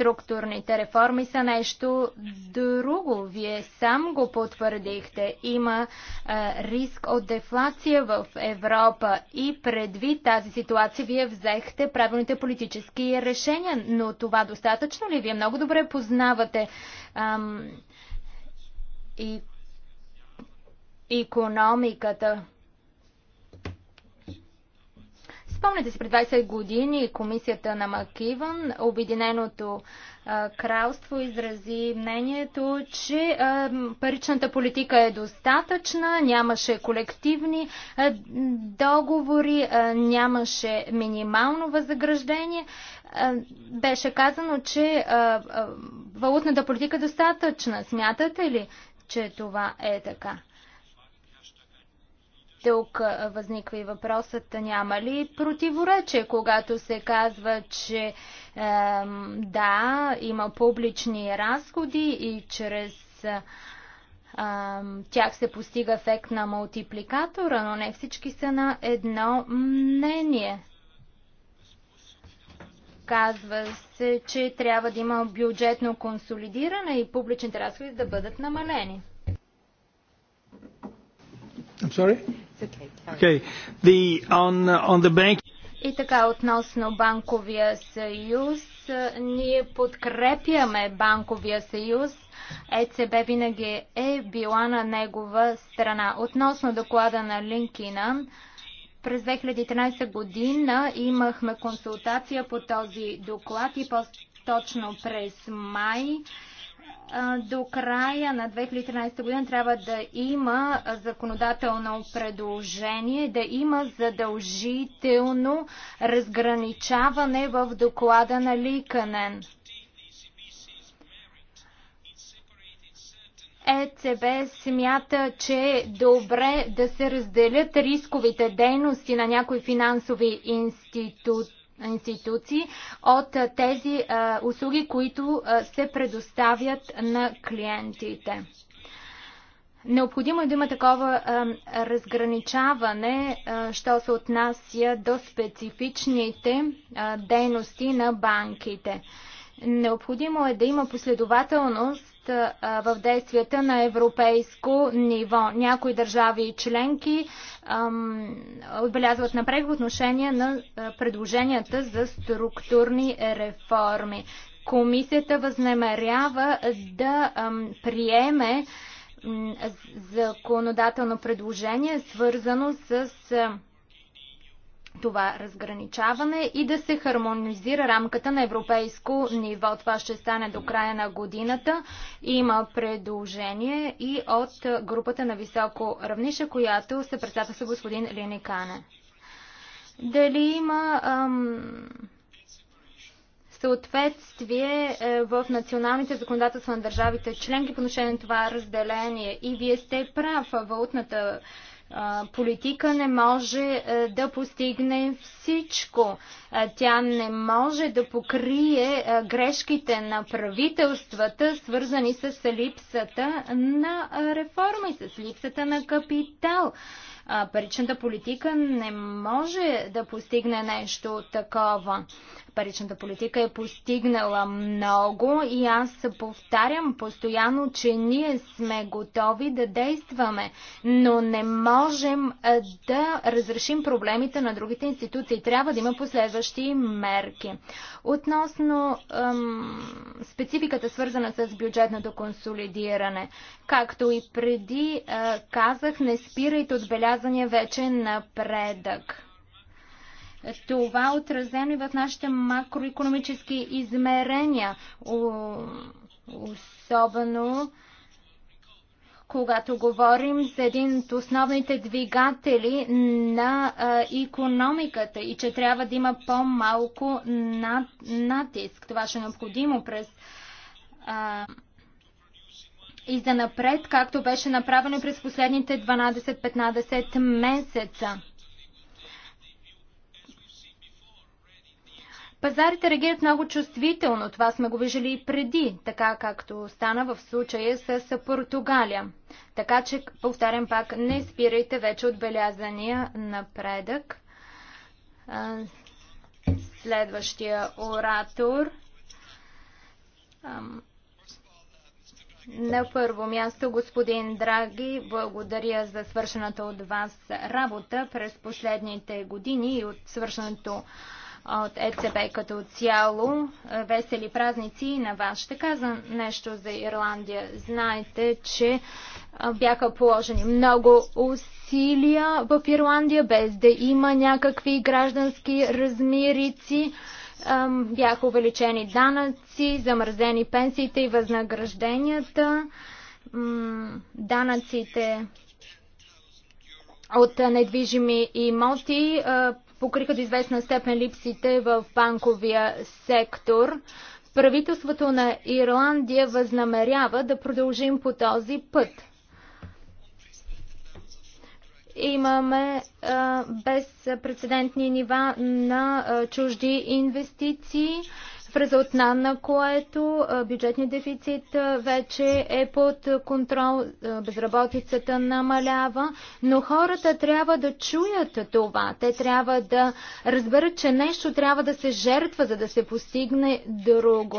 B: Структурните реформи са нещо друго. Вие сам го потвърдихте. Има а, е, риск от дефлация в Европа и предвид тази ситуация вие взехте правилните политически решения. Но това достатъчно ли? Вие много добре познавате ам, и, економиката. Спомняте си, пред 20 години комисията на Макиван, Обединеното кралство изрази мнението, че паричната политика е достатъчна, нямаше колективни договори, нямаше минимално възнаграждение. Беше казано, че валутната политика е достатъчна. Смятате ли, че това е така? Тук възниква и въпросът, няма ли противоречие, когато се казва, че е, да, има публични разходи и чрез е, тях се постига ефект на мултипликатора, но не всички са на едно мнение. Казва се, че трябва да има бюджетно консолидиране и публичните разходи да бъдат намалени.
C: I'm sorry? Okay. The, on, on the bank...
B: И така, относно банковия съюз, ние подкрепяме банковия съюз. ЕЦБ винаги е била на негова страна. Относно доклада на Линкина, през 2013 година имахме консултация по този доклад и по-точно през май до края на 2013 година трябва да има законодателно предложение, да има задължително разграничаване в доклада на Ликанен. ЕЦБ смята, че е добре да се разделят рисковите дейности на някои финансови институти институции от тези услуги, които се предоставят на клиентите. Необходимо е да има такова разграничаване, що се отнася до специфичните дейности на банките. Необходимо е да има последователност в действията на европейско ниво. Някои държави и членки ам, отбелязват напред в отношение на предложенията за структурни реформи. Комисията възнамерява да ам, приеме законодателно предложение, свързано с това разграничаване и да се хармонизира рамката на европейско ниво. Това ще стане до края на годината. Има предложение и от групата на високо равнище, която се представя с господин Кане. Дали има ам, съответствие е, в националните законодателства на държавите членки по отношение на това разделение? И вие сте прав. Валутната политика не може е, да постигне всичко. Тя не може да покрие е, грешките на правителствата, свързани с липсата на е, реформи, с липсата на капитал. Паричната политика не може да постигне нещо такова паричната политика е постигнала много и аз повтарям постоянно, че ние сме готови да действаме, но не можем да разрешим проблемите на другите институции. Трябва да има последващи мерки. Относно ем, спецификата свързана с бюджетното консолидиране, както и
C: преди
B: е, казах, не спирайте отбелязания вече е напредък това е отразено и в нашите макроекономически измерения, особено когато говорим за един от основните двигатели на а, економиката и че трябва да има по-малко натиск. Това ще е необходимо през а, и за напред, както беше направено през последните 12-15 месеца. Пазарите реагират много чувствително. Това сме го виждали и преди, така както стана в случая с Португалия. Така че, повтарям пак, не спирайте вече отбелязания напредък. Следващия оратор. На първо място, господин Драги, благодаря за свършената от вас работа през последните години и от свършеното от ЕЦБ като цяло. Е, весели празници на вас. Ще каза нещо за Ирландия. Знаете, че е, бяха положени много усилия в Ирландия, без да има някакви граждански размерици. Бяха увеличени данъци, замръзени пенсиите и възнагражденията. Данъците от недвижими имоти е, покриха до известна степен липсите в банковия сектор. Правителството на Ирландия възнамерява да продължим по този път. Имаме безпредседентни нива на чужди инвестиции в резултат на което бюджетният дефицит вече е под контрол, безработицата намалява, но хората трябва да чуят това. Те трябва да разберат, че нещо трябва да се жертва, за да се постигне друго.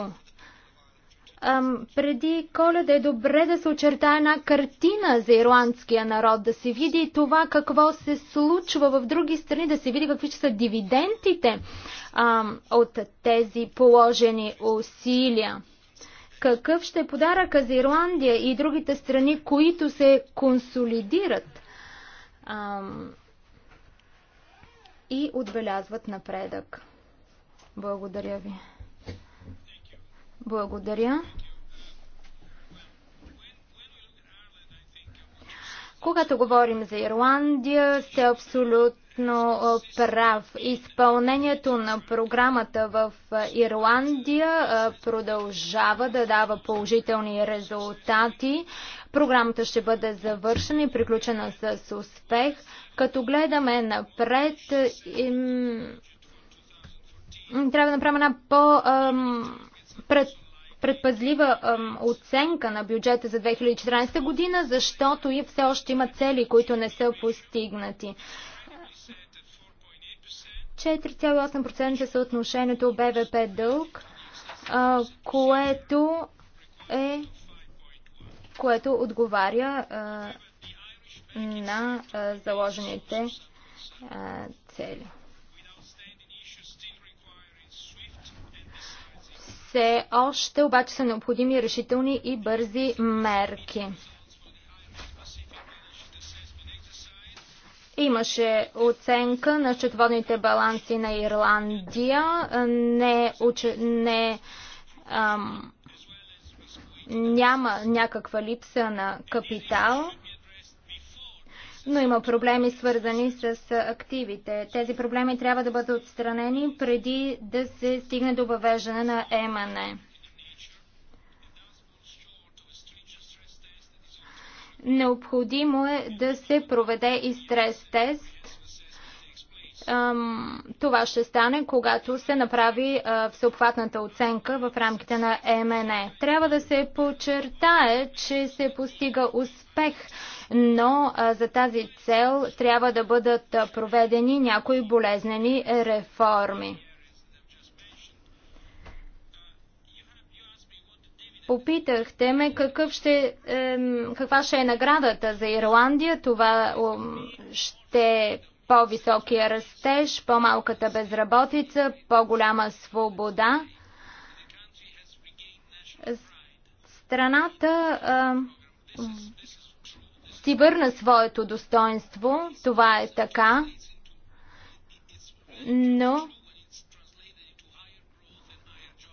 B: Ам, преди коледа е добре да се очертае една картина за ирландския народ, да се види това какво се случва в други страни, да се види какви са дивидентите ам, от тези положени усилия. Какъв ще е подаръка за Ирландия и другите страни, които се консолидират ам, и отбелязват напредък? Благодаря ви. Благодаря. Когато говорим за Ирландия, сте абсолютно прав. Изпълнението на програмата в Ирландия продължава да дава положителни резултати. Програмата ще бъде завършена и приключена с успех. Като гледаме напред, им... трябва да направим една по- пред предпазлива ам, оценка на бюджета за 2014 година, защото и все още има цели, които не са постигнати. 4,8% е съотношението БВП дълг, а, което е което отговаря а, на а, заложените а, цели. Все още обаче са необходими решителни и бързи мерки. Имаше оценка на счетоводните баланси на Ирландия. Не, уч... не ам, няма някаква липса на капитал но има проблеми свързани с активите. Тези проблеми трябва да бъдат отстранени преди да се стигне до въвеждане на ЕМАНЕ. Необходимо е да се проведе и стрес-тест. Това ще стане, когато се направи всеобхватната оценка в рамките на МНЕ. Трябва да се подчертае, че се постига успех но за тази цел трябва да бъдат проведени някои болезнени реформи. Попитахте ме какъв ще, е, каква ще е наградата за Ирландия. Това ще е по-високия растеж, по-малката безработица, по-голяма свобода. Страната си върна своето достоинство, това е така, но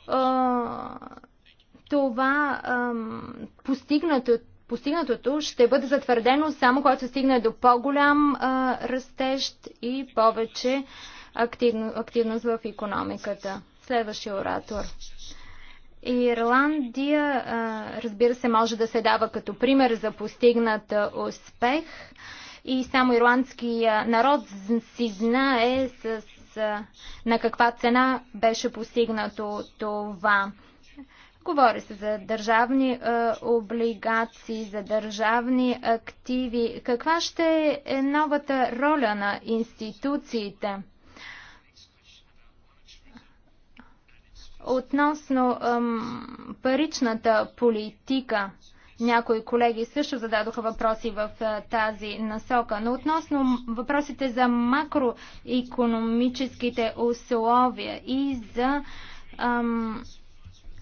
B: а, това а, постигнато, постигнатото ще бъде затвърдено само когато се стигне до по-голям растеж и повече активно, активност в економиката. Следващия оратор. Ирландия, разбира се, може да се дава като пример за постигнат успех и само ирландския народ си знае с на каква цена беше постигнато това. Говори се за държавни е, облигации, за държавни активи. Каква ще е новата роля на институциите? Относно ем, паричната политика, някои колеги също зададоха въпроси в е, тази насока, но относно въпросите за макроекономическите условия и за ем,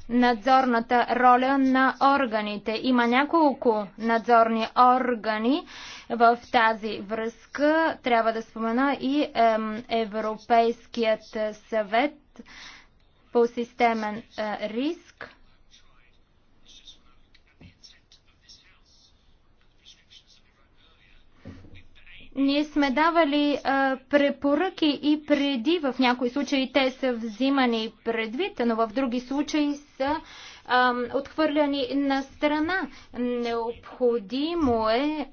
B: надзорната роля на органите. Има няколко надзорни органи в тази връзка. Трябва да спомена и ем, Европейският съвет по системен е, риск. Ние сме давали а, е, препоръки и преди, в някои случаи те са взимани предвид, но в други случаи са а, отхвърляни на страна. Необходимо е,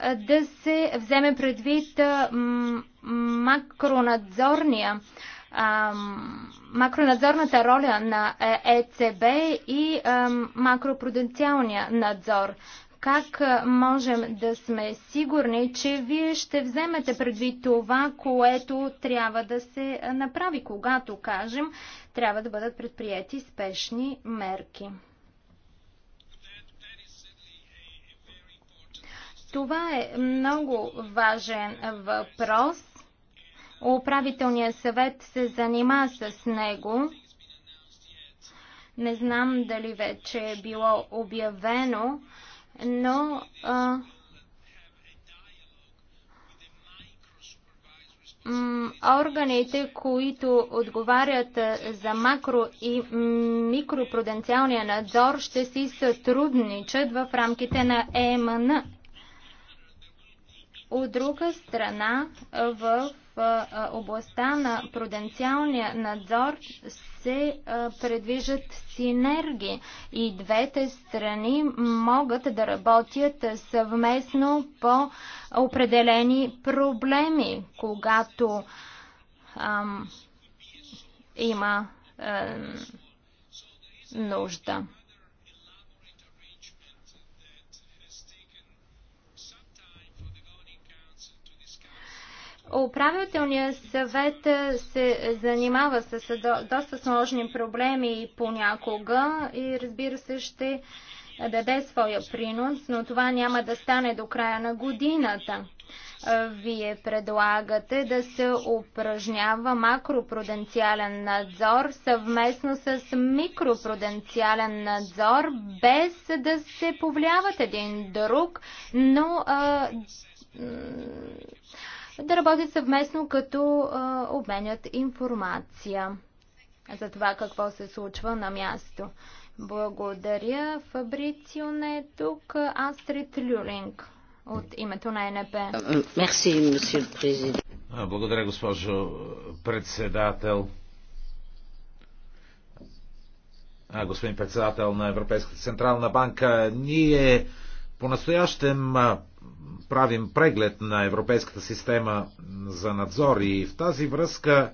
B: е да се вземе предвид макронадзорния макронадзорната роля на е, ЕЦБ и макропруденциалния надзор. Как можем да сме сигурни, че вие ще вземете предвид това, което трябва да се направи, когато, кажем, трябва да бъдат предприяти спешни мерки? Това е много важен въпрос Управителният съвет се занима с него. Не знам дали вече е било обявено, но органите, които отговарят за макро и микропруденциалния надзор, ще си сътрудничат в рамките на ЕМН. От друга страна, в областта на пруденциалния надзор се предвижат синергии и двете страни могат да работят съвместно по определени проблеми, когато ам, има ам, нужда. Управителният съвет се занимава с доста сложни проблеми понякога и разбира се ще даде своя принос, но това няма да стане до края на годината. Вие предлагате да се упражнява макропруденциален надзор съвместно с микропруденциален надзор, без да се повлияват един друг, но а, да работят съвместно, като а, обменят информация за това какво се случва на място. Благодаря. Фабрицио не е тук. Астрид Люринг от името на НП.
D: Мерси, президент. Благодаря, госпожо председател. А, господин председател на Европейската централна банка, ние по-настоящем правим преглед на Европейската система за надзор и в тази връзка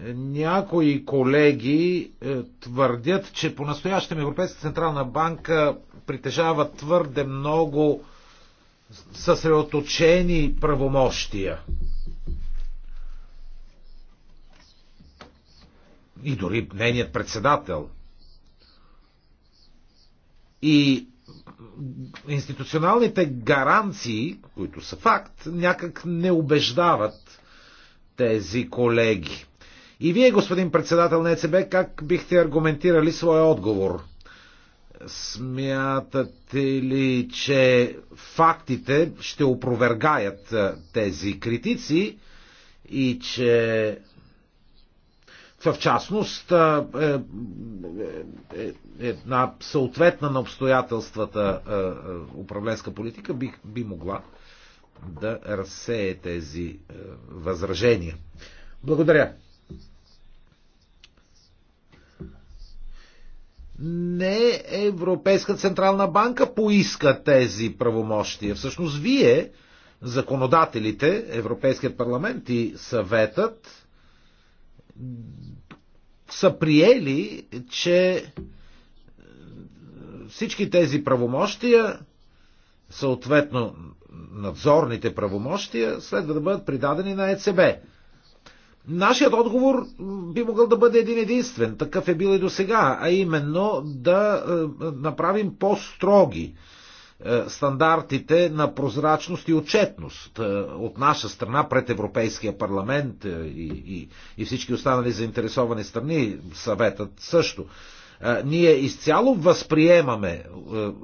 D: е, някои колеги е, твърдят, че по-настоящем Европейска Централна банка притежава твърде много съсредоточени правомощия. И дори нейният председател. И институционалните гаранции, които са факт, някак не убеждават тези колеги. И вие, господин председател на ЕЦБ, как бихте аргументирали своя отговор? Смятате ли, че фактите ще опровергаят тези критици и че в частност, е, е, е, една съответна на обстоятелствата управленска политика би, би могла да разсее тези възражения. Благодаря. не Европейска централна банка поиска тези правомощия. Всъщност вие, законодателите, Европейският парламент и съветът, са приели, че е, всички тези правомощия, съответно надзорните правомощия, следва да бъдат придадени на ЕЦБ. Нашият отговор би могъл да бъде един единствен, такъв е бил и до сега, а именно да е, направим по-строги е, стандартите на прозрачност и отчетност е, от наша страна пред Европейския парламент е, и, и, и всички останали заинтересовани страни, съветът също. Ние изцяло възприемаме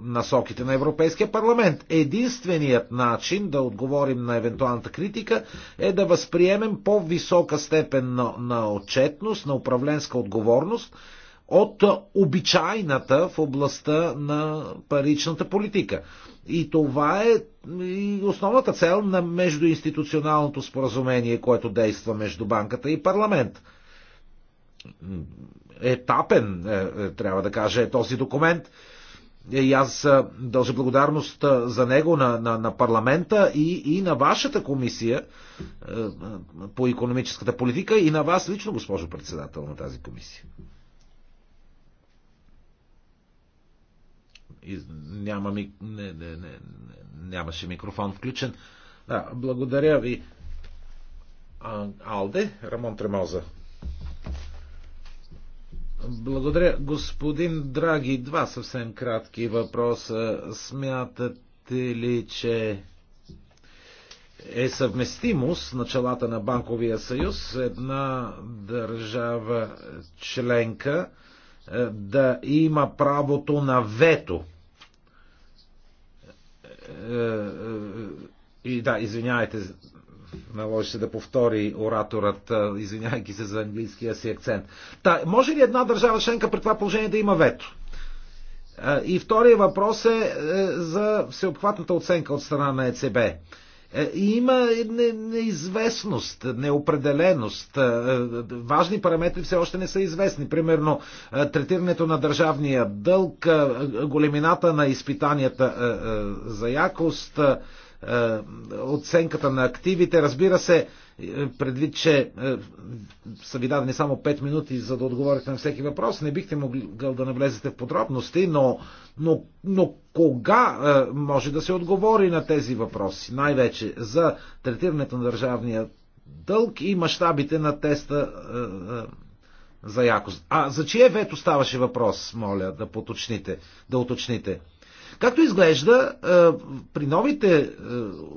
D: насоките на Европейския парламент. Единственият начин да отговорим на евентуалната критика е да възприемем по-висока степен на, на отчетност, на управленска отговорност, от обичайната в областта на паричната политика. И това е основната цел на междуинституционалното споразумение, което действа между банката и парламент. Етапен, е, е, трябва да кажа, е този документ. И аз е, дължа благодарност за него на, на, на парламента и, и на вашата комисия по економическата политика и на вас лично, госпожо председател на тази комисия. Няма не, не, не, нямаше микрофон включен. Да, благодаря ви. А, Алде, Рамон Тремоза. Благодаря. Господин Драги, два съвсем кратки въпроса. Смятате ли, че е съвместимо с началата на Банковия съюз една държава членка да има правото на вето. Е, е, и да, извинявайте, наложи се да повтори ораторът, е, извинявайки се за английския си акцент. Та, може ли една държава членка при това положение да има вето? И втория въпрос е за всеобхватната оценка от страна на ЕЦБ. Е, и има неизвестност, неопределеност. Е, е, важни параметри все още не са известни. Примерно, третирането на държавния дълг, големината на изпитанията за якост, е, оценката на активите. Разбира се, е, предвид, че е, са ви дадени само 5 минути за да отговорите на всеки въпрос, не бихте могли да навлезете в подробности, но, но, но кога може да се отговори на тези въпроси? Най-вече за третирането на държавния дълг и мащабите на теста за якост. А за чие вето ставаше въпрос, моля да поточните, да уточните? Както изглежда, е, при новите е,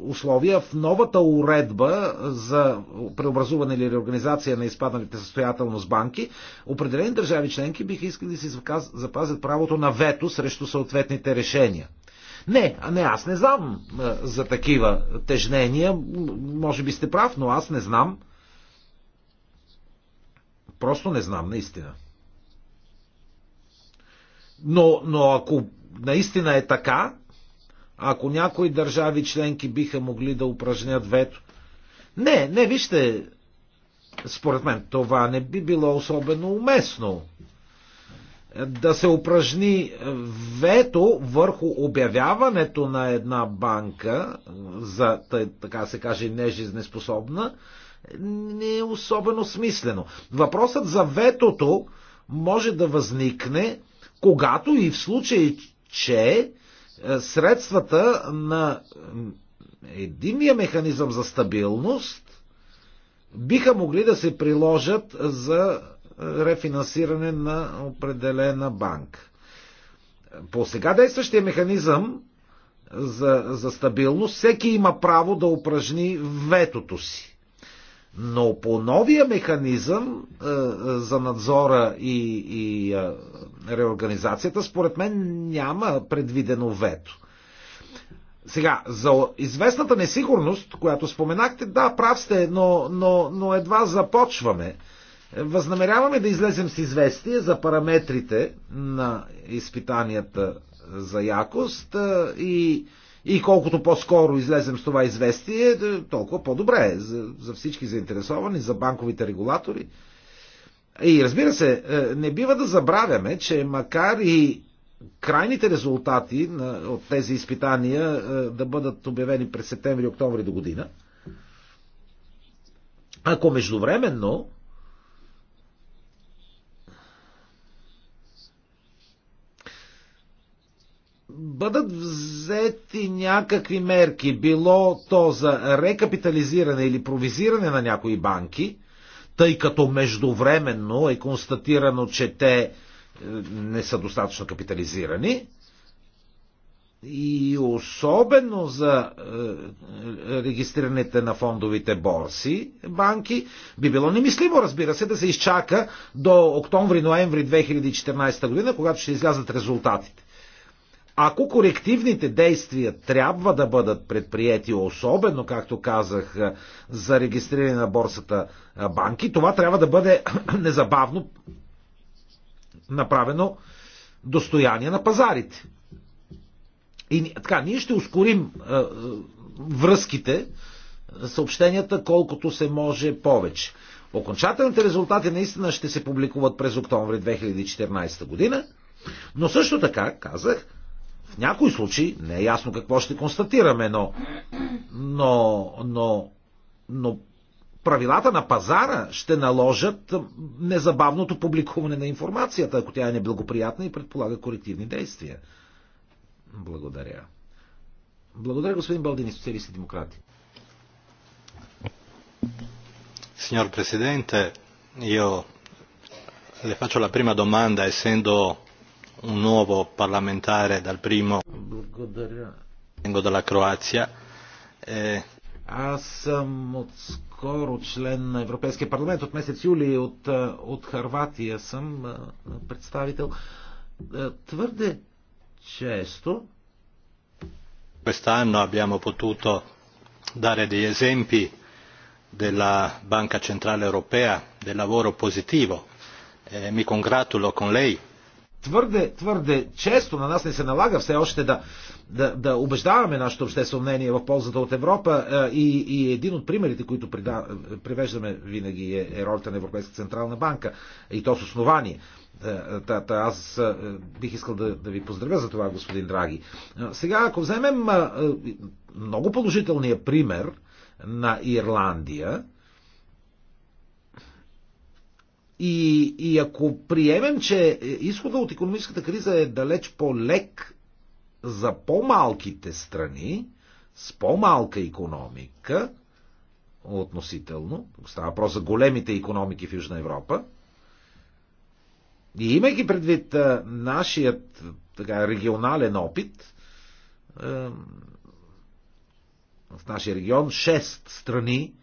D: условия, в новата уредба за преобразуване или реорганизация на изпадналите състоятелност банки, определени държави членки биха искали да си запазят правото на вето срещу съответните решения. Не, а не, аз не знам е, за такива тежнения. Може би сте прав, но аз не знам. Просто не знам, наистина. Но, но ако наистина е така, ако някои държави членки биха могли да упражнят вето. Не, не, вижте, според мен това не би било особено уместно да се упражни вето върху обявяването на една банка за, така се каже, нежизнеспособна, не е особено смислено. Въпросът за ветото може да възникне, когато и в случай, че е, средствата на единия механизъм за стабилност биха могли да се приложат за е, рефинансиране на определена банка. По сега действащия механизъм за, за стабилност всеки има право да упражни ветото си но по новия механизъм е, е, за надзора и, и е, реорганизацията, според мен няма предвидено вето. Сега, за известната несигурност, която споменахте, да, прав сте, но, но, но едва започваме. Възнамеряваме да излезем с известие за параметрите на изпитанията за якост е, и и колкото по-скоро излезем с това известие, е, толкова по-добре е за, за всички заинтересовани, за банковите регулатори. И разбира се, е, не бива да забравяме, че макар и крайните резултати на, от тези изпитания е, да бъдат обявени през септември-октомври до година, ако междувременно бъдат взети някакви мерки, било то за рекапитализиране или провизиране на някои банки, тъй като междувременно е констатирано, че те е, не са достатъчно капитализирани, и особено за е, регистрираните на фондовите борси банки, би било немислимо, разбира се, да се изчака до октомври-ноември 2014 година, когато ще излязат резултатите. Ако корективните действия трябва да бъдат предприяти, особено, както казах, е, за регистриране на борсата е, банки, това трябва да бъде незабавно направено достояние на пазарите. И така, ние ще ускорим е, е връзките, съобщенията, колкото се може повече. Окончателните резултати наистина ще се публикуват през октомври 2014 година, но също така, казах, в някои случаи не е ясно какво ще констатираме, но, но, но, но правилата на пазара ще наложат незабавното публикуване на информацията, ако тя е неблагоприятна и предполага корективни действия. Благодаря. Благодаря, господин Балдини, социалисти и демократи. Сеньор президенте, io le faccio la prima domanda, essendo un nuovo parlamentare dal primo Благодаря. vengo dalla Croazia. Eh... Аз съм отскоро член на Европейския парламент от месец юли от, от Харватия съм представител. Твърде често. Quest'anno abbiamo potuto dare degli esempi della Banca Centrale Europea del lavoro positivo. Eh, mi congratulo con lei твърде, твърде често на нас не се налага все още да, да, да убеждаваме нашето обществено мнение в ползата от Европа и, и един от примерите, които прида, привеждаме винаги е, е ролята на Европейска Централна банка и то с основание. Та, та, аз бих искал да, да ви поздравя за това, господин Драги. Сега, ако вземем много положителния пример на Ирландия, И, и ако приемем, че изхода от економическата криза е далеч по-лек за по-малките страни, с по-малка економика, относително, става въпрос за големите економики в Южна Европа, и имайки предвид а, нашият така, регионален опит, а, в нашия регион 6 страни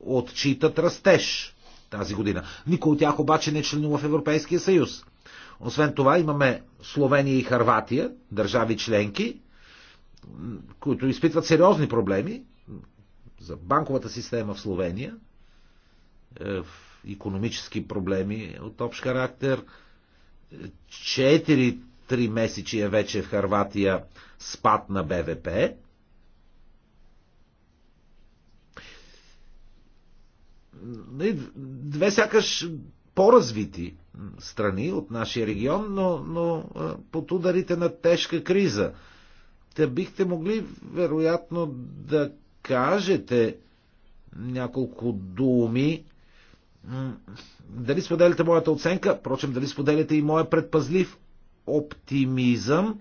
D: отчитат растеж тази година. Никой от тях обаче не членува в Европейския съюз. Освен това имаме Словения и Харватия, държави членки, които изпитват сериозни проблеми за банковата система в Словения, е, в економически проблеми от общ характер. Четири три месечия вече в Харватия спад на БВП, Нали, две сякаш по-развити страни от нашия регион, но, но под ударите на тежка криза. Те бихте могли, вероятно, да кажете няколко думи. Дали споделяте моята оценка, впрочем, дали споделяте и моя предпазлив оптимизъм,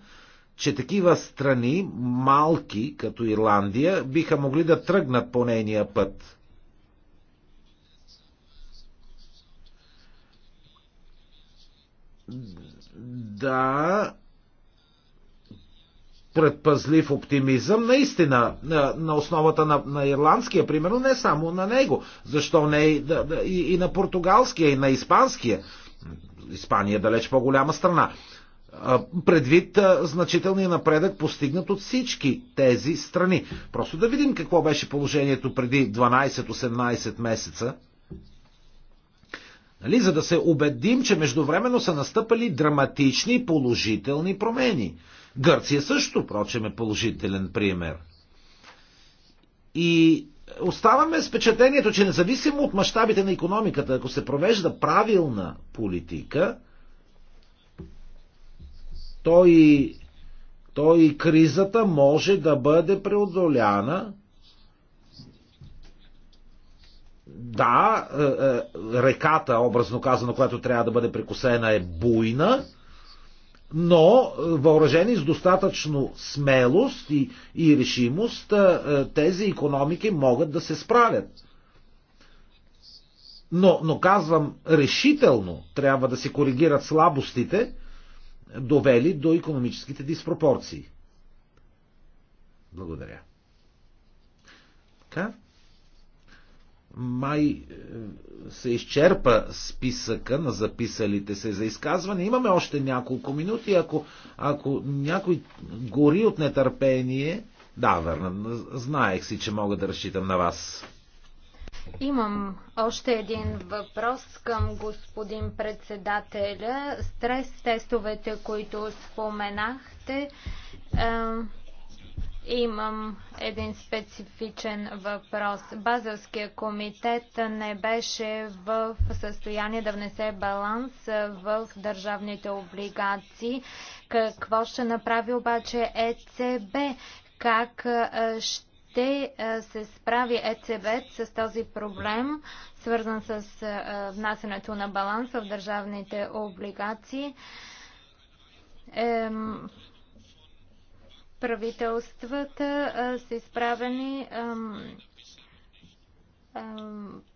D: че такива страни, малки като Ирландия, биха могли да тръгнат по нейния път. Да, предпазлив оптимизъм, наистина, на основата на, на ирландския, примерно, не само на него. Защо не и, да, и, и на португалския, и на испанския. Испания е далеч по-голяма страна. Предвид значителния напредък, постигнат от всички тези страни. Просто да видим какво беше положението преди 12-18 месеца Нали? За да се убедим, че междувременно са настъпали драматични положителни промени. Гърция също, прочем, е положителен пример. И оставаме с впечатлението, че независимо от мащабите на економиката, ако се провежда правилна политика, то и, то и кризата може да бъде преодоляна да, е, е, реката, образно казано, която трябва да бъде прикосена е буйна, но е, въоръжени с достатъчно смелост и, и решимост, тези економики могат да се справят. Но, но казвам, решително трябва да се коригират слабостите, довели до економическите диспропорции. Благодаря. Така май е, се изчерпа списъка на записалите се за изказване. Имаме още няколко минути. Ако, ако някой гори от нетърпение, да, верно, знаех си, че мога да разчитам на вас.
B: Имам още един въпрос към господин председателя. Стрес тестовете, които споменахте, е Имам един специфичен въпрос. Базелския комитет не беше в състояние да внесе баланс в държавните облигации. Какво ще направи обаче ЕЦБ? Как ще се справи ЕЦБ с този проблем, свързан с внасянето на баланс в държавните облигации? Ем правителствата са изправени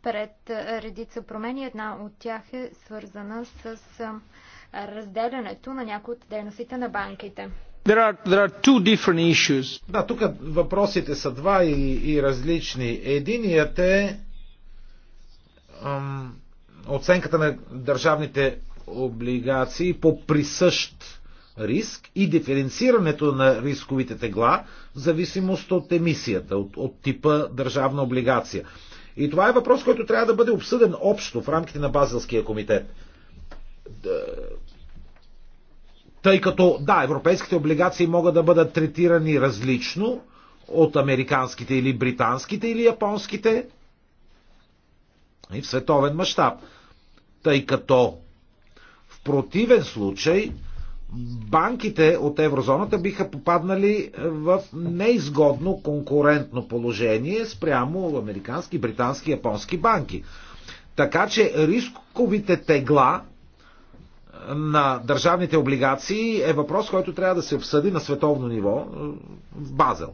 B: пред редица промени. Една от тях е свързана с разделянето на някои от дейностите на банките.
D: There are, there are two different issues. Да, тук въпросите са два и, и различни. Единият е ам, оценката на държавните облигации по присъщ риск и диференцирането на рисковите тегла в зависимост от емисията, от, от типа държавна облигация. И това е въпрос, който трябва да бъде обсъден общо в рамките на Базелския комитет. Тъй като, да, европейските облигации могат да бъдат третирани различно от американските или британските или японските и в световен мащаб. Тъй като в противен случай банките от еврозоната биха попаднали в неизгодно конкурентно положение спрямо американски, британски, японски банки. Така че рисковите тегла на държавните облигации е въпрос, който трябва да се обсъди на световно ниво е, в Базел.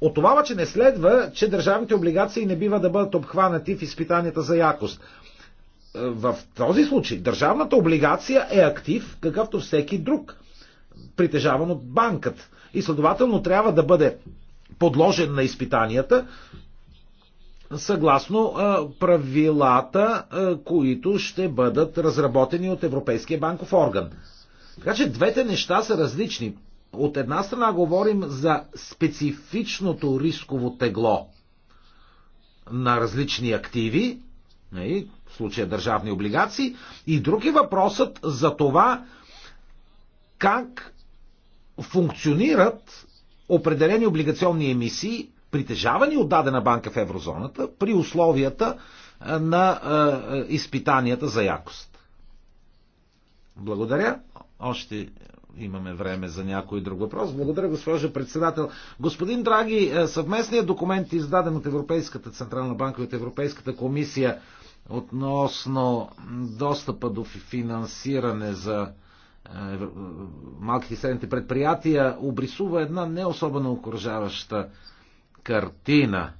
D: От това обаче не следва, че държавните облигации не бива да бъдат обхванати в изпитанията за якост. Е, в този случай държавната облигация е актив, какъвто всеки друг, притежаван от банкът. И следователно трябва да бъде подложен на изпитанията, съгласно е, правилата, е, които ще бъдат разработени от Европейския банков орган. Така че двете неща са различни от една страна говорим за специфичното рисково тегло на различни активи, в случая държавни облигации, и други е въпросът за това как функционират определени облигационни емисии, притежавани от дадена банка в еврозоната, при условията на изпитанията за якост. Благодаря. Още имаме време за някой друг въпрос. Благодаря, госпожо председател. Господин Драги, е, съвместният документ, издаден от Европейската Централна банка и от Европейската комисия относно достъпа до финансиране за е, малките и средните предприятия, обрисува една не особено окружаваща картина.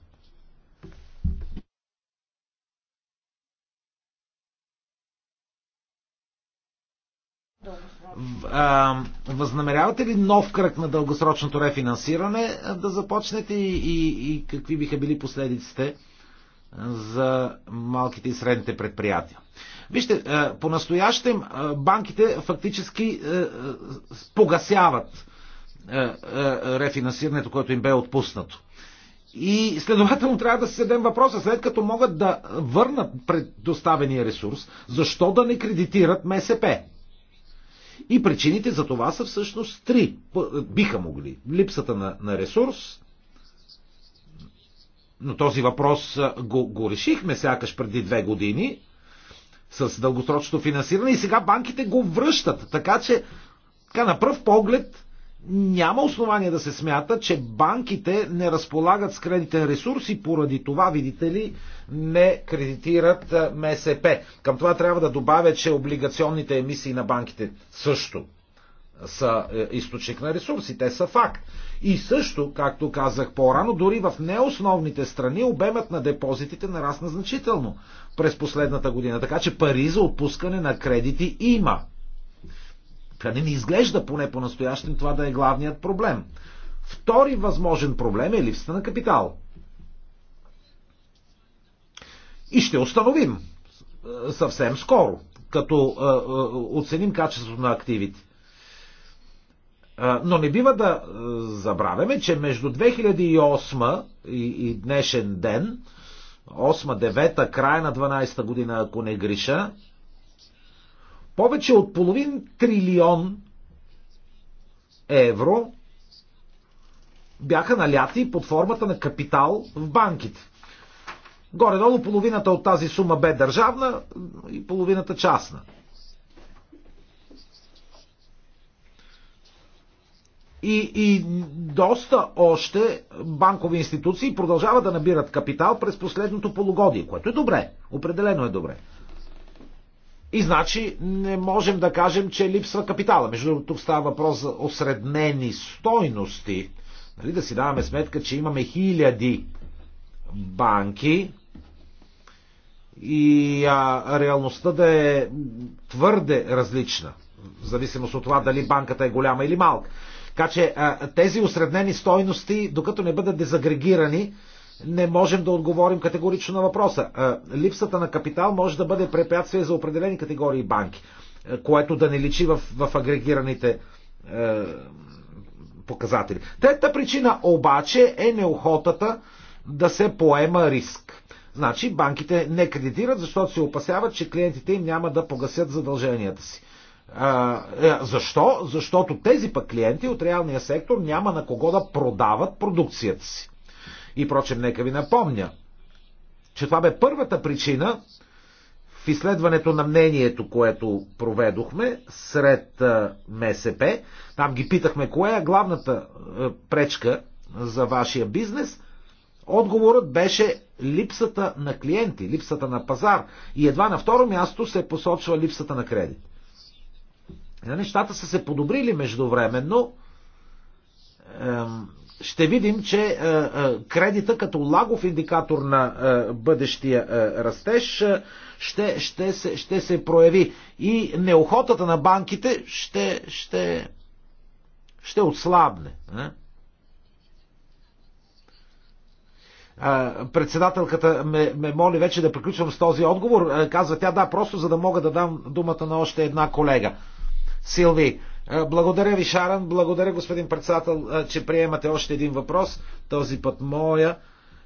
D: Възнамерявате ли нов кръг на дългосрочното рефинансиране да започнете и, и, и какви биха били последиците за малките и средните предприятия? Вижте, по-настоящем банките фактически погасяват рефинансирането, което им бе отпуснато. И следователно трябва да се седем въпроса, след като могат да върнат предоставения ресурс, защо да не кредитират МСП? И причините за това са всъщност три. Биха могли. Липсата на, на ресурс, но този въпрос го, го решихме сякаш преди две години с дългосрочното финансиране и сега банките го връщат. Така че, така на пръв поглед, няма основание да се смята, че банките не разполагат с кредитен ресурс и поради това, видите ли, не кредитират МСП. Към това трябва да добавя, че облигационните емисии на банките също са е, източник на ресурси, те са факт. И също, както казах по-рано, дори в неосновните страни обемът на депозитите нарасна значително през последната година. Така че пари за отпускане на кредити има. Поне нали, не изглежда, поне по настоящен това да е главният проблем. Втори възможен проблем е липсата на капитал. И ще установим е, съвсем скоро, като е, е, оценим качеството на активите. Но не бива да забравяме, че между 2008 и днешен ден, 8-9, края на 12-та година, ако не греша, повече от половин трилион евро бяха наляти под формата на капитал в банките. Горе-долу половината от тази сума бе държавна и половината частна. И, и доста още банкови институции продължават да набират капитал през последното полугодие, което е добре, определено е добре. И значи не можем да кажем, че липсва капитала. Между другото, тук става въпрос за осреднени стойности. Нали, да си даваме сметка, че имаме хиляди банки и а, реалността да е твърде различна, в зависимост от това дали банката е голяма или малка. Така че а, тези осреднени стойности, докато не бъдат дезагрегирани, не можем да отговорим категорично на въпроса. Липсата на капитал може да бъде препятствие за определени категории банки, което да не личи в, в агрегираните е, показатели. Трета причина обаче е неохотата да се поема риск. Значи банките не кредитират, защото се опасяват, че клиентите им няма да погасят задълженията си. А, е, защо? Защото тези пък клиенти от реалния сектор няма на кого да продават продукцията си. И прочем, нека ви напомня, че това бе първата причина в изследването на мнението, което проведохме сред МСП. Там ги питахме кое е главната пречка за вашия бизнес. Отговорът беше липсата на клиенти, липсата на пазар. И едва на второ място се посочва липсата на кредит. Нали, нещата са се подобрили междувременно ще видим, че е, е, кредита като лагов индикатор на е, бъдещия растеж ще, ще, се, ще се прояви. И неохотата на банките ще, ще, ще отслабне. председателката ме, ме моли вече да приключвам с този отговор. Казва тя, да, просто за да мога да дам думата на още една колега. Силви, е, благодаря ви, Шаран. Благодаря, господин председател, е, че приемате още един въпрос, този път моя.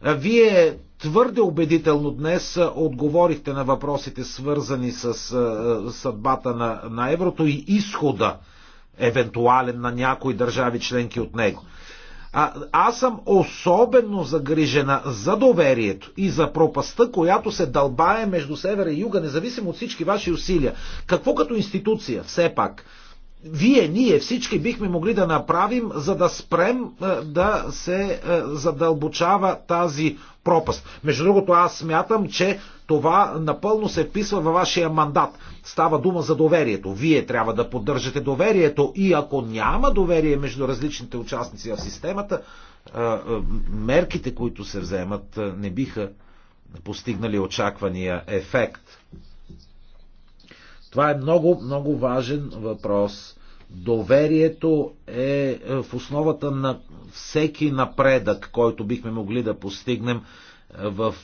D: Е, вие твърде убедително днес отговорихте на въпросите, свързани с съдбата на, на еврото и изхода, евентуален на някои държави членки от него. А, аз съм особено загрижена за доверието и за пропаста, която се дълбае между севера и юга, независимо от всички ваши усилия. Какво като институция, все пак, вие, ние всички бихме могли да направим, за да спрем е, да се е, задълбочава тази пропаст. Между другото, аз смятам, че това напълно се вписва във вашия мандат. Става дума за доверието. Вие трябва да поддържате доверието и ако няма доверие между различните участници в системата, е, мерките, които се вземат, не биха постигнали очаквания ефект. Това е много, много важен въпрос. Доверието е, е в основата на всеки напредък, който бихме могли да постигнем е, в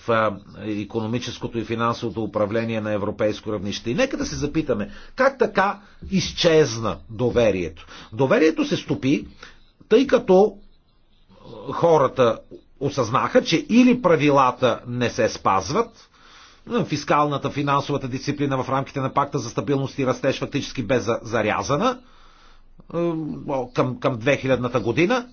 D: економическото и финансовото управление на европейско равнище. И нека да се запитаме, как така изчезна доверието? Доверието се стопи, тъй като е, хората осъзнаха, че или правилата не се спазват, фискалната, финансовата дисциплина в рамките на пакта за стабилност и растеж фактически бе зарязана е, към, към 2000-та година.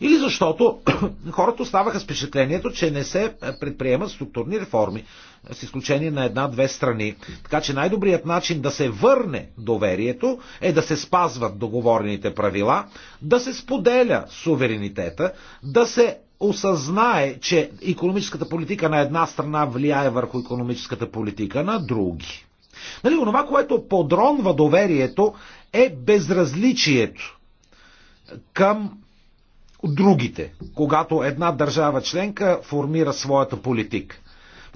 D: Или защото хората оставаха с впечатлението, че не се предприемат структурни реформи, с изключение на една-две страни. Така че най-добрият начин да се върне доверието е да се спазват договорените правила, да се споделя суверенитета, да се осъзнае, че економическата политика на една страна влияе върху економическата политика на други. Нали, онова, което подронва доверието, е безразличието към другите, когато една държава членка формира своята политика.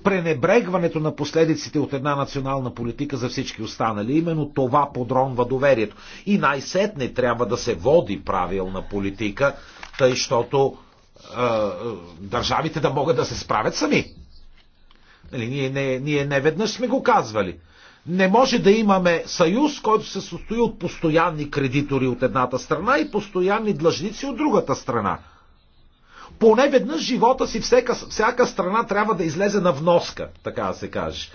D: Пренебрегването на последиците от една национална политика за всички останали, именно това подронва доверието. И най-сетне трябва да се води правилна политика, тъй, защото държавите да могат да се справят сами. Нали, ние, не, ние не веднъж сме го казвали. Не може да имаме съюз, който се състои от постоянни кредитори от едната страна и постоянни длъжници от другата страна. Поне веднъж живота си всяка, всяка страна трябва да излезе на вноска, така да се каже.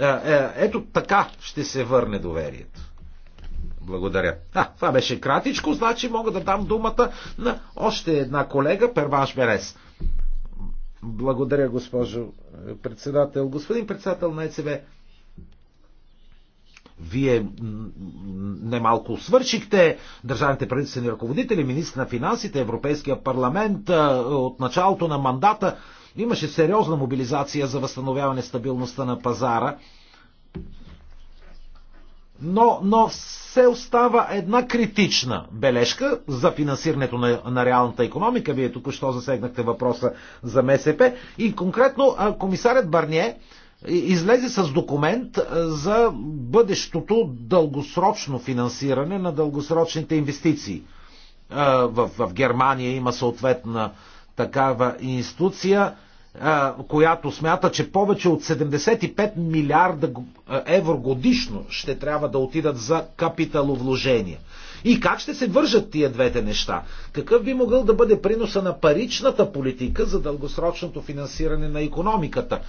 D: Е, е, ето така ще се върне доверието. Благодаря. А, това беше кратичко, значи мога да дам думата на още една колега, Перваш Берес. Благодаря, госпожо председател. Господин председател на ЕЦВ, вие немалко свършихте. Държавните правителствени ръководители, министр на финансите, Европейския парламент от началото на мандата имаше сериозна мобилизация за възстановяване стабилността на пазара. Но, но все остава една критична бележка за финансирането на, на реалната економика. Вие току-що засегнахте въпроса за МСП. И конкретно комисарят Барние излезе с документ за бъдещото дългосрочно финансиране на дългосрочните инвестиции. В, в Германия има съответна такава институция която смята, че повече от 75 милиарда евро годишно ще трябва да отидат за капиталовложения. И как ще се вържат тия двете неща? Какъв би могъл да бъде приноса на паричната политика за дългосрочното финансиране на економиката?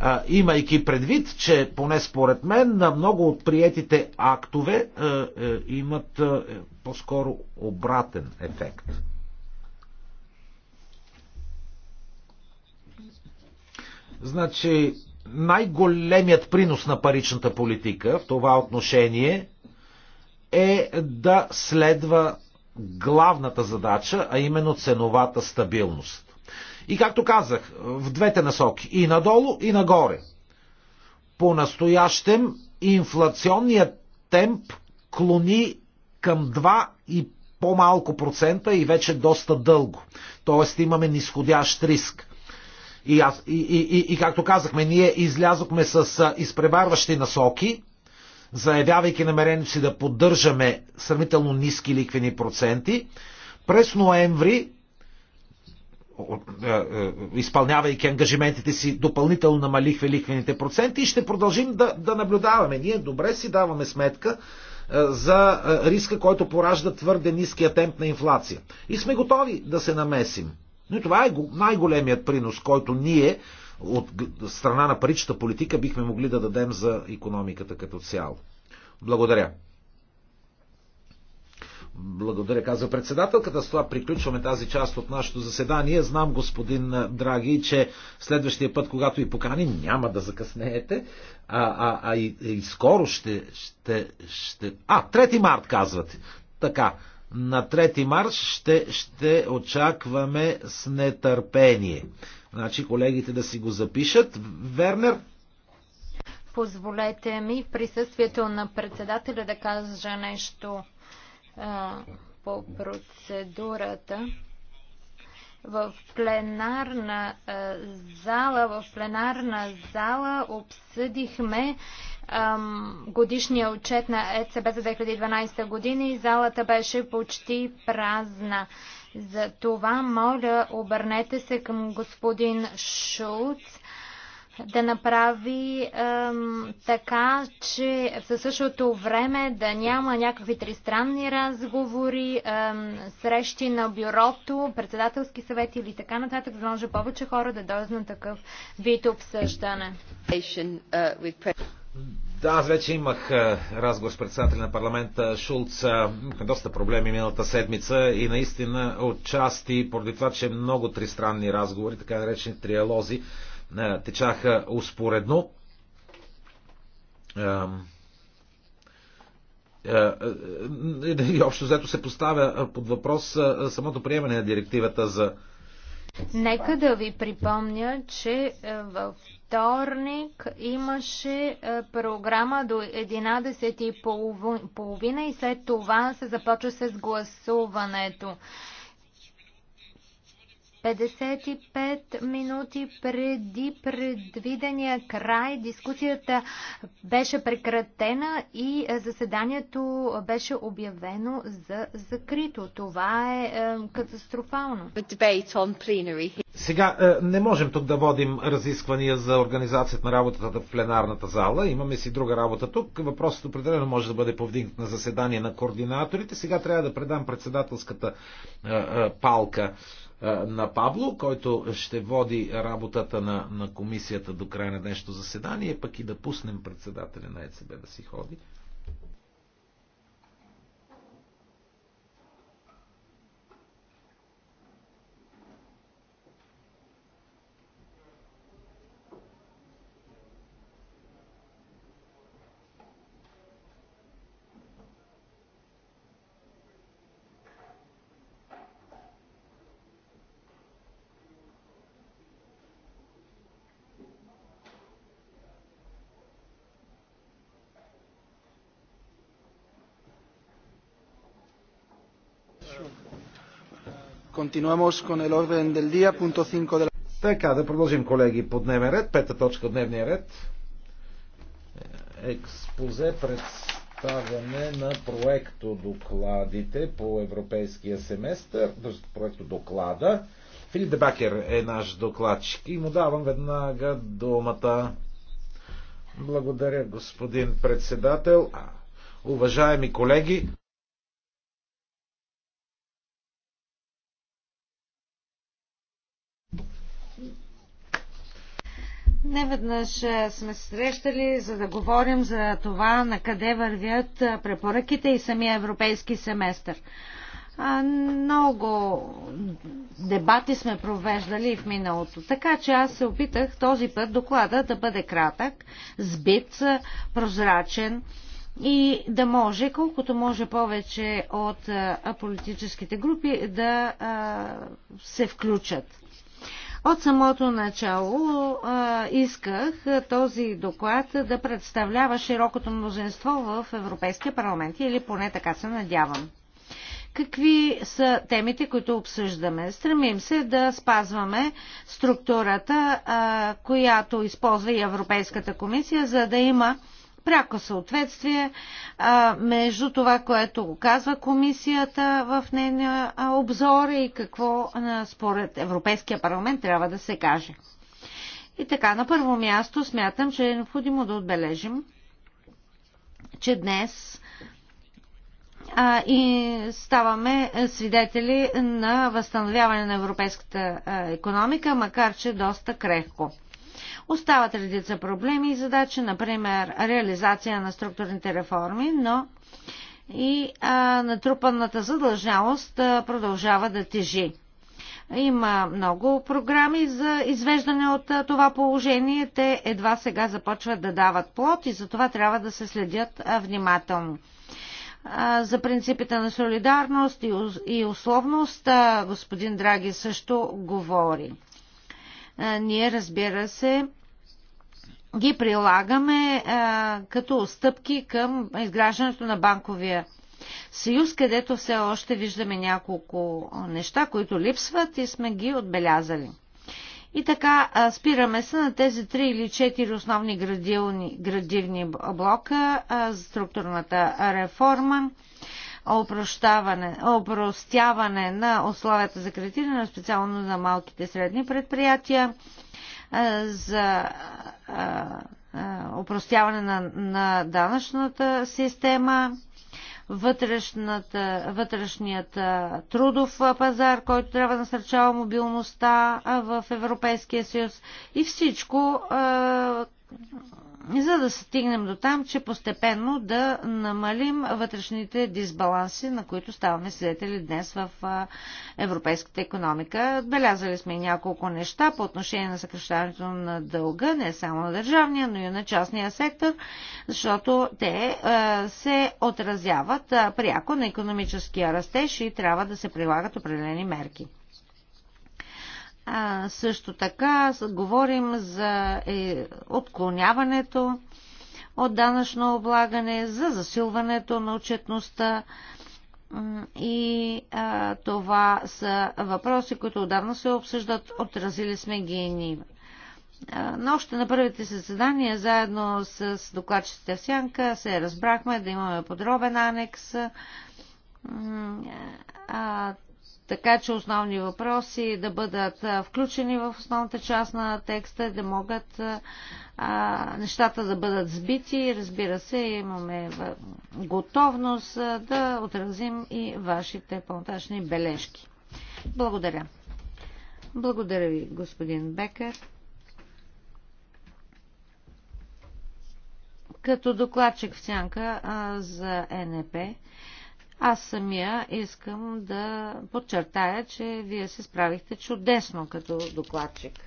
D: А, имайки предвид, че поне според мен на много от приетите актове а, а, имат а, по-скоро обратен ефект. Значи, най-големият принос на паричната политика в това отношение е да следва главната задача, а именно ценовата стабилност. И както казах, в двете насоки, и надолу, и нагоре. По-настоящем инфлационният темп клони към 2 и по-малко процента и вече доста дълго. Тоест имаме нисходящ риск. И, аз, и, и, и, и както казахме, ние излязохме с изпреварващи насоки, заявявайки намерението си да поддържаме сравнително ниски ликвени проценти. През ноември е, е, изпълнявайки ангажиментите си, допълнително намалихме ликвените проценти и ще продължим да, да наблюдаваме. Ние добре си даваме сметка е, за риска, който поражда твърде ниския темп на инфлация. И сме готови да се намесим. Но и това е най-големият принос, който ние от страна на паричната политика бихме могли да дадем за економиката като цяло. Благодаря. Благодаря, казва председателката. С това приключваме тази част от нашето заседание. Знам, господин Драги, че следващия път, когато и поканим, няма да закъснеете, а, а, а и, и скоро ще, ще, ще... А, 3 март, казвате. Така, на 3 марш ще, ще очакваме с нетърпение. Значи колегите да си го запишат. Вернер?
B: Позволете ми в присъствието на председателя да кажа нещо а, по процедурата. В пленарна а, зала, в пленарна зала обсъдихме а, годишния отчет на ЕЦБ за 2012 година и залата беше почти празна. За това моля, обърнете се към господин Шулц да направи ем, така, че в същото време да няма някакви тристранни разговори, ем, срещи на бюрото, председателски съвет или така нататък, за да може повече хора да дойдат на такъв вид обсъждане.
D: Да, аз вече имах разговор с председателя на парламента Шулц. Доста проблеми миналата седмица и наистина отчасти, поради това, че много тристранни разговори, така наречени триалози, е, течаха успоредно. Е, е, и общо взето се поставя под въпрос самото приемане на директивата за.
B: Нека да ви припомня, че във вторник имаше програма до 11.30 и след това се започва с гласуването. 55 минути преди предвидения край дискусията беше прекратена и заседанието беше обявено за закрито. Това е, е катастрофално.
D: Сега е, не можем тук да водим разисквания за организацията на работата в пленарната зала. Имаме си друга работа тук. Въпросът определено може да бъде повдигнат на заседание на координаторите. Сега трябва да предам председателската е, е, палка. Е, на Пабло, който ще води работата на, на комисията до края на днешното заседание, пък и да пуснем председателя на ЕЦБ да си ходи. Continuamos con el orden del día, punto 5 de la... Така, да продължим, колеги, по дневен ред. Пета точка от дневния ред. Експозе представяне на проекто докладите по европейския семестър, проекто доклада. Филип Дебакер е наш докладчик и му давам веднага думата. Благодаря, господин председател. Уважаеми колеги,
A: Неведнъж е, сме се срещали, за да говорим за това на къде вървят е, препоръките и самия европейски семестър. Много дебати сме провеждали в миналото, така че аз се опитах този път доклада да бъде кратък, сбит, е, прозрачен и да може, колкото може повече от политическите групи да се включат. От самото начало а, исках а, този доклад да представлява широкото мнозинство в Европейския парламент, или поне така се надявам. Какви са темите, които обсъждаме? Стремим се да спазваме структурата, а, която използва и Европейската комисия, за да има пряко съответствие а, между това, което го казва комисията в нейния обзор и какво а, според Европейския парламент трябва да се каже. И така, на първо място смятам, че е необходимо да отбележим, че днес а, и ставаме свидетели на възстановяване на европейската економика, макар че доста крехко. Остават редица проблеми и задачи, например реализация на структурните реформи, но и а, натрупаната задължалост а, продължава да тежи. Има много програми за извеждане от а, това положение. Те едва сега започват да дават плод и за това трябва да се следят а, внимателно. А, за принципите на солидарност и, и условност а, господин Драги също говори ние разбира се ги прилагаме а, като стъпки към изграждането на банковия съюз, където все още виждаме няколко неща, които липсват и сме ги отбелязали. И така а, спираме се на тези три или четири основни градивни, градивни блока, а, структурната реформа, опростяване на условията за кредитиране, специално за малките и средни предприятия, за опростяване на, на данъчната система, вътрешният трудов пазар, който трябва да насърчава мобилността в Европейския съюз и всичко за да стигнем до там, че постепенно да намалим вътрешните дисбаланси, на които ставаме свидетели днес в европейската економика. Отбелязали сме няколко неща по отношение на съкрещаването на дълга, не само на държавния, но и на частния сектор, защото те се отразяват пряко на економическия растеж и трябва да се прилагат определени мерки. А, също така говорим за е, отклоняването от данъчно облагане, за засилването на отчетността и а, това са въпроси, които отдавна се обсъждат, отразили сме ги и ние. Но още на първите съседания, заедно с докладчиците в Сянка, се разбрахме да имаме подробен анекс. А, така че основни въпроси да бъдат включени в основната част на текста, да могат а, нещата да бъдат сбити. Разбира се, имаме готовност да отразим и вашите пълнотачни бележки. Благодаря. Благодаря ви, господин Бекер. Като докладчик в сянка а, за НП, аз самия искам да подчертая, че вие се справихте чудесно като докладчик.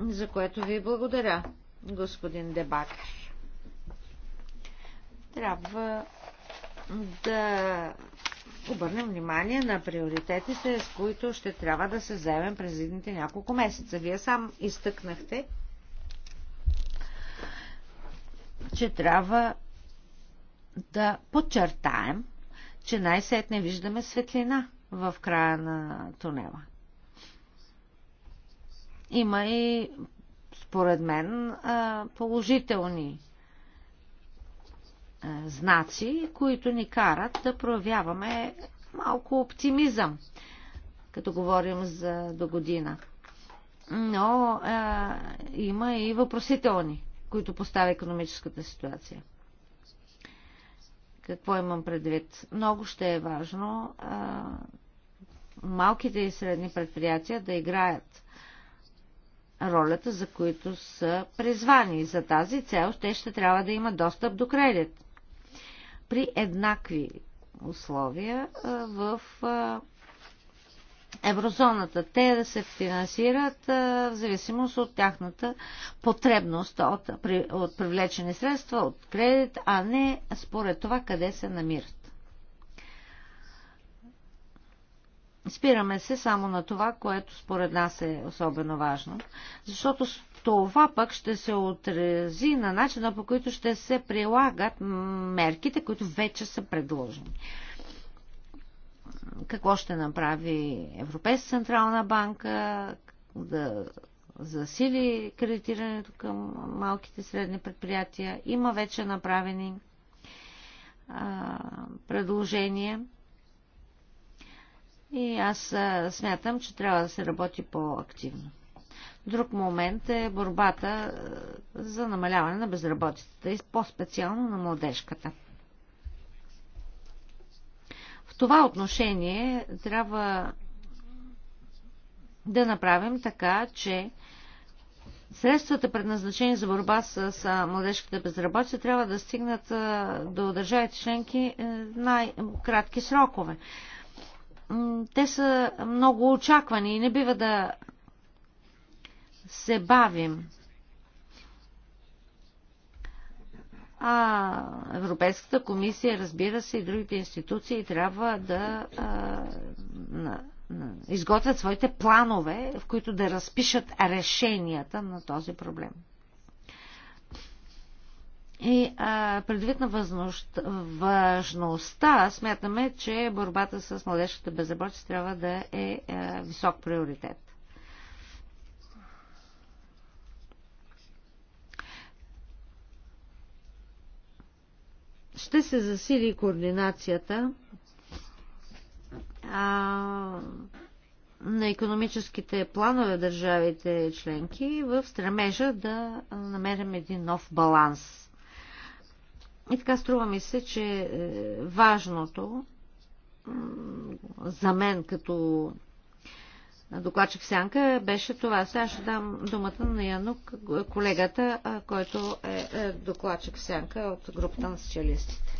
A: За което ви благодаря, господин Дебакер. Трябва да обърнем внимание на приоритетите, с които ще трябва да се заемем през едните няколко месеца. Вие сам изтъкнахте, че трябва да подчертаем, че най-сетне виждаме светлина в края на тунела. Има и, според мен, положителни знаци, които ни карат да проявяваме малко оптимизъм, като говорим за до година. Но е, има и въпросителни, които поставя економическата ситуация. Какво имам предвид? Много ще е важно а, малките и средни предприятия да играят ролята, за които са призвани. За тази цел те ще трябва да имат достъп до кредит. При еднакви условия а, в а, еврозоната. Те да се финансират а, в зависимост от тяхната потребност от, при, от привлечени средства, от кредит, а не според това къде се намират. Спираме се само на това, което според нас е особено важно, защото това пък ще се отрази на начина по който ще се прилагат мерките, които вече са предложени какво ще направи Европейска централна банка, да засили кредитирането към малките и средни предприятия. Има вече направени а, предложения. И аз а, смятам, че трябва да се работи по-активно. Друг момент е борбата за намаляване на безработицата и по-специално на младежката това отношение трябва да направим така, че средствата, предназначени за борба с младежката безработица, трябва да стигнат до държавите членки е, най-кратки срокове. Те са много очаквани и не бива да се бавим. А Европейската комисия, разбира се, и другите институции трябва да а, на, на, изготвят своите планове, в които да разпишат решенията на този проблем. И а, предвид на възможност, важността, смятаме, че борбата с младежката безработица трябва да е а, е, висок приоритет. ще се засили координацията а, на економическите планове държавите членки в стремежа да намерим един нов баланс. И така струва ми се, че е, важното за мен като докладчик Сянка беше това. Сега ще дам думата на Янук, колегата, който е, е докладчик Сянка от групата на социалистите.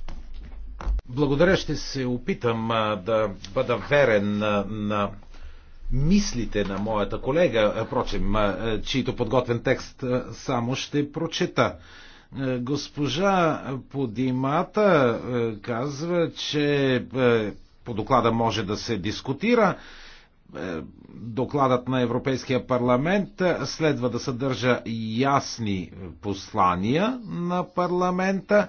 D: Благодаря, ще се опитам да бъда верен на, на мислите на моята колега, Прочим, чийто подготвен текст само ще прочета. Госпожа Подимата казва, че по доклада може да се дискутира е, докладът на Европейския парламент е, следва да съдържа ясни послания на парламента,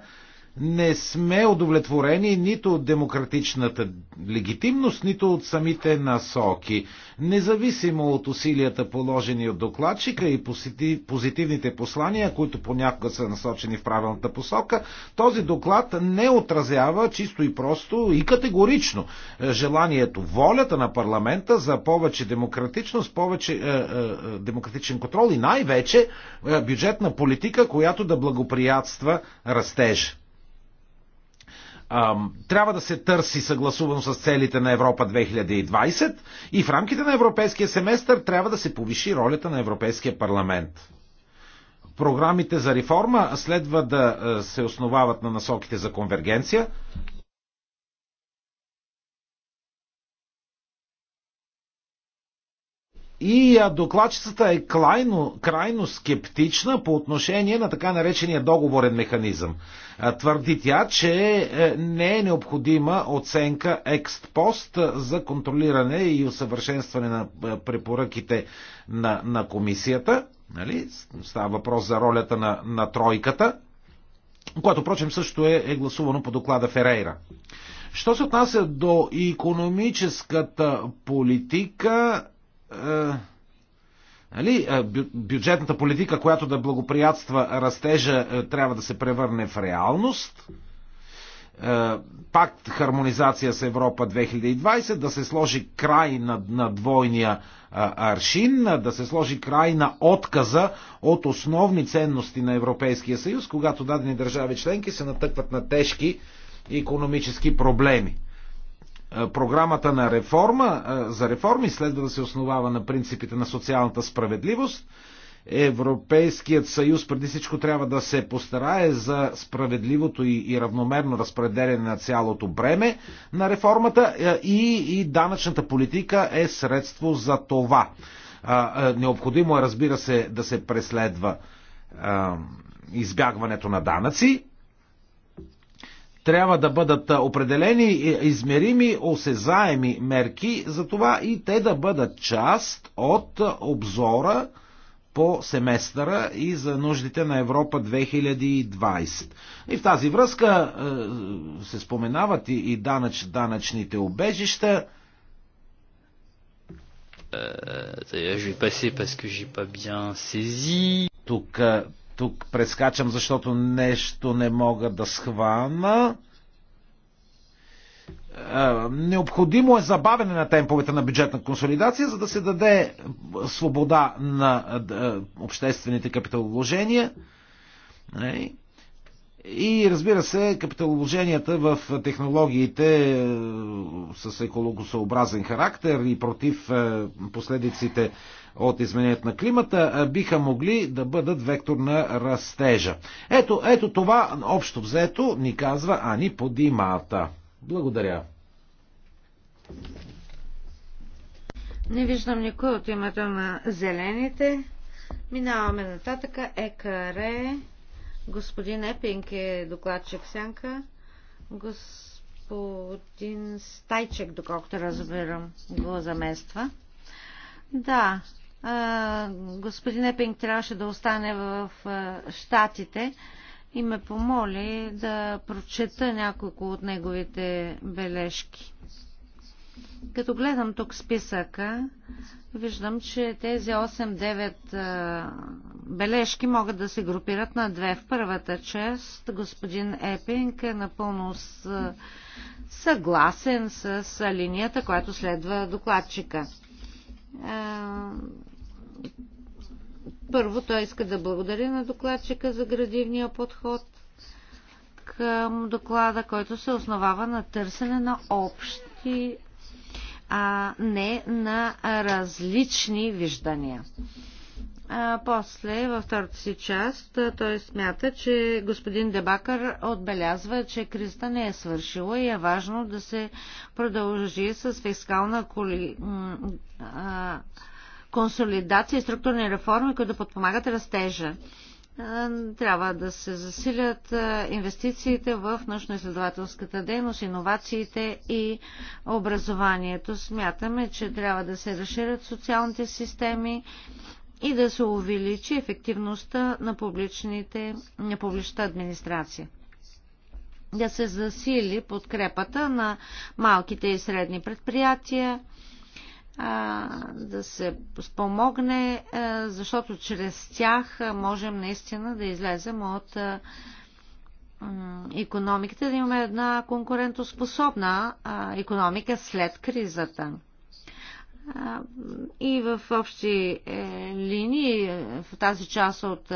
D: не сме удовлетворени нито от демократичната легитимност, нито от самите насоки. Независимо от усилията положени от докладчика и позитивните послания, които понякога са насочени в правилната посока, този доклад не отразява чисто и просто и категорично желанието, волята на парламента за повече демократичност, повече е, е, е демократичен контрол и най-вече е, бюджетна политика, която да благоприятства растежа трябва да се търси съгласувано с целите на Европа 2020 и в рамките на европейския семестър трябва да се повиши ролята на Европейския парламент. Програмите за реформа следва да е, се основават на насоките за конвергенция, И докладчицата е крайно, крайно скептична по отношение на така наречения договорен механизъм. Твърди тя, че е, не е необходима оценка екстпост за контролиране и усъвършенстване на препоръките на, на комисията. Нали? Става въпрос за ролята на, на тройката, което, впрочем, също е, е гласувано по доклада Ферейра. Що се отнася до економическата политика, е, нали, е, бюджетната политика, която да благоприятства растежа, е, трябва да се превърне в реалност. Пакт хармонизация с Европа 2020, да се сложи край на, на двойния аршин, да се сложи край на отказа от основни ценности на Европейския съюз, когато дадени държави членки се натъкват на тежки економически проблеми. Е, програмата на реформа, е, за реформи следва да се основава на принципите на социалната справедливост. Европейският съюз преди всичко трябва да се постарае за справедливото и, равномерно разпределение на цялото бреме на реформата е, и, и данъчната политика е средство за това. необходимо е, разбира се, да се преследва избягването на данъци, трябва да бъдат определени, измерими, осезаеми мерки, за това и те да бъдат част от обзора по семестъра и за нуждите на Европа 2020. И в тази връзка се споменават и данъч, данъчните обежища. Тук тук прескачам, защото нещо не мога да схвана. Е, необходимо е забавене на темповете на бюджетна консолидация, за да се даде свобода на е, обществените капиталовложения. Е, и разбира се, капиталовложенията в технологиите с екологосъобразен характер и против последиците от изменението на климата биха могли да бъдат вектор на растежа. Ето, ето това общо взето ни казва Ани Подимата. Благодаря.
A: Не виждам никой от името на зелените. Минаваме нататък. Екаре. Господин Епинг е докладчик сянка. Господин Стайчек, доколкото разбирам, го замества. Да, господин Епинг трябваше да остане в Штатите и ме помоли да прочета няколко от неговите бележки. Като гледам тук списъка, виждам, че тези 8-9 бележки могат да се групират на две. В първата част господин Епинг е напълно с, съгласен с линията, която следва докладчика. Първо той иска да благодари на докладчика за градивния подход към доклада, който се основава на търсене на общи, а не на различни виждания. А, после, във втората си част, той смята, че господин Дебакър отбелязва, че кризата не е свършила и е важно да се продължи с фискална коли... а, консолидация и структурни реформи, които подпомагат растежа. Трябва да се засилят инвестициите в научно-изследователската дейност, иновациите и образованието. Смятаме, че трябва да се разширят социалните системи и да се увеличи ефективността на, публичните, на публичната администрация да се засили подкрепата на малките и средни предприятия а, да се спомогне, а, защото чрез тях можем наистина да излезем от а, економиката, да имаме една конкурентоспособна а, економика след кризата. И в общи е, линии, в тази част от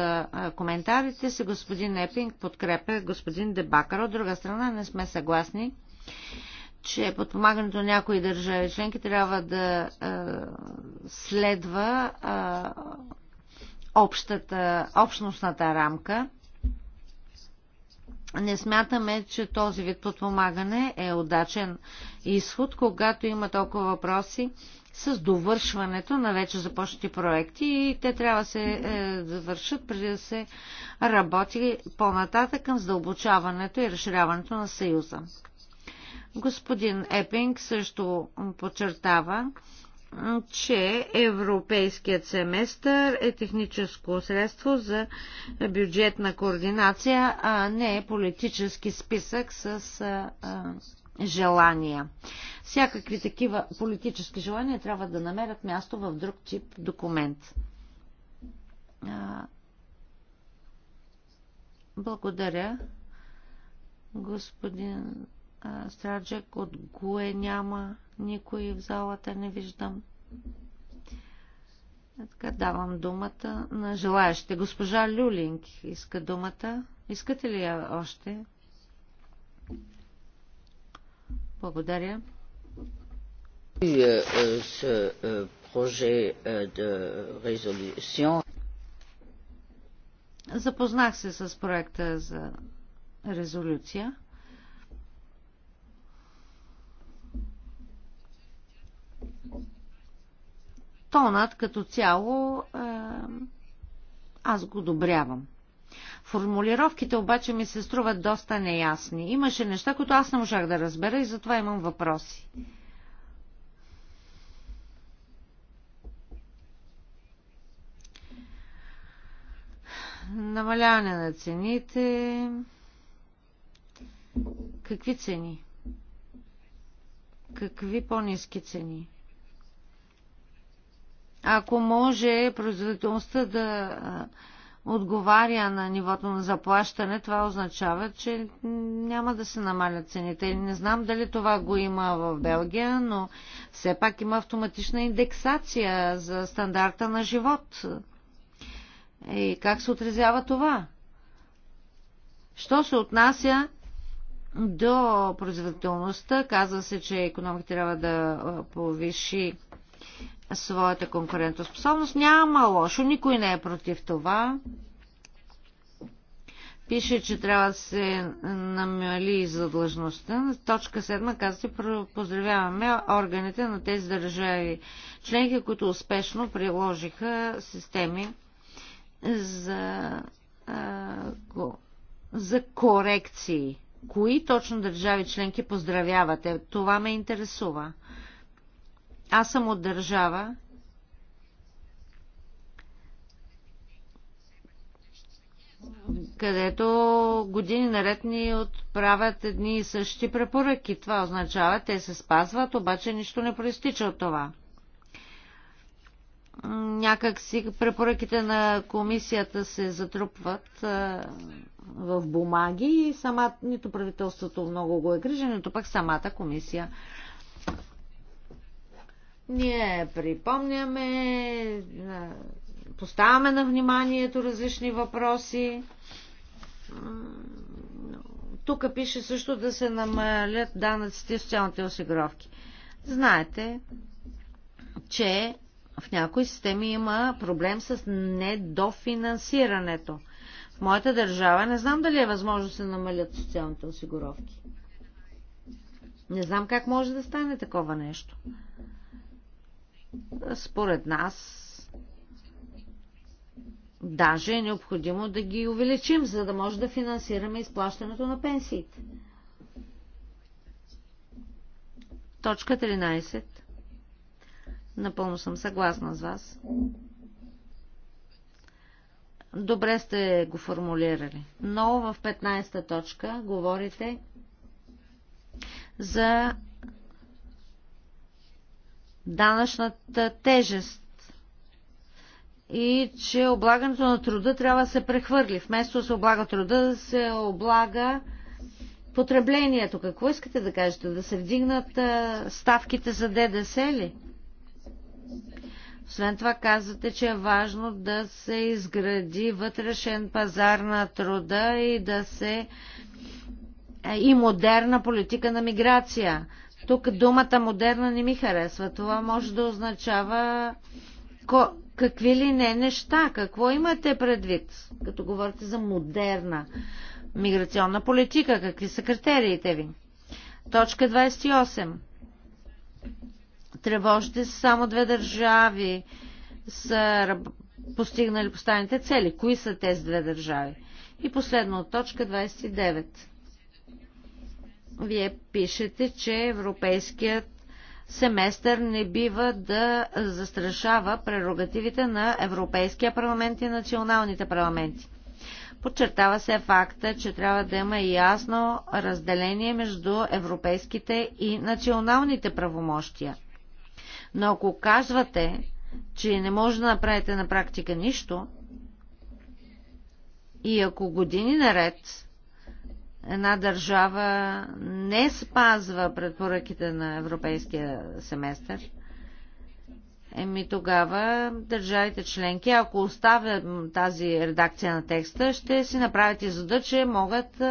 A: коментарите си господин Епинг подкрепя господин Дебакър. От друга страна не сме съгласни че подпомагането на някои държави членки трябва да а, е, следва а, е, общата, общностната рамка. Не смятаме, че този вид подпомагане е удачен изход, когато има толкова въпроси с довършването на вече започнати проекти и те трябва да се е, завършат преди да се работи по-нататък към задълбочаването и разширяването на Съюза. Господин Епинг също подчертава, че Европейският семестър е техническо средство за бюджетна координация, а не е политически списък с желания. Всякакви такива политически желания трябва да намерят място в друг тип документ. Благодаря, господин Страджек от Гуе няма никой в залата, не виждам. Така давам думата на желаящите. Госпожа Люлинг иска думата. Искате ли я още? Благодаря. Е, е, е, Запознах се с проекта за резолюция. тонът като цяло е, аз го добрявам. Формулировките обаче ми се струват доста неясни. Имаше неща, които аз не можах да разбера и затова имам въпроси. Намаляване на цените. Какви цени? Какви по-низки цени? Ако може производителността да отговаря на нивото на заплащане, това означава, че няма да се намалят цените. Не знам дали това го има в Белгия, но все пак има автоматична индексация за стандарта на живот. И как се отразява това? Що се отнася до производителността, казва се, че економиката трябва да повиши своята конкурентоспособност. Няма лошо, никой не е против това. Пише, че трябва да се намали задлъжността. Точка 7 че поздравяваме органите на тези държави членки, които успешно приложиха системи за, а, за корекции. Кои точно държави членки поздравявате? Това ме интересува. Аз съм от държава, където години наред ни отправят едни и същи препоръки. Това означава, те се спазват, обаче нищо не проистича от това. Някак си препоръките на комисията се затрупват в бумаги и сама, нито правителството много го е грижа, нито пък самата комисия. Ние припомняме, поставяме на вниманието различни въпроси. Тук пише също да се намалят данъците и социалните осигуровки. Знаете, че в някои системи има проблем с недофинансирането. В моята държава не знам дали е възможно да се намалят социалните осигуровки. Не знам как може да стане такова нещо според нас даже е необходимо да ги увеличим, за да може да финансираме изплащането на пенсиите. Точка 13. Напълно съм съгласна с вас. Добре сте го формулирали. Но в 15-та точка говорите за данъчната тежест и че облагането на труда трябва да се прехвърли. Вместо да се облага труда, да се облага потреблението. Какво искате да кажете? Да се вдигнат ставките за ДДС ли? Освен това казвате, че е важно да се изгради вътрешен пазар на труда и да се и модерна политика на миграция. Тук думата модерна не ми харесва. Това може да означава ко... какви ли не неща. Какво имате предвид, като говорите за модерна миграционна политика? Какви са критериите ви? Точка 28. Тревожите се само две държави са постигнали поставените цели. Кои са тези две държави? И последно, точка 29. Вие пишете, че Европейският семестър не бива да застрашава прерогативите на Европейския парламент и националните парламенти. Подчертава се факта, че трябва да има ясно разделение между европейските и националните правомощия. Но ако казвате, че не може да направите на практика нищо, и ако години наред една държава не спазва предпоръките на европейския семестър, Еми тогава държавите членки, ако оставят тази редакция на текста, ще си направят изода, че могат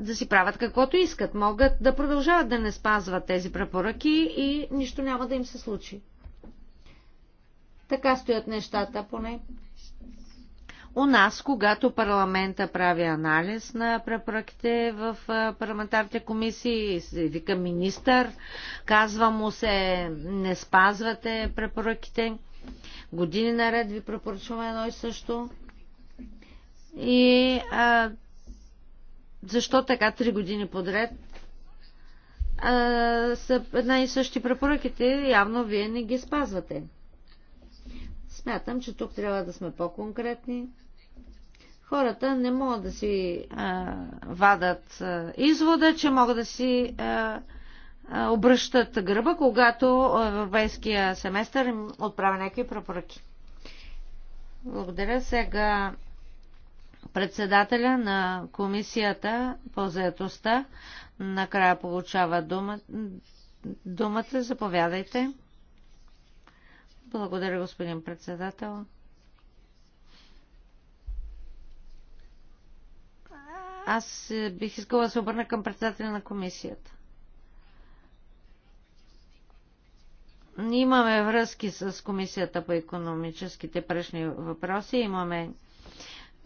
A: да си правят каквото искат. Могат да продължават да не спазват тези препоръки и нищо няма да им се случи. Така стоят нещата, поне у нас, когато парламента прави анализ на препоръките в парламентарните комисии, вика министър, казва му се, не спазвате препоръките, години наред ви препоръчваме едно и също. И а, защо така три години подред а, са една и същи препоръките, явно вие не ги спазвате. Смятам, че тук трябва да сме по-конкретни хората не могат да си а, вадат а, извода, че могат да си а, а, обръщат гръба, когато европейския семестър им отправя някакви препоръки. Благодаря. Сега председателя на комисията по заедостта накрая получава дума, думата. Заповядайте. Благодаря, господин председател. Аз е, бих искала да се обърна към председателя на комисията. Имаме връзки с комисията по економическите прешни въпроси. Имаме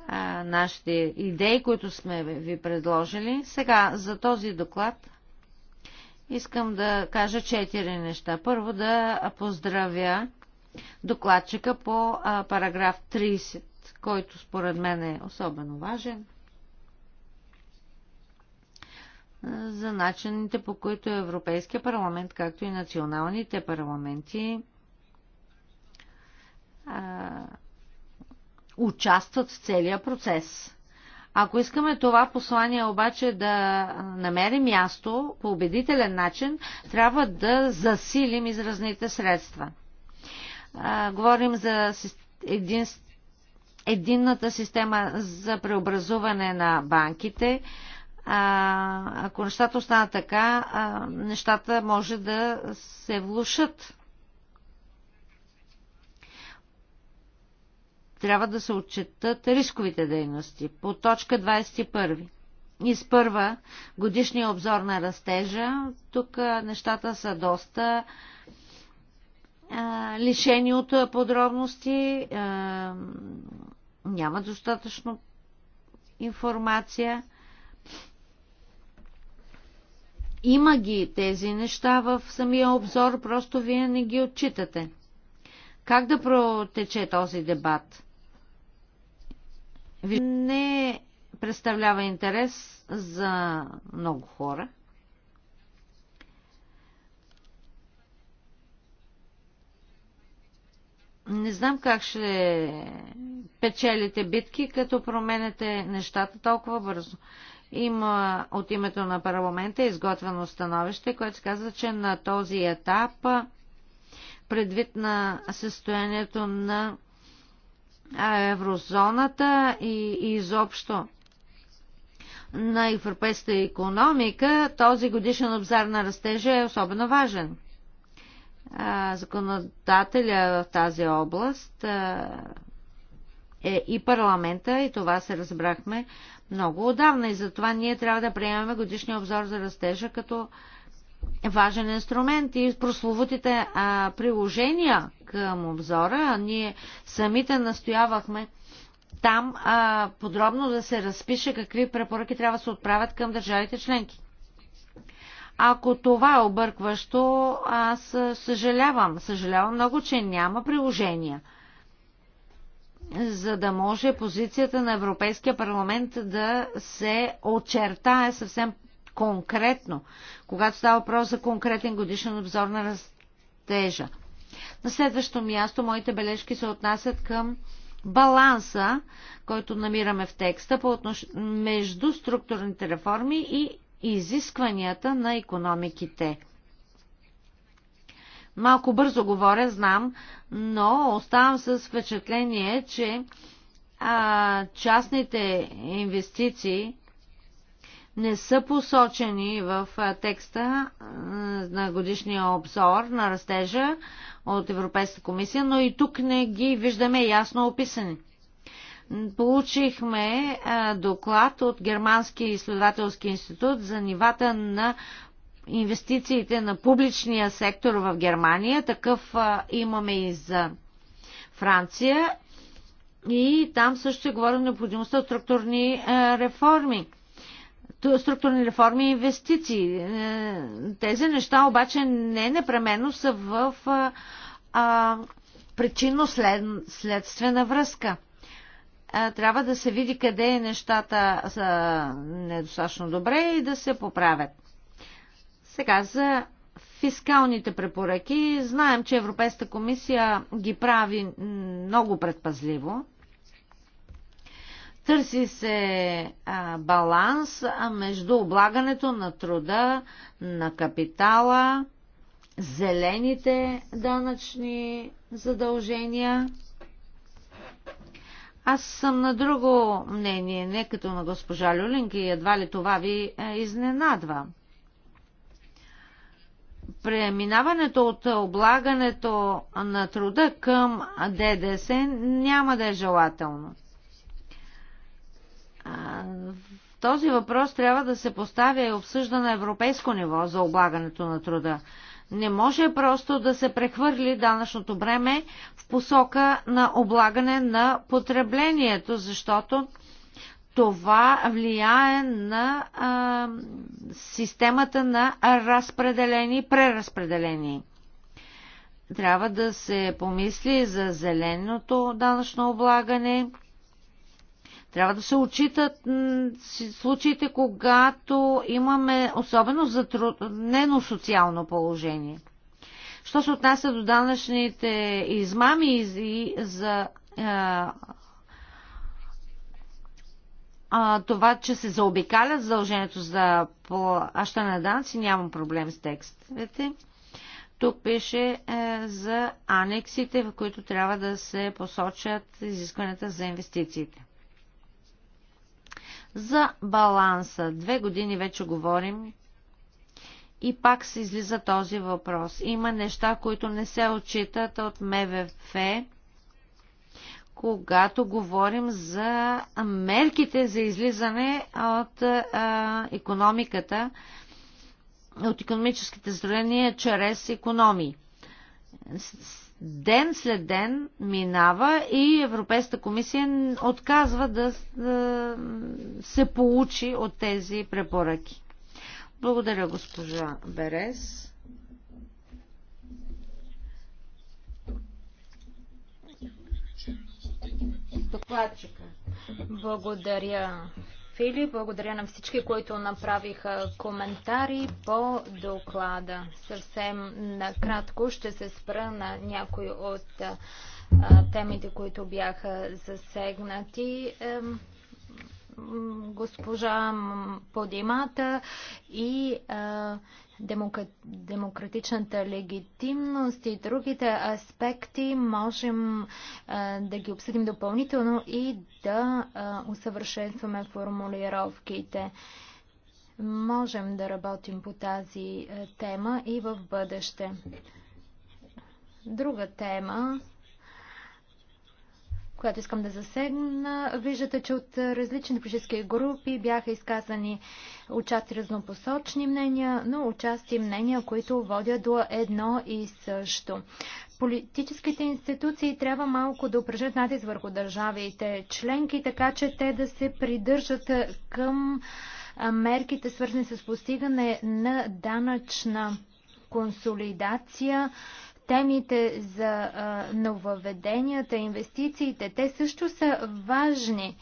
A: а, нашите идеи, които сме ви предложили. Сега за този доклад искам да кажа четири неща. Първо да поздравя докладчика по а, параграф 30, който според мен е особено важен за начините по които Европейския парламент, както и националните парламенти участват в целия процес. Ако искаме това послание обаче да намери място по убедителен начин, трябва да засилим изразните средства. говорим за един, единната система за преобразуване на банките, а, ако нещата останат така, а, нещата може да се влушат. Трябва да се отчетат рисковите дейности. По точка 21. Изпърва годишния обзор на растежа. Тук нещата са доста а, лишени от подробности. А, няма достатъчно информация. Има ги тези неща в самия обзор, просто вие не ги отчитате. Как да протече този дебат? Не представлява интерес за много хора. Не знам как ще печелите битки, като променете нещата толкова бързо. Има от името на парламента изготвено становище, което се казва, че на този етап, предвид на състоянието на еврозоната и изобщо на европейската економика, този годишен обзар на растежа е особено важен. Законодателя в тази област е и парламента, и това се разбрахме много отдавна. И затова ние трябва да приемаме годишния обзор за растежа като важен инструмент и прословутите а, приложения към обзора. А ние самите настоявахме там а, подробно да се разпише какви препоръки трябва да се отправят към държавите членки. Ако това е объркващо, аз съжалявам. Съжалявам много, че няма приложения за да може позицията на Европейския парламент да се очертае съвсем конкретно, когато става въпрос за конкретен годишен обзор на растежа. На следващо място моите бележки се отнасят към баланса, който намираме в текста по отнош... между структурните реформи и изискванията на економиките. Малко бързо говоря, знам, но оставам с впечатление, че а, частните инвестиции не са посочени в текста на годишния обзор на растежа от Европейската комисия, но и тук не ги виждаме ясно описани. Получихме доклад от Германски изследователски институт за нивата на инвестициите на публичния сектор в Германия. Такъв имаме и за Франция. И там също се говори необходимостта от структурни реформи структурни реформи и инвестиции. Е, тези неща обаче не непременно са в причинно-следствена връзка. Е, трябва да се види къде нещата са недостатъчно добре и да се поправят. Сега за фискалните препоръки. Знаем, че Европейската комисия ги прави много предпазливо. Търси се а, баланс между облагането на труда, на капитала, зелените данъчни задължения. Аз съм на друго мнение, не като на госпожа Люлинг и едва ли това ви е, изненадва преминаването от облагането на труда към ДДС няма да е желателно. Този въпрос трябва да се поставя и обсъжда на европейско ниво за облагането на труда. Не може просто да се прехвърли данъчното бреме в посока на облагане на потреблението, защото това влияе на а, системата на разпределение и преразпределение. Трябва да се помисли за зеленото данъчно облагане. Трябва да се учитат случаите, когато имаме особено затруднено социално положение. Що се отнася до данъчните измами и за а, това, че се заобикаля задължението за плащане на данъци, нямам проблем с текстовете. Тук пише е, за анексите, в които трябва да се посочат изискванията за инвестициите. За баланса. Две години вече говорим и пак се излиза този въпрос. Има неща, които не се отчитат от МВФ когато говорим за мерките за излизане от а, економиката, от економическите здравения чрез економии. Ден след ден минава и Европейската комисия отказва да, да се получи от тези препоръки. Благодаря, госпожа Берес.
B: докладчика. Благодаря, Фили. Благодаря на всички, които направиха коментари по доклада. Съвсем накратко ще се спра на някои от темите, които бяха засегнати госпожа Подимата и демократичната легитимност и другите аспекти можем да ги обсъдим допълнително и да усъвършенстваме формулировките. Можем да работим по тази тема и в бъдеще. Друга тема, която искам да засегна. Виждате, че от различни политически групи бяха изказани участи разнопосочни мнения, но участи мнения, които водят до едно и също. Политическите институции трябва малко да упражнят натиск върху държавите членки, така че те да се придържат към мерките, свързани с постигане на данъчна консолидация, темите за нововведенията, инвестициите, те също са важни.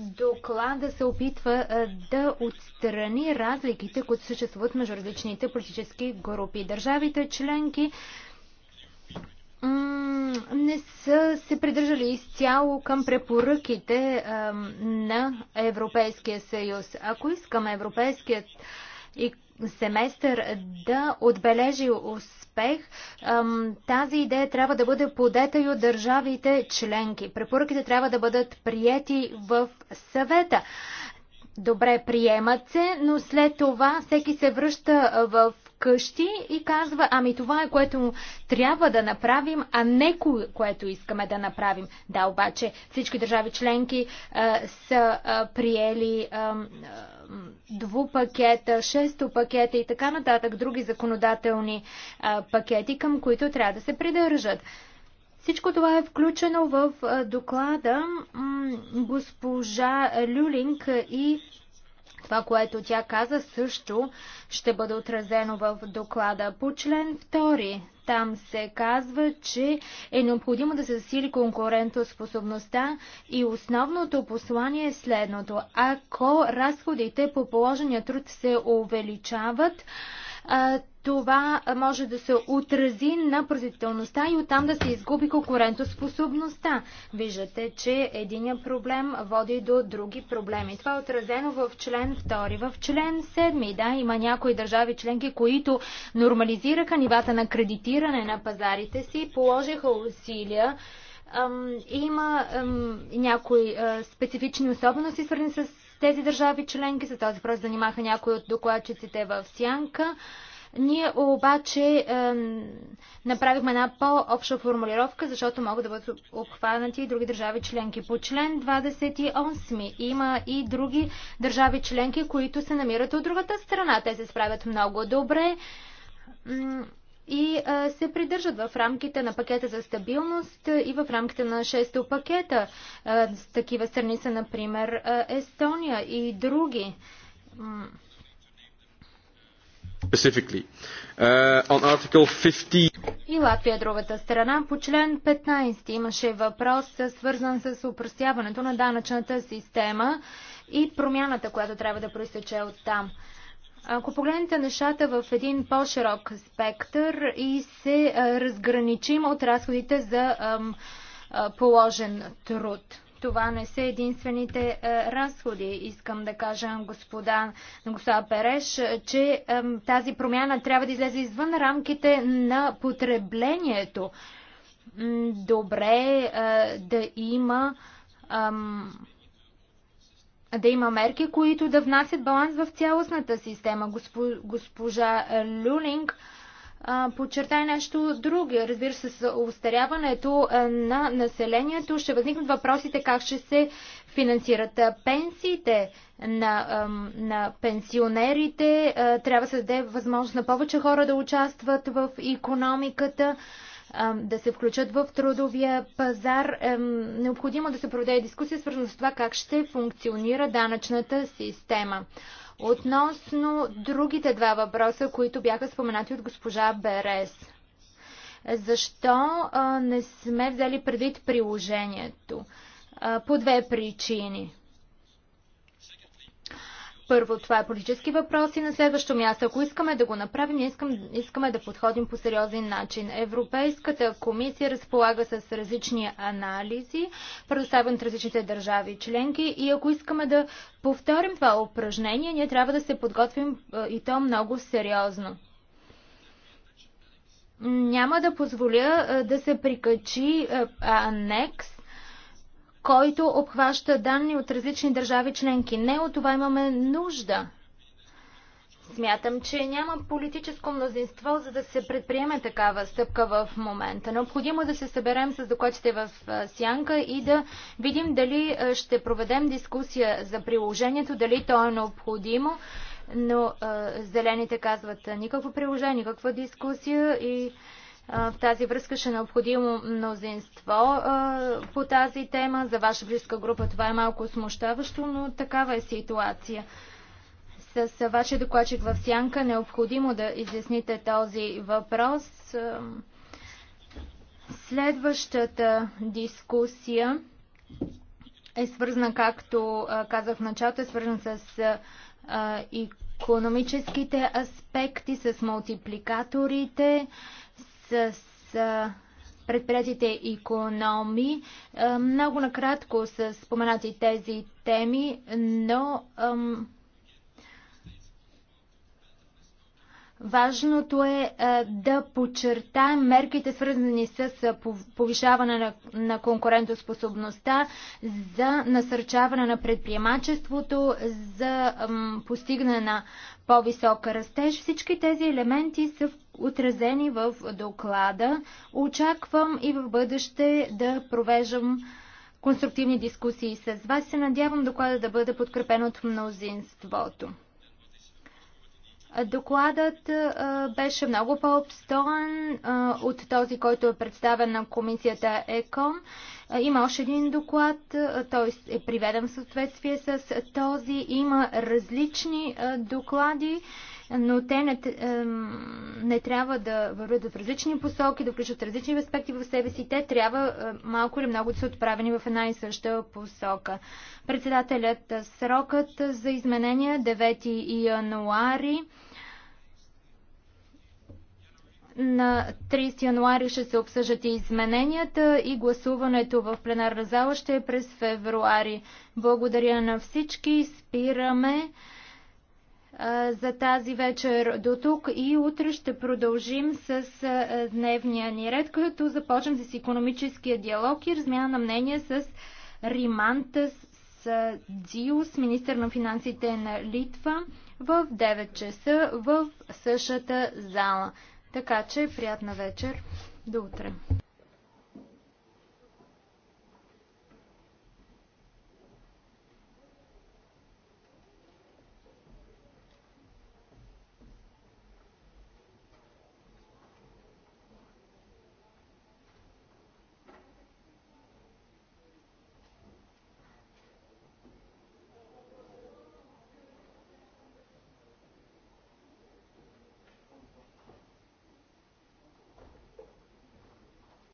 B: Доклада се опитва да отстрани разликите, които съществуват между различните политически групи. Държавите членки не са се придържали изцяло към препоръките на Европейския съюз. Ако искаме Европейският и семестър да отбележи успех, тази идея трябва да бъде подета и от държавите членки. Препоръките трябва да бъдат прияти в съвета. Добре, приемат се, но след това всеки се връща в вкъщи и казва, ами това е което трябва да направим, а не което искаме да направим. Да, обаче всички държави членки а, са а, приели а, двупакета, шесто пакета и така нататък, други законодателни а, пакети, към които трябва да се придържат. Всичко това е включено в доклада госпожа Люлинг и това, което тя каза, също ще бъде отразено в доклада по член 2. Там се казва, че е необходимо да се засили конкурентоспособността и основното послание е следното. Ако разходите по положения труд се увеличават, това може да се отрази на производителността и оттам да се изгуби конкурентоспособността. Виждате, че единия проблем води до други проблеми. Това е отразено в член 2. В член 7, да, има някои държави членки, които нормализираха нивата на кредитиране на пазарите си, положиха усилия има някои специфични особености, свързани с тези държави членки. За този въпрос занимаха някои от докладчиците в Сянка. Ние обаче ем, направихме една по-обща формулировка, защото могат да бъдат обхванати и други държави членки. По член 28 има и други държави членки, които се намират от другата страна. Те се справят много добре и а, се придържат в рамките на пакета за стабилност и в рамките на 6 пакета. А, такива страни са, например, Естония и други. Uh, и Латвия, е другата страна, по член 15 имаше въпрос, свързан с упростяването на данъчната система и промяната, която трябва да проистече от там. Ако погледнете нещата в един по-широк спектър и се разграничим от разходите за положен труд. Това не са единствените разходи. Искам да кажа господа, на господа Переш, че тази промяна трябва да излезе извън рамките на потреблението. Добре да има да има мерки, които да внасят баланс в цялостната система. Госпожа Люлинг подчертай нещо друго. Разбира се, с устаряването на населението ще възникнат въпросите как ще се финансират пенсиите на, на пенсионерите. Трябва да се даде възможност на повече хора да участват в економиката да се включат в трудовия пазар. Необходимо да се проведе дискусия свързана с това как ще функционира данъчната система. Относно другите два въпроса, които бяха споменати от госпожа Берес. Защо не сме взели предвид приложението? По две причини – първо, това е политически въпрос и на следващо място. Ако искаме да го направим, искам, искаме да подходим по сериозен начин. Европейската комисия разполага с различни анализи, предоставен от различните държави и членки и ако искаме да повторим това упражнение, ние трябва да се подготвим е, и то много сериозно. Няма да позволя е, да се прикачи е, анекс който обхваща данни от различни държави членки. Не от това имаме нужда. Смятам, че няма политическо мнозинство, за да се предприеме такава стъпка в момента. Необходимо е да се съберем с докладите в сянка и да видим дали ще проведем дискусия за приложението, дали то е необходимо. Но е, зелените казват никакво приложение, никаква дискусия и в тази връзка ще е необходимо мнозинство по тази тема. За ваша близка група това е малко смущаващо, но такава е ситуация. С вашия докладчик в Сянка е необходимо да изясните този въпрос. Следващата дискусия е свързана, както казах в началото, е свързана с економическите аспекти, с мултипликаторите с, предприятите економи. Много накратко са споменати тези теми, но важното е да подчертаем мерките, свързани с повишаване на, конкурентоспособността, за насърчаване на предприемачеството, за постигане на по-висока растеж. Всички тези елементи са отразени в доклада. Очаквам и в бъдеще да провеждам конструктивни дискусии с вас. Се надявам доклада да бъде подкрепен от мнозинството. Докладът беше много по-обстоен от този, който е представен на комисията ЕКОН. Има още един доклад, той е приведен в съответствие с този. Има различни доклади, но те не, не трябва да вървят в различни посоки, да включат различни аспекти в себе си. Те трябва е, малко или много да са отправени в една и съща посока. Председателят срокът за изменения 9 януари. На 30 януари ще се обсъждат и измененията и гласуването в пленарна зала ще е през февруари. Благодаря на всички. Спираме за тази вечер до тук и утре ще продължим с дневния ни ред, като започнем с економическия диалог и размяна на мнение с Римантас Диус, министър на финансите на Литва, в 9 часа в същата зала. Така че приятна вечер. До утре.